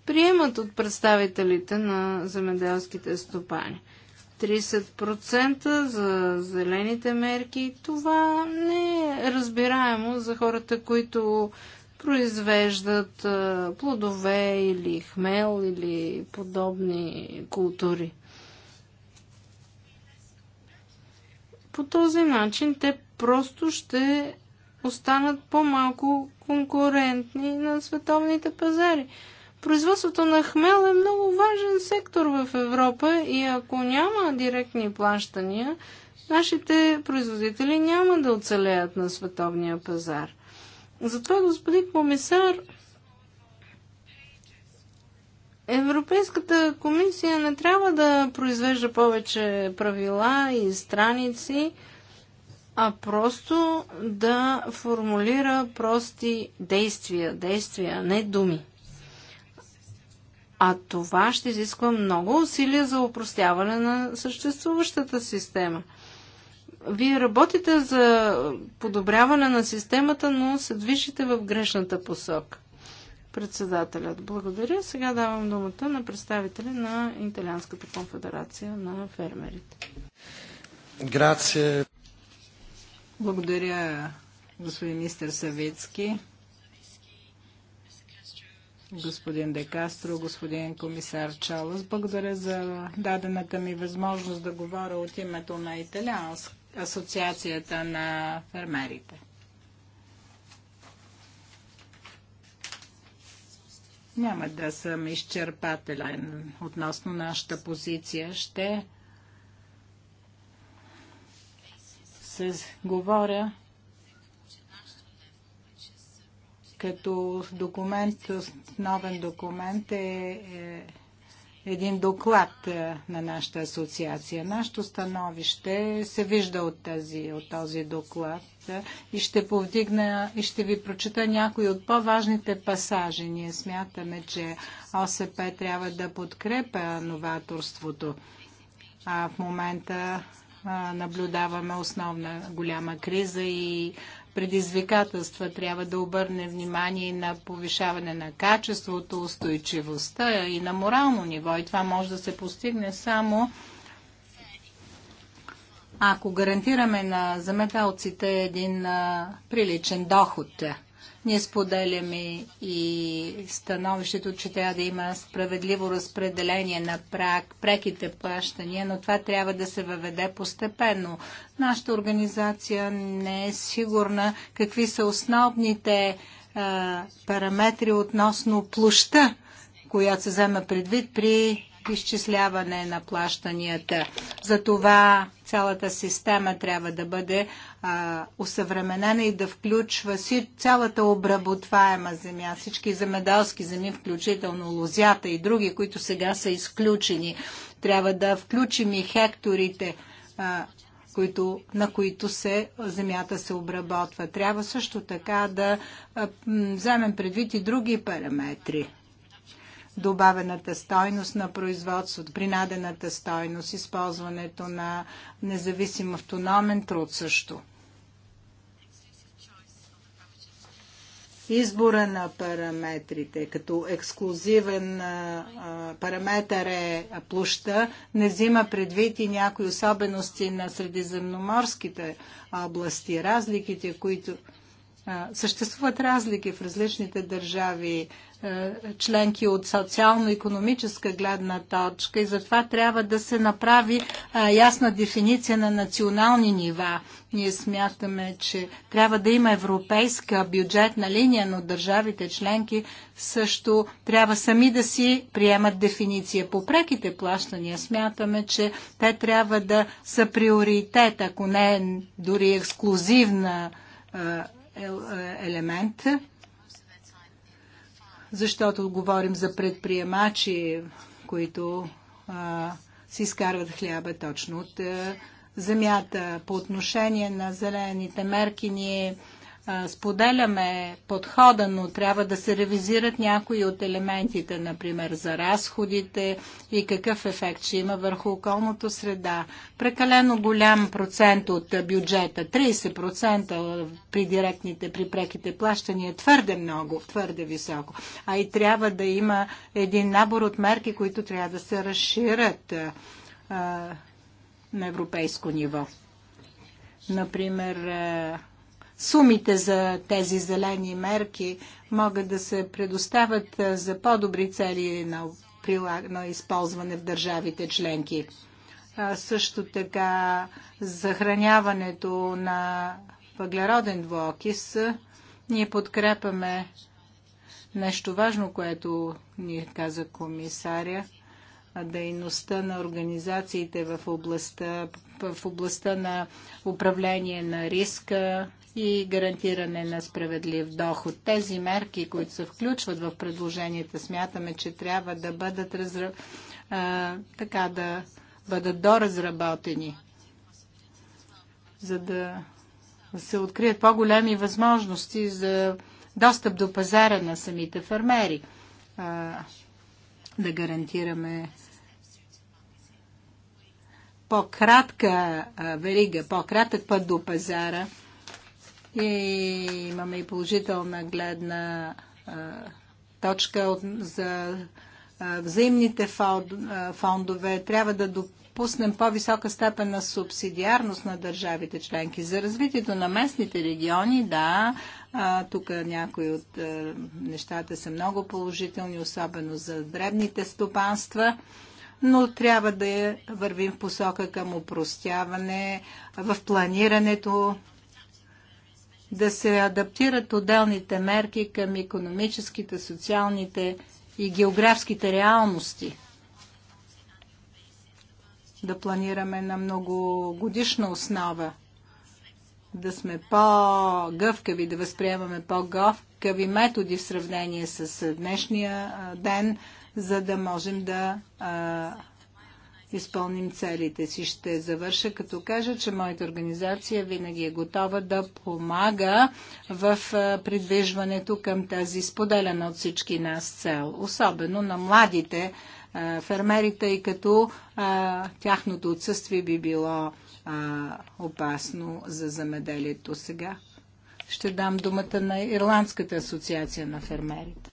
приемат от представителите на земеделските стопани. 30% за зелените мерки, това не е разбираемо за хората, които произвеждат плодове или хмел или подобни култури. По този начин те просто ще останат по-малко конкурентни на световните пазари. Производството на хмел е много важен сектор в Европа и ако няма директни плащания, нашите производители няма да оцелеят на световния пазар. Затова, господин комисар, Европейската комисия не трябва да произвежда повече правила и страници, а просто да формулира прости действия, действия, не думи. А това ще изисква много усилия за упростяване на съществуващата система. Вие работите за подобряване на системата, но се движите в грешната посока. Председателят. Благодаря. Сега давам думата на представители на Италианската конфедерация на фермерите. Грация. Благодаря, господин мистер Савицки, господин Де Кастро, господин комисар Чалас. Благодаря за дадената ми възможност да говоря от името на Италианска асоциацията на фермерите. Няма да съм изчерпателен относно нашата позиция. Ще се говоря като документ, основен документ е, е един доклад е, на нашата асоциация. Нашето становище се вижда от, от този доклад и ще повдигна и ще ви прочета някои от по-важните пасажи. Ние смятаме, че ОСП трябва да подкрепя новаторството. А в момента а, наблюдаваме основна голяма криза и предизвикателства. Трябва да обърне внимание на повишаване на качеството, устойчивостта и на морално ниво. И това може да се постигне само ако гарантираме на земеделците един а, приличен доход, ние споделяме и становището, че трябва да има справедливо разпределение на прак, преките плащания, но това трябва да се въведе постепенно. Нашата организация не е сигурна какви са основните а, параметри относно площа, която се взема предвид при изчисляване на плащанията. Затова цялата система трябва да бъде а, усъвременена и да включва си цялата обработваема земя, всички земеделски земи, включително лозята и други, които сега са изключени. Трябва да включим и хекторите, а, които, на които се, земята се обработва. Трябва също така да а, вземем предвид и други параметри добавената стойност на производството, принадената стойност, използването на независим автономен труд също. избора на параметрите, като ексклюзивен а, параметър е площа, не взима предвид и някои особености на средиземноморските области, разликите, които а, съществуват разлики в различните държави е, членки от социално-економическа гледна точка и затова трябва да се направи е, ясна дефиниция на национални нива. Ние смятаме, че трябва да има европейска бюджетна линия, но държавите членки също трябва сами да си приемат дефиниция. По преките плащания смятаме, че те трябва да са приоритет, ако не е дори ексклюзивна елемент защото говорим за предприемачи, които а, си изкарват хляба точно от а, земята. По отношение на зелените мерки ние споделяме подхода, но трябва да се ревизират някои от елементите, например за разходите и какъв ефект ще има върху околното среда. Прекалено голям процент от бюджета, 30% при директните, при преките плащания, твърде много, твърде високо. А и трябва да има един набор от мерки, които трябва да се разширят а, на европейско ниво. Например, сумите за тези зелени мерки могат да се предоставят за по-добри цели на, на използване в държавите членки. А също така захраняването на въглероден двуокис. Ние подкрепяме нещо важно, което ни каза комисаря дейността на организациите в областта, в областта на управление на риска, и гарантиране на справедлив доход. Тези мерки, които се включват в предложенията, смятаме, че трябва да бъдат разра... а, така да бъдат доразработени, за да се открият по-големи възможности за достъп до пазара на самите фермери. А, да гарантираме по-кратка верига, по-кратък път до пазара – и имаме и положителна гледна точка от, за взаимните фондове. Трябва да допуснем по-висока степен на субсидиарност на държавите членки. За развитието на местните региони, да, тук някои от нещата са много положителни, особено за дребните стопанства но трябва да вървим в посока към упростяване в планирането да се адаптират отделните мерки към економическите, социалните и географските реалности. Да планираме на многогодишна основа да сме по-гъвкави, да възприемаме по-гъвкави методи в сравнение с днешния ден, за да можем да изпълним целите си. Ще завърша като кажа, че моята организация винаги е готова да помага в придвижването към тази споделена от всички нас цел, особено на младите фермерите, и като а, тяхното отсъствие би било а, опасно за замеделието сега. Ще дам думата на Ирландската асоциация на фермерите.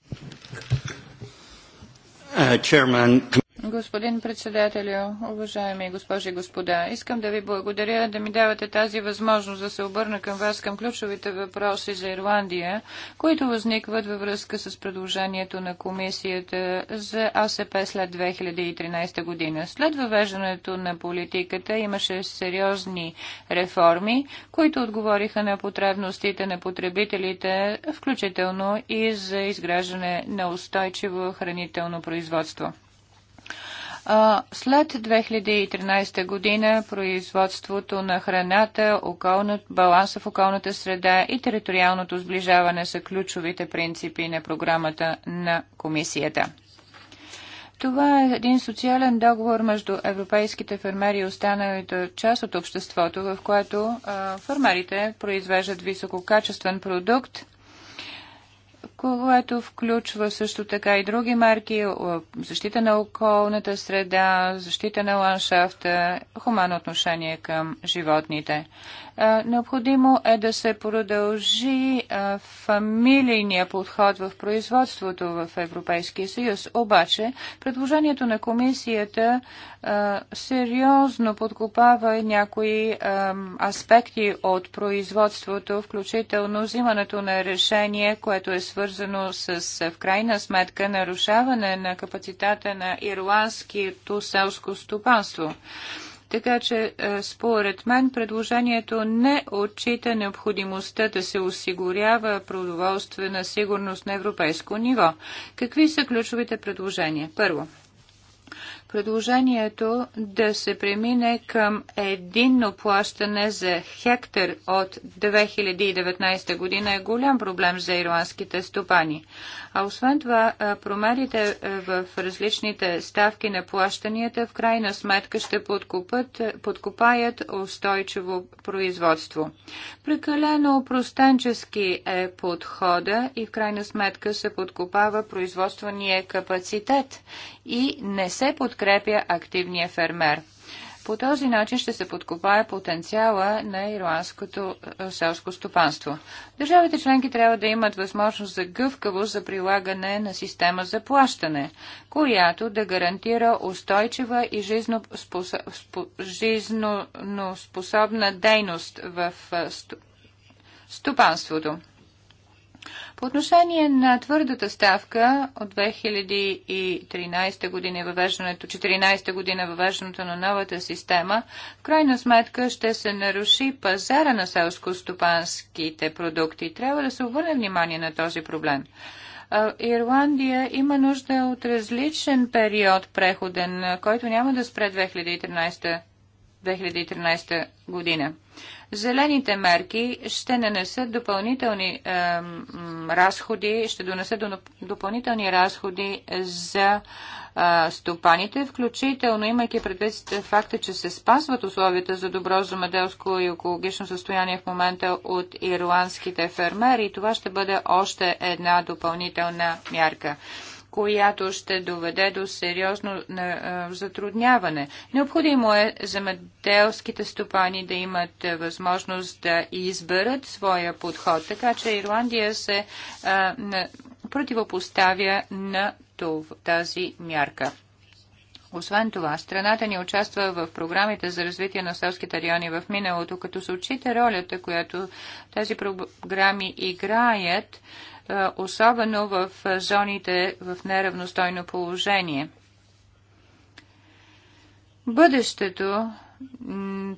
Uh, chairman... Господин председателю, уважаеми госпожи и господа, искам да ви благодаря да ми давате тази възможност да се обърна към вас към ключовите въпроси за Ирландия, които възникват във връзка с предложението на комисията за АСП след 2013 година. След въвеждането на политиката имаше сериозни реформи, които отговориха на потребностите на потребителите, включително и за изграждане на устойчиво хранително производство. След 2013 година производството на храната, баланса в околната среда и териториалното сближаване са ключовите принципи на програмата на комисията. Това е един социален договор между европейските фермери и останалите част от обществото, в което а, фермерите произвеждат висококачествен продукт което включва също така и други марки, е, защита на околната среда, защита на ландшафта, хуманно отношение към животните. Необходимо е да се продължи фамилийния подход в производството в Европейския съюз. Обаче, предложението на комисията сериозно подкопава някои аспекти от производството, включително взимането на решение, което е свързано с в крайна сметка нарушаване на капацитета на ирландското селско стопанство. Така че, е, според мен, предложението не отчита необходимостта да се осигурява продоволствена сигурност на европейско ниво. Какви са ключовите предложения? Първо, предложението да се премине към единно плащане за хектар от 2019 година е голям проблем за ирландските стопани. А освен това, промените в различните ставки на плащанията в крайна сметка ще подкупат, подкупаят устойчиво производство. Прекалено простенчески е подхода и в крайна сметка се подкупава производствения капацитет и не се подкрепя активния фермер. По този начин ще се подкопае потенциала на ирландското е, селско стопанство. Държавите членки трябва да имат възможност за гъвкавост за прилагане на система за плащане, която да гарантира устойчива и жизноспособна дейност в е, стопанството. По отношение на твърдата ставка от 2013 година въвеждането, 14 година въвеждането на новата система, в крайна сметка ще се наруши пазара на селско-стопанските продукти. Трябва да се обърне внимание на този проблем. Ирландия има нужда от различен период преходен, който няма да спре 2013, 2013 година. Зелените мерки ще нанесат допълнителни е, разходи, ще донесат допълнителни разходи за е, стопаните, включително имайки предвид факта, че се спазват условията за добро земеделско и екологично състояние в момента от ирландските фермери. Това ще бъде още една допълнителна мярка която ще доведе до сериозно затрудняване. Необходимо е земеделските стопани да имат възможност да изберат своя подход, така че Ирландия се противопоставя на тази мярка. Освен това, страната ни участва в програмите за развитие на селските райони в миналото, като се отчита ролята, която тези програми играят особено в зоните в неравностойно положение. Бъдещето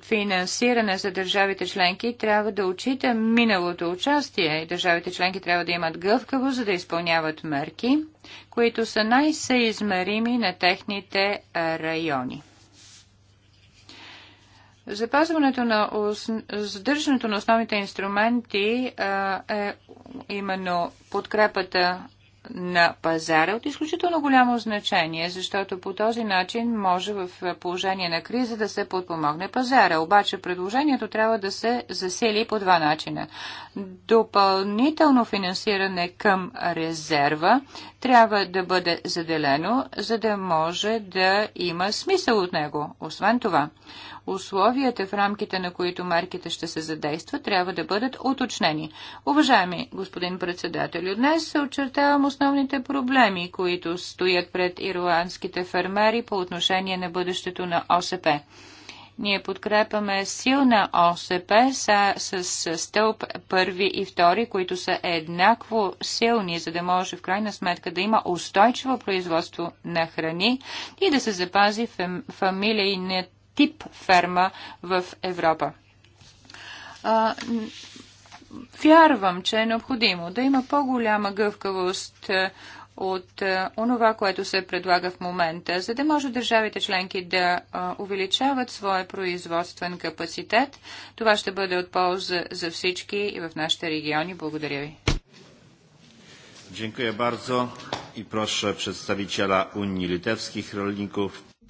финансиране за държавите членки трябва да отчита миналото участие и държавите членки трябва да имат гъвкаво, за да изпълняват мерки, които са най-съизмерими на техните райони. Запазването на задържането на основните инструменти е именно подкрепата на пазара е от изключително голямо значение, защото по този начин може в положение на криза да се подпомогне пазара. Обаче предложението трябва да се засели по два начина допълнително финансиране към резерва трябва да бъде заделено, за да може да има смисъл от него. Освен това, условията в рамките на които марките ще се задействат трябва да бъдат уточнени. Уважаеми господин председател, днес се очертавам основните проблеми, които стоят пред ирландските фермери по отношение на бъдещето на ОСП. Ние подкрепяме силна ОСП с, с, с стълб първи и втори, които са еднакво силни, за да може в крайна сметка да има устойчиво производство на храни и да се запази фем, фамилийният тип ферма в Европа. А, вярвам, че е необходимо да има по-голяма гъвкавост от е, онова, което се предлага в момента, за да може държавите членки да е, увеличават своя производствен капацитет. Това ще бъде от полза за всички и в нашите региони. Благодаря ви.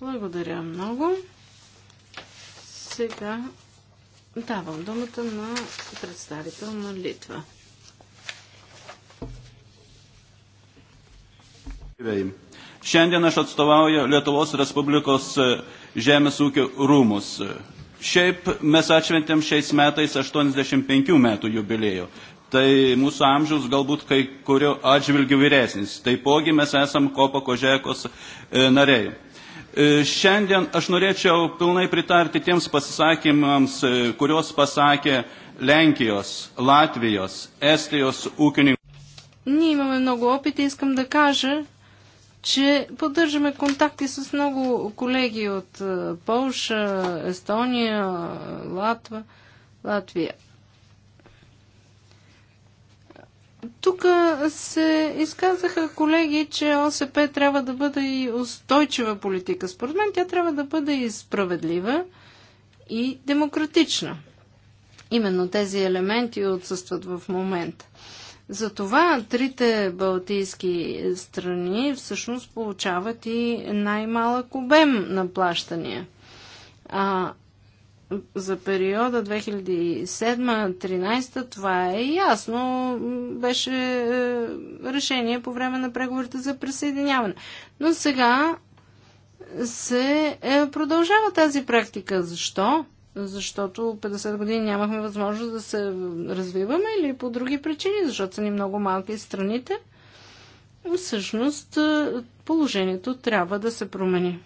Благодаря много. Сега давам думата на представител на Литва. aktyviai. Šiandien aš atstovauju Lietuvos Respublikos Žemės ūkio rūmus. Šiaip mes atšventėm šiais metais 85 metų jubilėjų. Tai mūsų amžiaus galbūt kai kurio atžvilgių vyresnis. Taipogi mes esam Kopo Kožekos nariai. Šiandien aš norėčiau pilnai pritarti tiems pasisakymams, kurios pasakė Lenkijos, Latvijos, Estijos ūkininkų. Ние mnogo много опит da kaže, че поддържаме контакти с много колеги от е, Полша, Естония, Латва, Латвия. Тук се изказаха колеги, че ОСП трябва да бъде и устойчива политика. Според мен тя трябва да бъде и справедлива и демократична. Именно тези елементи отсъстват в момента. Затова трите балтийски страни всъщност получават и най-малък обем на плащания. А, за периода 2007-2013 това е ясно. Беше е, решение по време на преговорите за присъединяване. Но сега се е, продължава тази практика. Защо? защото 50 години нямахме възможност да се развиваме или по други причини, защото са ни много малки страните. Всъщност положението трябва да се промени.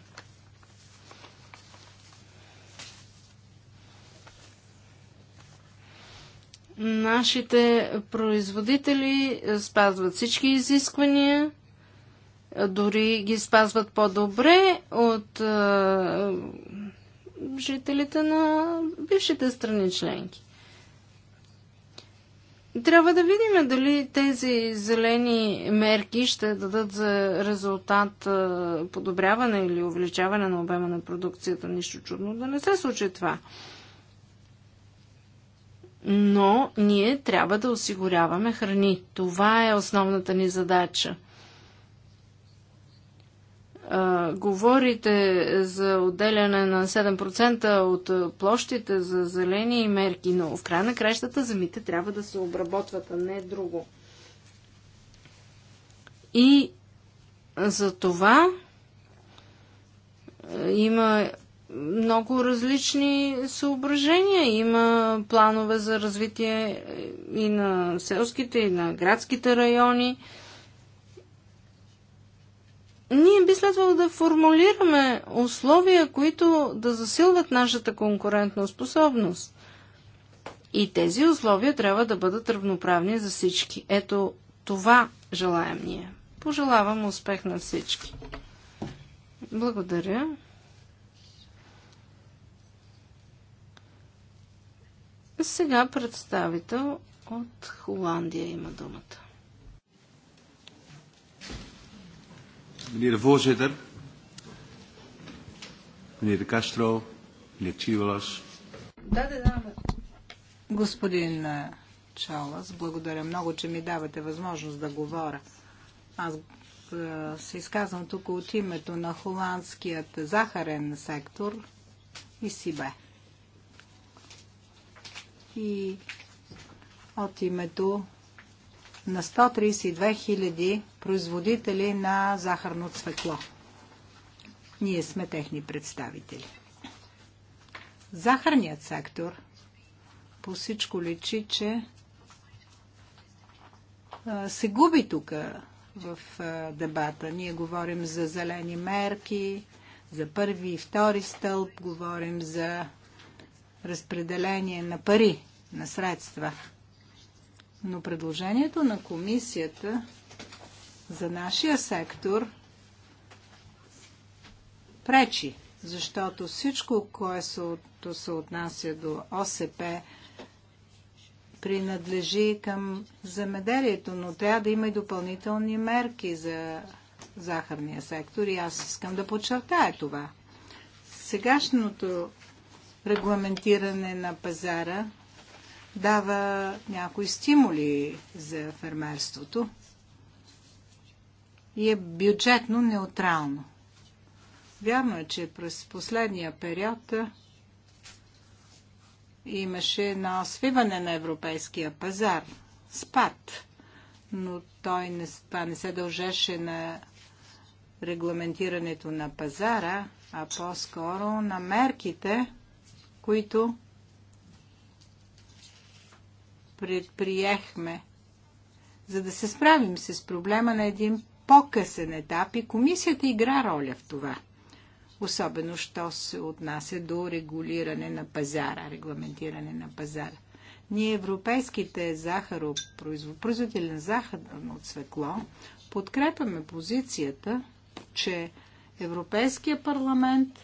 Нашите производители спазват всички изисквания, дори ги спазват по-добре от жителите на бившите страни членки. Трябва да видим дали тези зелени мерки ще дадат за резултат подобряване или увеличаване на обема на продукцията. Нищо чудно да не се случи това. Но ние трябва да осигуряваме храни. Това е основната ни задача – а, говорите за отделяне на 7% от площите за зелени мерки, но в края на кращата земите трябва да се обработват, а не друго. И за това има много различни съображения. Има планове за развитие и на селските, и на градските райони ние би следвало да формулираме условия, които да засилват нашата конкурентна способност. И тези условия трябва да бъдат равноправни за всички. Ето това желаем ние. Пожелавам успех на всички. Благодаря. Сега представител от Холандия има думата. Meneer de voorzitter, meneer de Castro, meneer Чивалас. Господин Чалас, е, благодаря много, че ми давате възможност да говоря. Аз е, се изказвам тук от името на холандският захарен сектор и Сибе. И от името на 132 хиляди производители на захарно цвекло. Ние сме техни представители. Захарният сектор по всичко личи, че се губи тук в дебата. Ние говорим за зелени мерки, за първи и втори стълб, говорим за разпределение на пари, на средства – но предложението на комисията за нашия сектор пречи, защото всичко, което се отнася до ОСП, принадлежи към замеделието, но трябва да има и допълнителни мерки за захарния сектор и аз искам да подчертая това. Сегашното регламентиране на пазара дава някои стимули за фермерството и е бюджетно неутрално. Вярно е, че през последния период имаше едно свиване на европейския пазар, спад, но той не, това не се дължеше на регламентирането на пазара, а по-скоро на мерките, които предприехме, за да се справим с проблема на един по-късен етап и комисията игра роля в това. Особено, що се отнася до регулиране на пазара, регламентиране на пазара. Ние, европейските захаро, производители на захарно цвекло, подкрепяме позицията, че Европейския парламент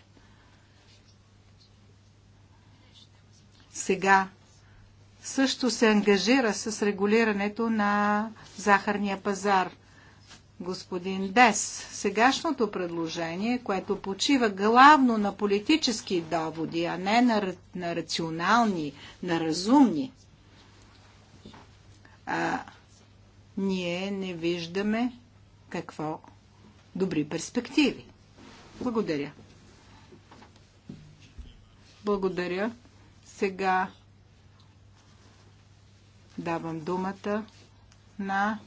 сега също се ангажира с регулирането на захарния пазар. Господин Дес, сегашното предложение, което почива главно на политически доводи, а не на, на рационални, на разумни, а, ние не виждаме какво добри перспективи. Благодаря. Благодаря. Сега Давам думата на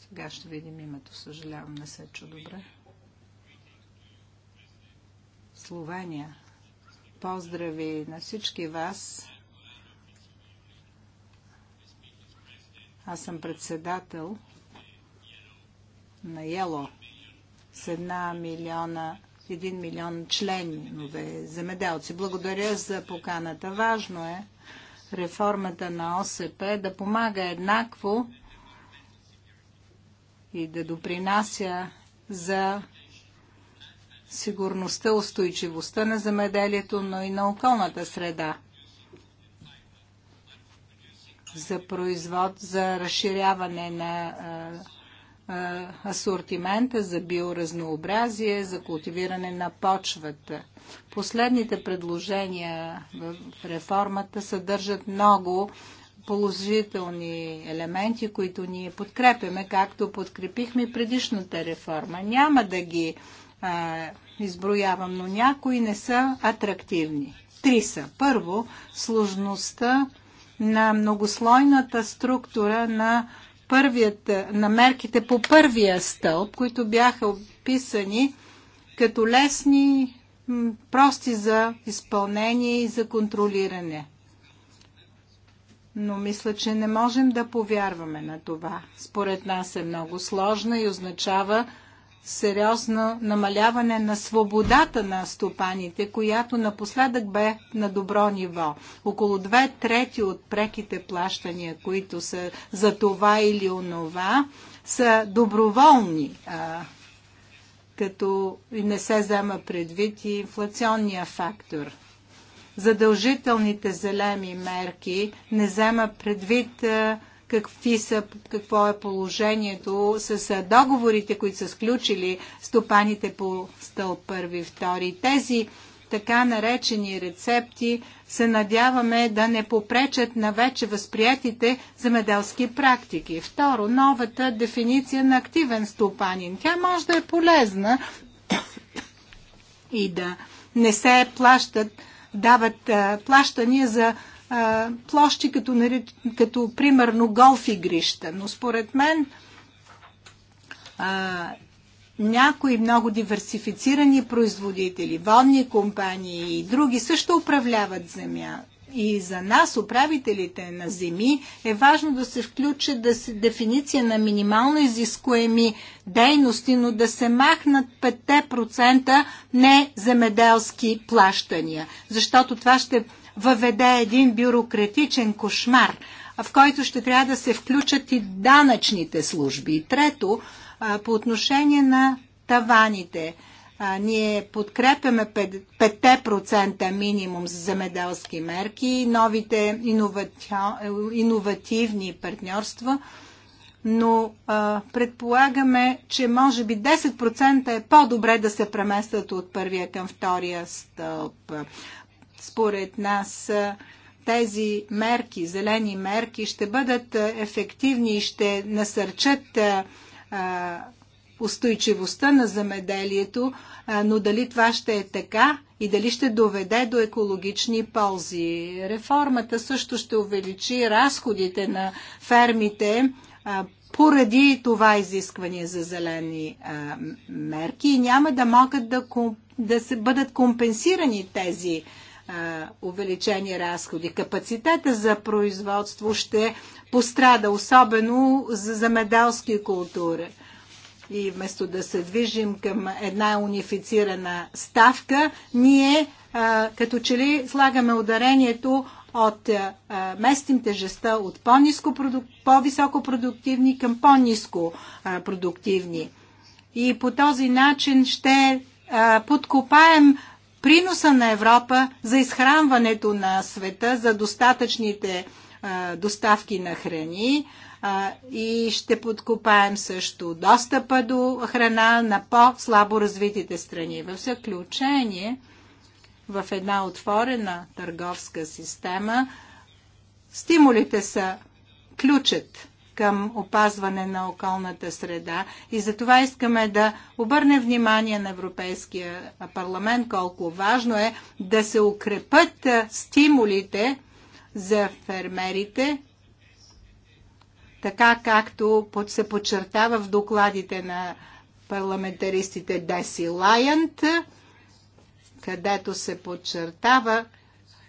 Сега ще видим името. Съжалявам, не се чу добре. Словения. Поздрави на всички вас. Аз съм председател на ЕЛО с една милиона един милион членове земеделци. Благодаря за поканата. Важно е реформата на ОСП да помага еднакво и да допринася за сигурността, устойчивостта на земеделието, но и на околната среда. За производ, за разширяване на а, асортимента за биоразнообразие, за култивиране на почвата. Последните предложения в реформата съдържат много положителни елементи, които ние подкрепяме, както подкрепихме предишната реформа. Няма да ги а, изброявам, но някои не са атрактивни. Три са. Първо, сложността на многослойната структура на първият, е, на мерките по първия стълб, които бяха описани като лесни, прости за изпълнение и за контролиране. Но мисля, че не можем да повярваме на това. Според нас е много сложна и означава сериозно намаляване на свободата на стопаните, която напоследък бе на добро ниво. Около две трети от преките плащания, които са за това или онова, са доброволни, а, като не се взема предвид и инфлационния фактор. Задължителните зелени мерки не взема предвид а, какви са, какво е положението с договорите, които са сключили стопаните по стъл първи и втори. Тези така наречени рецепти се надяваме да не попречат на вече възприятите замеделски практики. Второ, новата дефиниция на активен стопанин. Тя може да е полезна и да не се плащат, дават плащания за а, площи като, нари... като примерно голф игрища. Но според мен а, някои много диверсифицирани производители, водни компании и други също управляват земя. И за нас, управителите на земи, е важно да се включи да се дефиниция на минимално изискуеми дейности, но да се махнат 5% неземеделски плащания, защото това ще въведе един бюрократичен кошмар, в който ще трябва да се включат и данъчните служби. И трето, по отношение на таваните. Ние подкрепяме 5% минимум за земеделски мерки, новите иновативни партньорства, но предполагаме, че може би 10% е по-добре да се преместят от първия към втория стълб. Според нас тези мерки, зелени мерки, ще бъдат ефективни и ще насърчат устойчивостта на замеделието, но дали това ще е така и дали ще доведе до екологични ползи. Реформата също ще увеличи разходите на фермите поради това изискване за зелени мерки и няма да могат да, да се бъдат компенсирани тези увеличени разходи. Капацитета за производство ще пострада, особено за замедалски култури. И вместо да се движим към една унифицирана ставка, ние като че ли слагаме ударението от а, местим от по-низко, по-високо продуктивни към по-низко продуктивни. И по този начин ще подкопаем приноса на Европа за изхранването на света, за достатъчните доставки на храни и ще подкопаем също достъпа до храна на по-слабо развитите страни. В заключение, в една отворена търговска система, стимулите са ключът към опазване на околната среда и за това искаме да обърне внимание на Европейския парламент колко важно е да се укрепят стимулите за фермерите, така както се подчертава в докладите на парламентаристите Деси Лайант, където се подчертава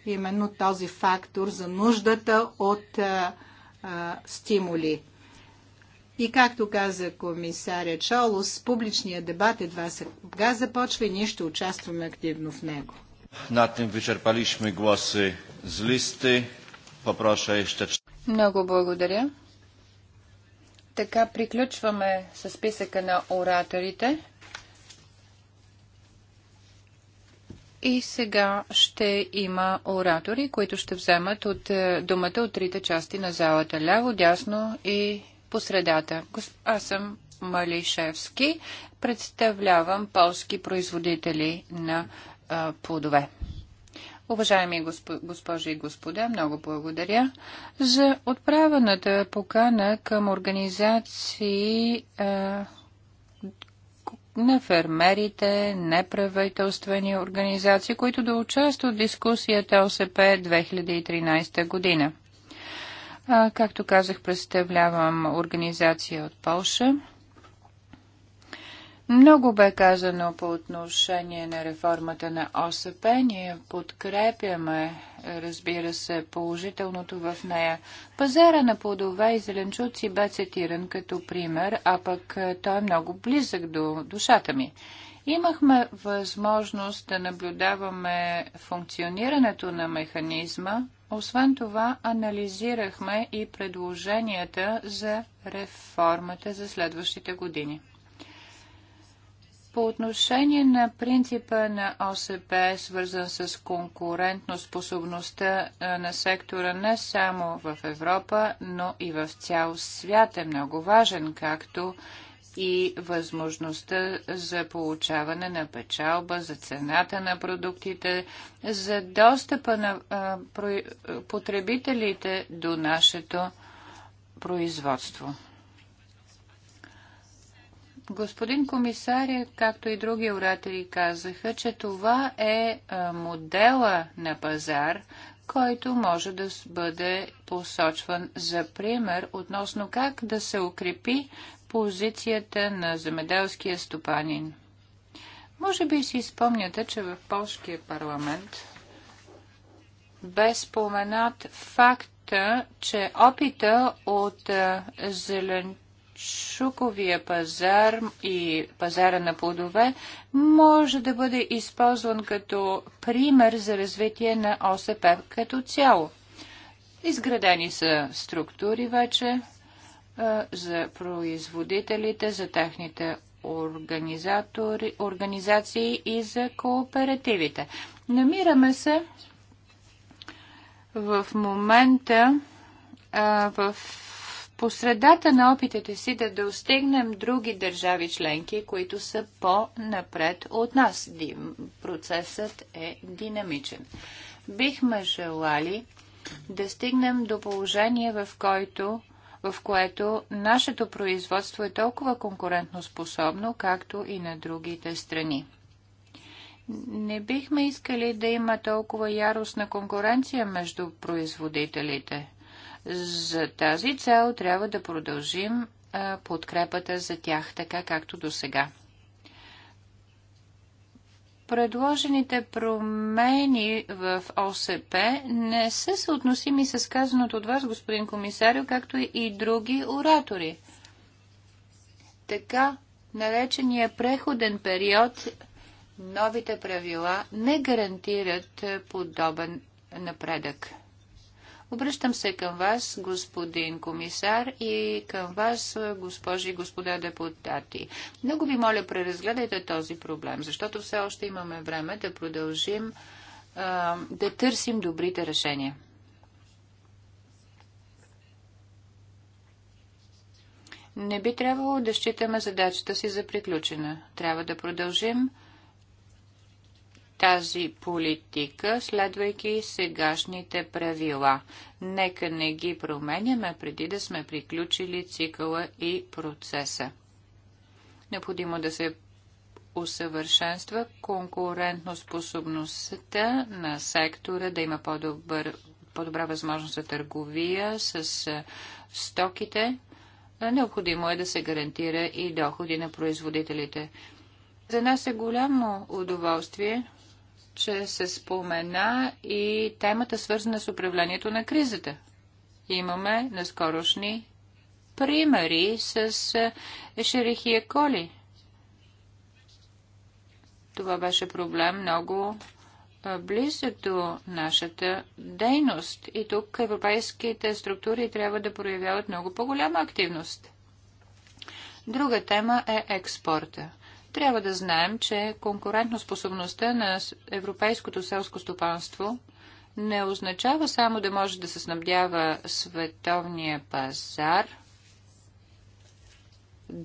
именно този фактор за нуждата от стимули. И както каза комисаря Чолос, публичният дебат едва сега започва и ние ще участваме активно в него. На тем вичерпалишме гласи с листи. Попроша ще... Много благодаря. Така приключваме с списъка на ораторите. И сега ще има оратори, които ще вземат от е, думата от трите части на залата. Ляво, дясно и посредата. Аз съм Малишевски, представлявам полски производители на а, плодове. Уважаеми госпожи и господа, много благодаря за отправената покана към организации а, на фермерите, неправителствени организации, които да участват в дискусията ОСП 2013 година. А, както казах, представлявам организация от Полша. Много бе казано по отношение на реформата на ОСП. Ние подкрепяме разбира се, положителното в нея. Пазара на плодове и зеленчуци бе цитиран като пример, а пък е, той е много близък до душата ми. Имахме възможност да наблюдаваме функционирането на механизма, освен това анализирахме и предложенията за реформата за следващите години. По отношение на принципа на ОСП, свързан с конкурентно способността на сектора не само в Европа, но и в цял свят е много важен, както и възможността за получаване на печалба, за цената на продуктите, за достъпа на потребителите до нашето производство. Господин комисаря, както и други оратори казаха, че това е модела на пазар, който може да бъде посочван за пример относно как да се укрепи позицията на земеделския стопанин. Може би си спомняте, че в полския парламент бе споменат факта, че опита от зелен шуковия пазар и пазара на плодове може да бъде използван като пример за развитие на ОСП като цяло. Изградени са структури вече за производителите, за техните организации и за кооперативите. Намираме се в момента а, в по средата на опитите си да достигнем други държави членки, които са по-напред от нас. Процесът е динамичен. Бихме желали да стигнем до положение, в който в което нашето производство е толкова конкурентно способно, както и на другите страни. Не бихме искали да има толкова яростна конкуренция между производителите. За тази цел трябва да продължим подкрепата за тях, така както до сега. Предложените промени в ОСП не са съотносими с казаното от вас, господин комисарио, както и други оратори. Така наречения преходен период, новите правила не гарантират подобен напредък. Обръщам се към вас, господин комисар, и към вас, госпожи и господа депутати. Много ви моля, преразгледайте този проблем, защото все още имаме време да продължим да търсим добрите решения. Не би трябвало да считаме задачата си за приключена. Трябва да продължим тази политика, следвайки сегашните правила. Нека не ги променяме преди да сме приключили цикъла и процеса. Необходимо да се усъвършенства конкурентно способността на сектора, да има по-добър, по-добра възможност за търговия с стоките. Необходимо е да се гарантира и доходи на производителите. За нас е голямо удоволствие че се спомена и темата свързана с управлението на кризата. Имаме наскорошни примери с Ешерихия Коли. Това беше проблем много близък до нашата дейност. И тук европейските структури трябва да проявяват много по-голяма активност. Друга тема е експорта. Трябва да знаем, че конкурентноспособността на европейското селско стопанство не означава само да може да се снабдява световния пазар,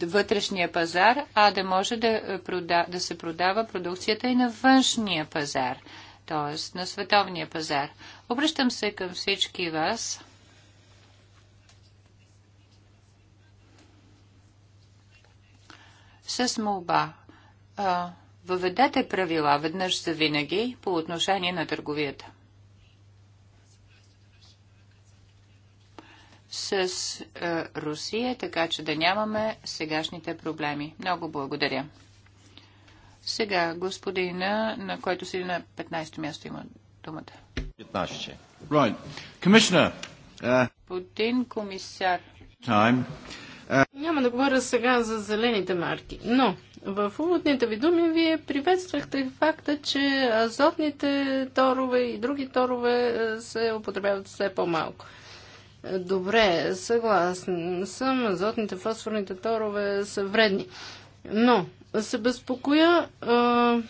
вътрешния пазар, а да може да, е, прода, да се продава продукцията и на външния пазар, т.е. на световния пазар. Обръщам се към всички вас с молба. А, въведете правила веднъж за винаги по отношение на търговията. С е, Русия, така че да нямаме сегашните проблеми. Много благодаря. Сега господина, на който седи на 15-то място, има думата. 15. Right. Commissioner. Uh... Господин комисар. Time. Няма да говоря сега за зелените марки, но в уводните ви думи вие приветствахте факта, че азотните торове и други торове е, се употребяват все по-малко. Добре, съгласен съм, азотните фосфорните торове са вредни. Но се безпокоя а, е,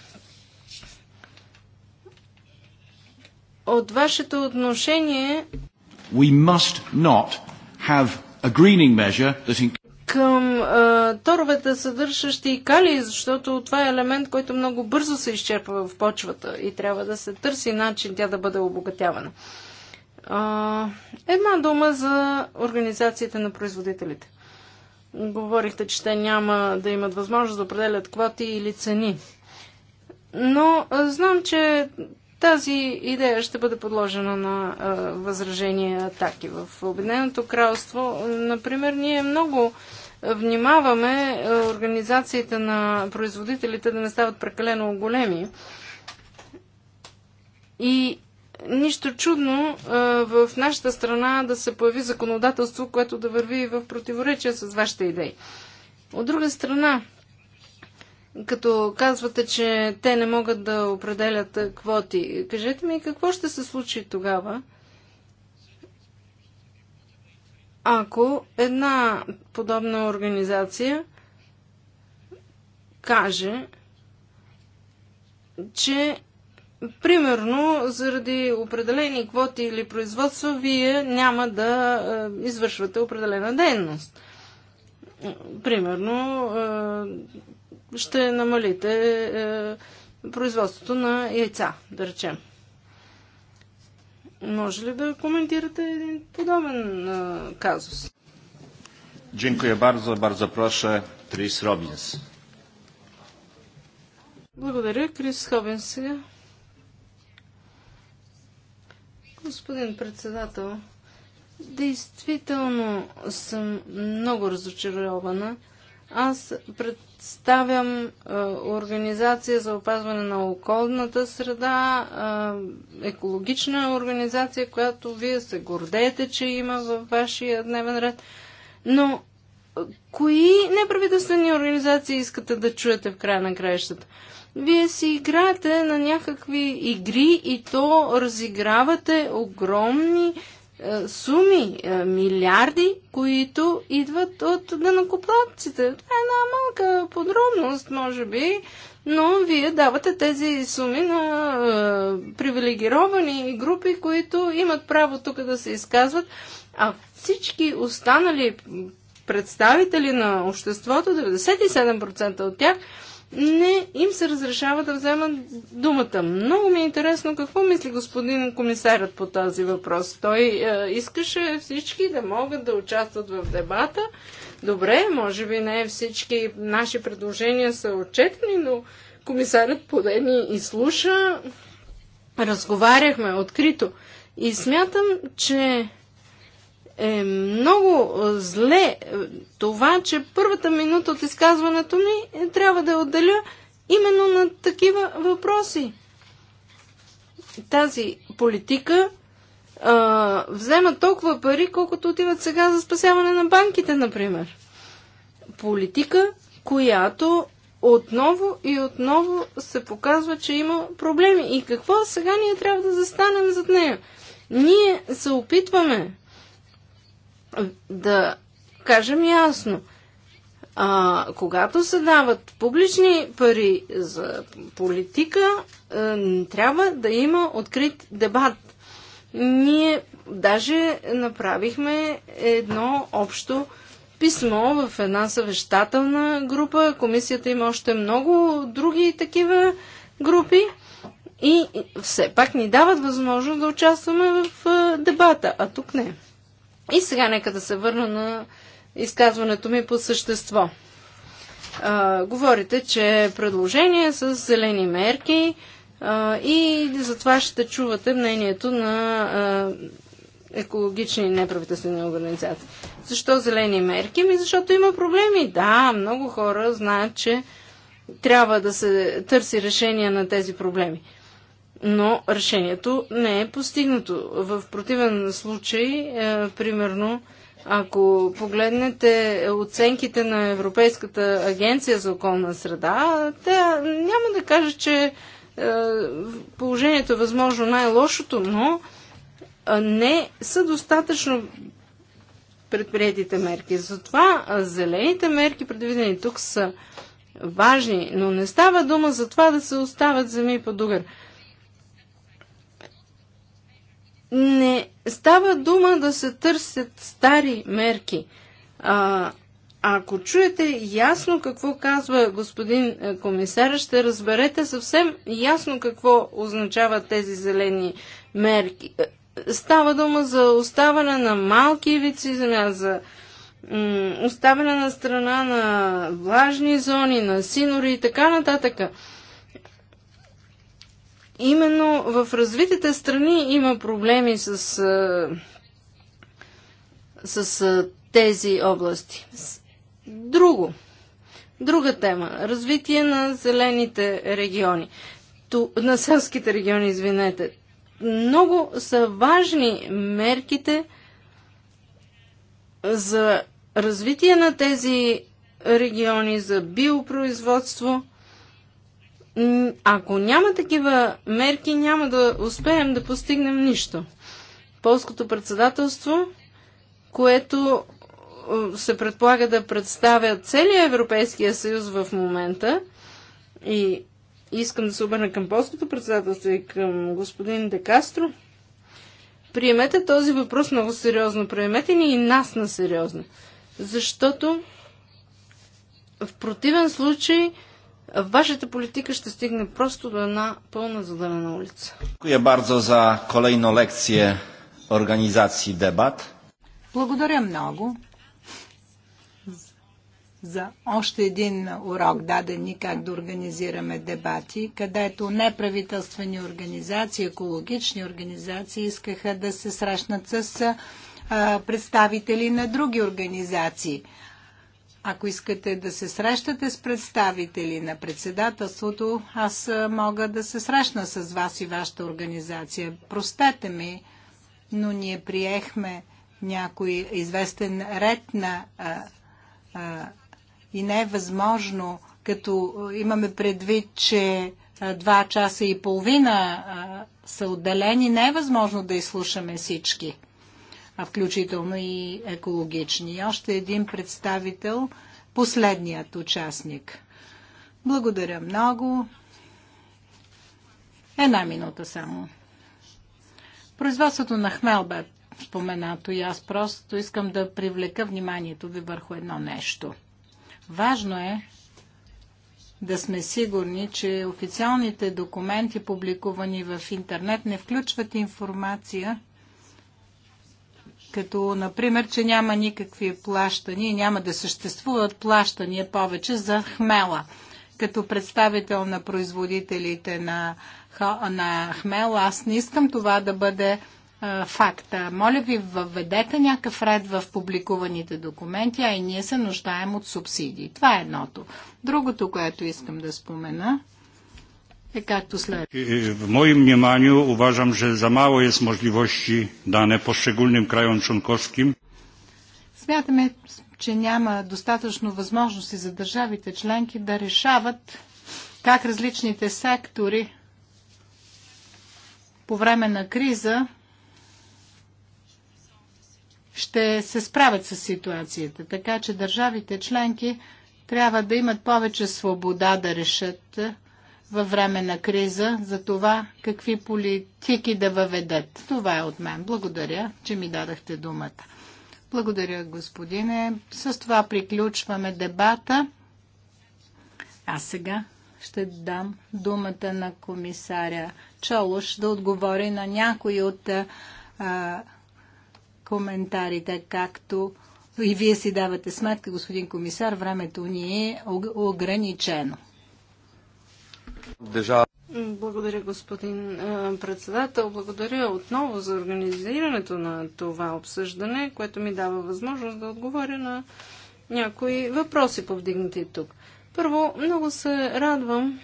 от вашето отношение. We must not have a greening measure that in към а, торовете, съдържащи и кали, защото това е елемент, който много бързо се изчерпва в почвата и трябва да се търси начин тя да бъде обогатявана. А, една дума за организациите на производителите. Говорихте, че те няма да имат възможност да определят квоти или цени. Но а, знам, че тази идея ще бъде подложена на а, възражения атаки в Обединеното кралство. Например, ние много внимаваме организациите на производителите да не стават прекалено големи. И нищо чудно в нашата страна да се появи законодателство, което да върви в противоречие с вашите идеи. От друга страна, като казвате, че те не могат да определят квоти. Кажете ми, какво ще се случи тогава, ако една подобна организация каже, че примерно заради определени квоти или производства вие няма да извършвате определена дейност примерно ще намалите е, производството на яйца, да речем. Може ли да коментирате един подобен е, казус? Dziękuję bardzo, bardzo proszę. Крис Робинс. Благодаря, Крис Хобинс Господин председател, действително съм много разочарована. Аз пред представям е, Организация за опазване на околната среда, е, екологична организация, която вие се гордеете, че има във вашия дневен ред. Но е, кои неправителствени организации искате да чуете в края на краищата? Вие си играете на някакви игри и то разигравате огромни е, суми, е, милиарди, които идват от денокоплатците. Това е една малка подробност, може би, но вие давате тези суми на е, привилегировани групи, които имат право тук да се изказват, а всички останали представители на обществото, 97% от тях, не им се разрешава да вземат думата. Много ми е интересно какво мисли господин комисарят по този въпрос. Той е, искаше всички да могат да участват в дебата. Добре, може би не всички наши предложения са отчетени, но комисарят поне ни и слуша. Разговаряхме открито. И смятам, че е много зле това, че първата минута от изказването ми е, трябва да отделя именно на такива въпроси. Тази политика а, взема толкова пари, колкото отиват сега за спасяване на банките, например. Политика, която отново и отново се показва, че има проблеми. И какво сега ние трябва да застанем зад нея? Ние се опитваме да кажем ясно. А, когато се дават публични пари за политика, а, е, трябва да има открит дебат. Ние даже направихме едно общо писмо в една съвещателна група. Комисията има още много други такива групи. И все пак ни дават възможност да участваме в е, дебата, а тук не. И сега нека да се върна на изказването ми по същество. А, говорите, че предложение с зелени мерки а, и затова ще чувате мнението на а, екологични неправителствени организации. Защо зелени мерки? Ми защото има проблеми. Да, много хора знаят, че трябва да се търси решение на тези проблеми но решението не е постигнато. В противен случай, е, примерно, ако погледнете оценките на Европейската агенция за околна среда, тя няма да каже, че е, положението е възможно най-лошото, но е, не са достатъчно предприятите мерки. Затова е, зелените мерки, предвидени тук, са важни, но не става дума за това да се остават земи под угър не става дума да се търсят стари мерки. А, ако чуете ясно какво казва господин е, комисар, ще разберете съвсем ясно какво означават тези зелени мерки. Е, става дума за оставане на малки вици земя, за оставане на страна на влажни зони, на синори и така нататък именно в развитите страни има проблеми с, с тези области. Друго. Друга тема. Развитие на зелените региони. Ту, на селските региони, извинете. Много са важни мерките за развитие на тези региони, за биопроизводство – ако няма такива мерки, няма да успеем да постигнем нищо. Полското председателство, което се предполага да представя целия Европейския съюз в момента и искам да се обърна към полското председателство и към господин Декастро. Приемете този въпрос много сериозно. Приемете ни и нас на сериозно. Защото в противен случай Вашата политика ще стигне просто до една пълна заделена улица. Дякую бързо за kolejną лекция организации дебат. Благодаря много за още един урок даден ни как да организираме дебати, където неправителствени организации, екологични организации искаха да се срещнат с представители на други организации – ако искате да се срещате с представители на председателството, аз мога да се срещна с вас и вашата организация. Простете ми, но ние приехме някой известен ред на а, а, и не е възможно, като имаме предвид, че два часа и половина а, са отделени, не е възможно да изслушаме всички а включително и екологични. И още един представител, последният участник. Благодаря много. Една минута само. Производството на хмел бе споменато и аз просто искам да привлека вниманието ви върху едно нещо. Важно е да сме сигурни, че официалните документи, публикувани в интернет, не включват информация като например, че няма никакви плащания, няма да съществуват плащания повече за хмела. Като представител на производителите на, на хмел, аз не искам това да бъде факта. Моля ви, въведете някакъв ред в публикуваните документи, а и ние се нуждаем от субсидии. Това е едното. Другото, което искам да спомена – е както следва. Е, е, в моим вниманию uważam, że za mało jest możliwości dane poszczególnym krajom członkowskim. Смятаме, че няма достатъчно възможности за държавите членки да решават как различните сектори по време на криза ще се справят с ситуацията. Така че държавите членки трябва да имат повече свобода да решат във време на криза за това какви политики да въведат. Това е от мен. Благодаря, че ми дадахте думата. Благодаря, господине. С това приключваме дебата. А сега ще дам думата на комисаря Чолош да отговори на някои от а, коментарите, както и вие си давате сметка, господин комисар, времето ни е ограничено. Държава. Благодаря, господин е, председател. Благодаря отново за организирането на това обсъждане, което ми дава възможност да отговоря на някои въпроси, повдигнати тук. Първо, много се радвам,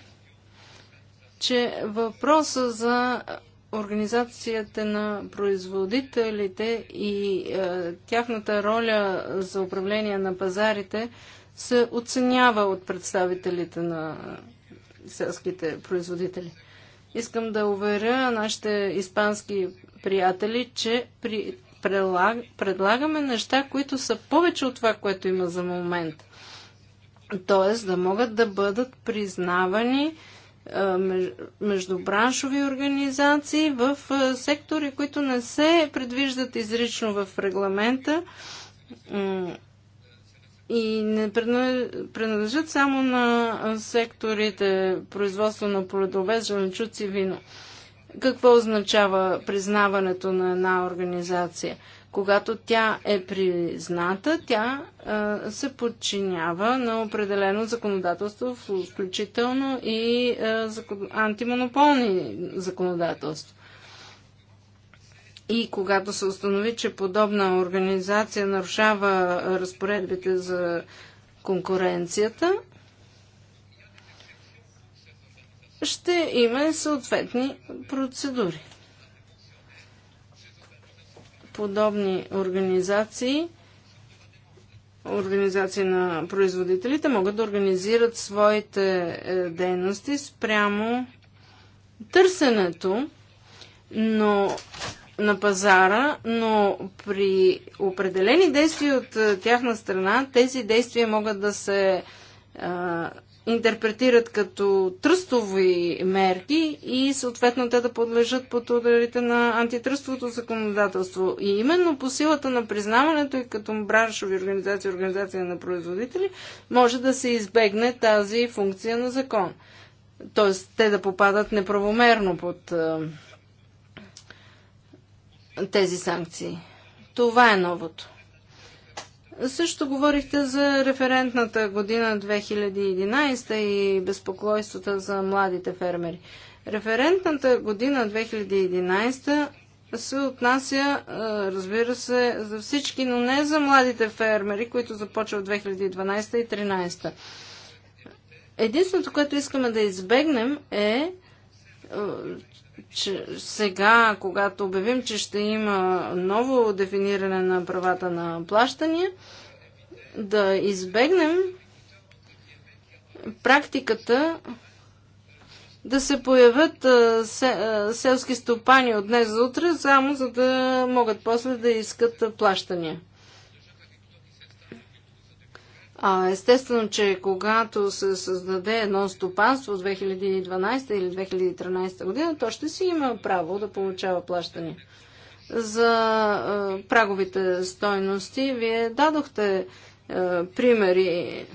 че въпроса за организацията на производителите и е, тяхната роля за управление на пазарите се оценява от представителите на селските производители. Искам да уверя нашите испански приятели, че при, прелаг, предлагаме неща, които са повече от това, което има за момент. Тоест да могат да бъдат признавани е, междубраншови организации в е, сектори, които не се предвиждат изрично в регламента, и не принадлежат само на секторите производство на плодове, зеленчуци, вино. Какво означава признаването на една организация? Когато тя е призната, тя се подчинява на определено законодателство, включително и закон... антимонополни законодателство. И когато се установи, че подобна организация нарушава разпоредбите за конкуренцията, ще има съответни процедури. Подобни организации, организации на производителите могат да организират своите е, дейности спрямо търсенето, но на пазара, но при определени действия от е, тяхна страна, тези действия могат да се а, е, интерпретират като тръстови мерки и съответно те да подлежат под ударите на антитръстовото законодателство. И именно по силата на признаването и като браншови организации организация на производители може да се избегне тази функция на закон. Тоест те да попадат неправомерно под е, тези санкции. Това е новото. Също говорихте за референтната година 2011 и безпокойствата за младите фермери. Референтната година 2011 се отнася, разбира се, за всички, но не за младите фермери, които започват 2012 и 2013. Единственото, което искаме да избегнем е че сега, когато обявим, че ще има ново дефиниране на правата на плащания, да избегнем практиката да се появят селски стопани от днес за утре, само за да могат после да искат плащания. А, естествено, че когато се създаде едно стопанство 2012 или 2013 година, то ще си има право да получава плащания. За а, праговите стойности вие дадохте а, примери.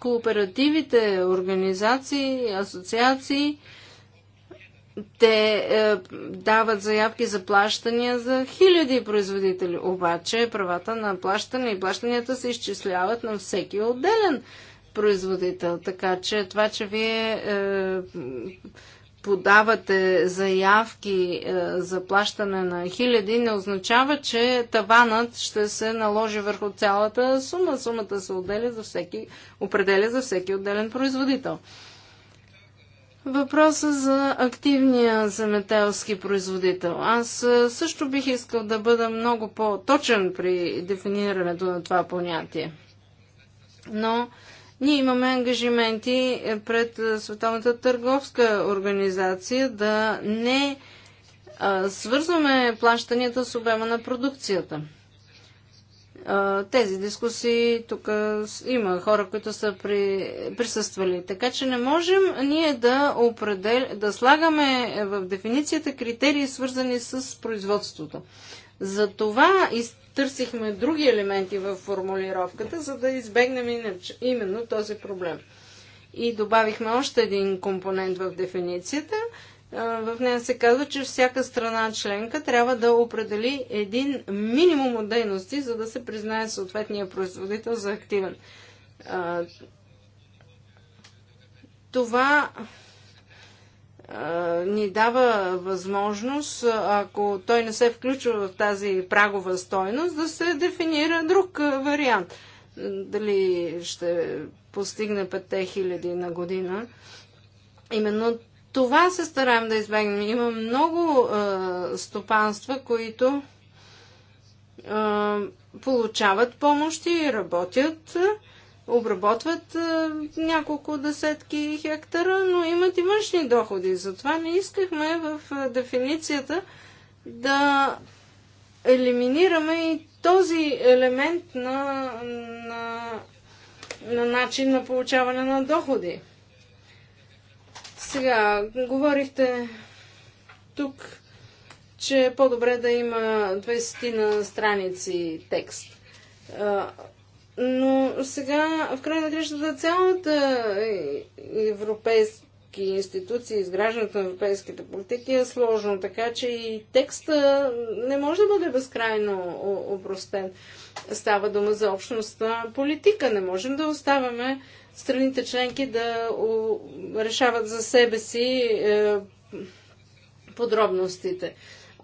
Кооперативите, организации, асоциации – те е, дават заявки за плащания за хиляди производители. Обаче правата на плащане и плащанията се изчисляват на всеки отделен производител. Така че това, че вие е, подавате заявки е, за плащане на хиляди, не означава, че таванът ще се наложи върху цялата сума. Сумата се отделя за всеки, определя за всеки отделен производител. Въпроса за активния земеделски производител. Аз също бих искал да бъда много по-точен при дефинирането на това понятие. Но ние имаме ангажименти пред Световната търговска организация да не свързваме плащанията с обема на продукцията тези дискусии тук има хора, които са при, присъствали. Така че не можем ние да, определ, да слагаме в дефиницията критерии, свързани с производството. Затова изтърсихме други елементи в формулировката, за да избегнем именно този проблем. И добавихме още един компонент в дефиницията – в нея се казва, че всяка страна членка трябва да определи един минимум от дейности, за да се признае съответния производител за активен. Това ни дава възможност, ако той не се включва в тази прагова стойност, да се дефинира друг вариант. Дали ще постигне 5000 на година. Именно това се стараем да избегнем. Има много а, стопанства, които а, получават помощи, работят, обработват а, няколко десетки хектара, но имат и външни доходи. Затова не искахме в а, дефиницията да елиминираме и този елемент на, на, на начин на получаване на доходи. Сега, говорихте тук, че е по-добре да има 20 на страници текст. Но сега, в край на кращата, цялата европейски институции, изграждането на европейските политики е сложно, така че и текста не може да бъде безкрайно опростен. Става дума за общността политика. Не можем да оставяме страните членки да решават за себе си е, подробностите.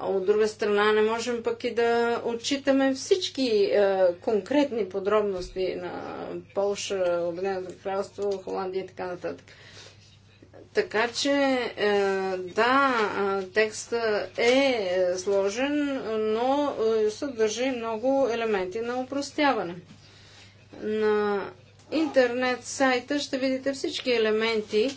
А от друга страна не можем пък и да отчитаме всички е, конкретни подробности на Полша, Обединеното кралство, Холандия и така нататък. Така че, е, да, е, текста е, е сложен, но съдържа и много елементи на упростяване. На интернет сайта ще видите всички елементи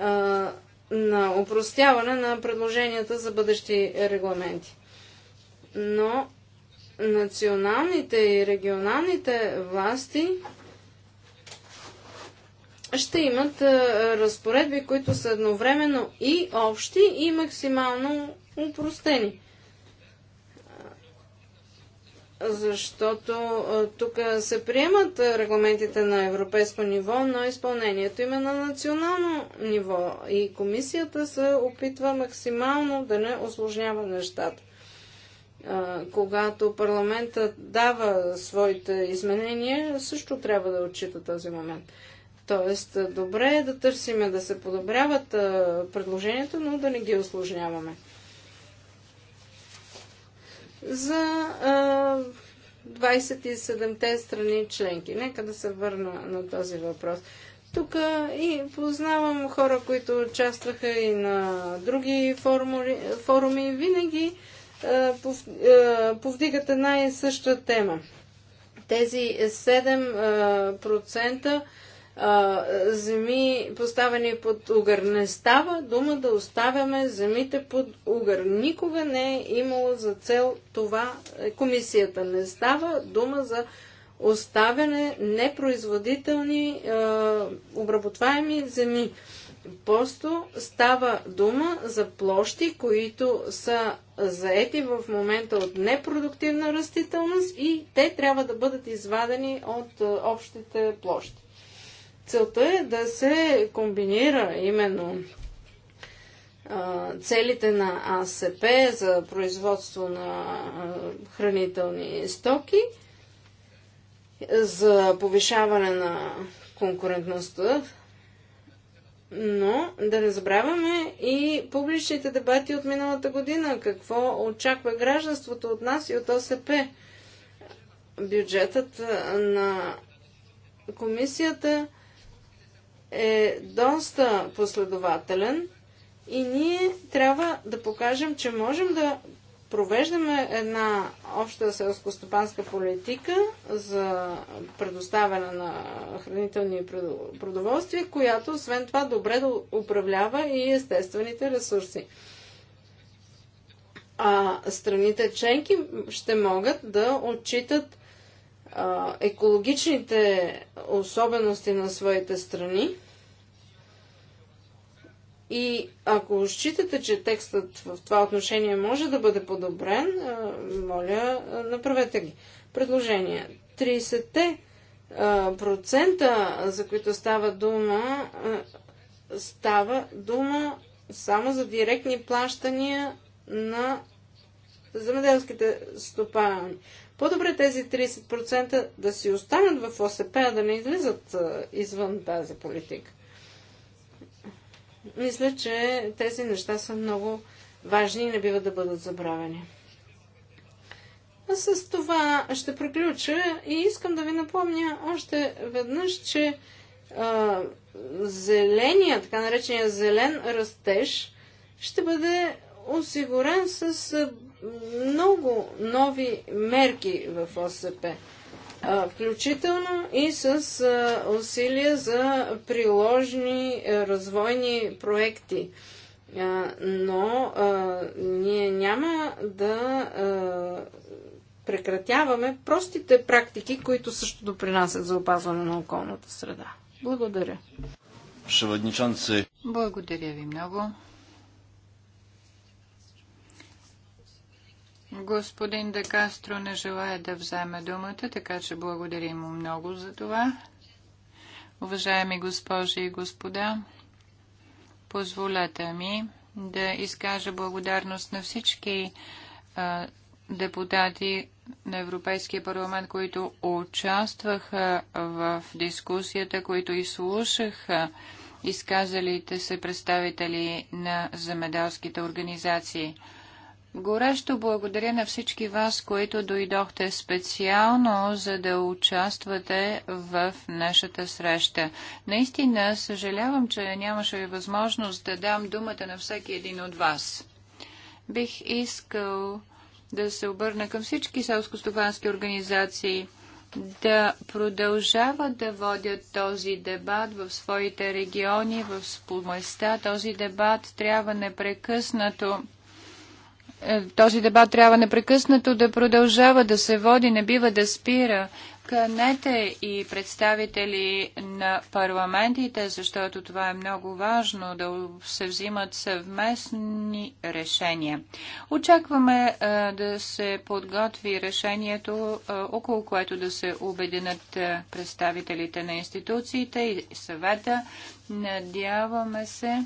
а, на упростяване на предложенията за бъдещи регламенти. Но националните и регионалните власти ще имат а, разпоредби, които са едновременно и общи, и максимално упростени защото тук се приемат регламентите на европейско ниво, но изпълнението им е на национално ниво и комисията се опитва максимално да не осложнява нещата. Когато парламентът дава своите изменения, също трябва да отчита този момент. Тоест, добре е да търсиме да се подобряват предложението, но да не ги осложняваме за 27-те страни членки. Нека да се върна на този въпрос. Тук и познавам хора, които участваха и на други форуми. форуми винаги повдигат една и съща тема. Тези 7% а, земи поставени под угър. Не става дума да оставяме земите под угър. Никога не е имало за цел това е комисията. Не става дума за оставяне непроизводителни а, обработваеми земи. Просто става дума за площи, които са заети в момента от непродуктивна растителност и те трябва да бъдат извадени от общите площи. Целта е да се комбинира именно целите на АСП за производство на хранителни стоки, за повишаване на конкурентността, но да не забравяме и публичните дебати от миналата година, какво очаква гражданството от нас и от ОСП. Бюджетът на комисията е доста последователен и ние трябва да покажем, че можем да провеждаме една обща селско-стопанска политика за предоставяне на хранителни продоволствия, която освен това добре да управлява и естествените ресурси. А страните членки ще могат да отчитат а, екологичните особености на своите страни. И ако считате, че текстът в това отношение може да бъде подобрен, моля, направете ги. Предложение. 30-те процента, за които става дума, става дума само за директни плащания на земеделските стопани. По-добре тези 30% да си останат в ОСП, а да не излизат извън тази политика. Мисля, че тези неща са много важни и не бива да бъдат забравени. А с това ще приключа и искам да ви напомня още веднъж, че а, зеления, така наречения зелен растеж, ще бъде осигурен с много нови мерки в ОСП, включително и с усилия за приложни развойни проекти. Но ние няма да прекратяваме простите практики, които също допринасят за опазване на околната среда. Благодаря. Благодаря ви много. Господин Де Кастро не желая да вземе думата, така че благодарим му много за това. Уважаеми госпожи и господа, позволете ми да изкажа благодарност на всички а, депутати на Европейския парламент, които участваха в дискусията, които изслушаха изказалите се представители на земеделските организации. Горещо благодаря на всички вас, които дойдохте специално, за да участвате в нашата среща. Наистина съжалявам, че нямаше възможност да дам думата на всеки един от вас. Бих искал да се обърна към всички селско-стопански организации да продължават да водят този дебат в своите региони, в споместа. Този дебат трябва непрекъснато е, този дебат трябва непрекъснато да продължава да се води, не бива да спира. Канете и представители на парламентите, защото това е много важно да се взимат съвместни решения. Очакваме а, е, да се подготви решението, а, е, около което да се обединят представителите на институциите и съвета. Надяваме се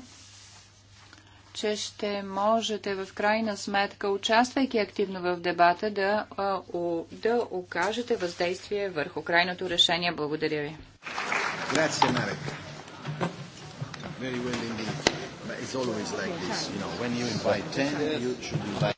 че ще можете в крайна сметка, участвайки активно в дебата, да, о, да окажете въздействие върху крайното решение. Благодаря ви.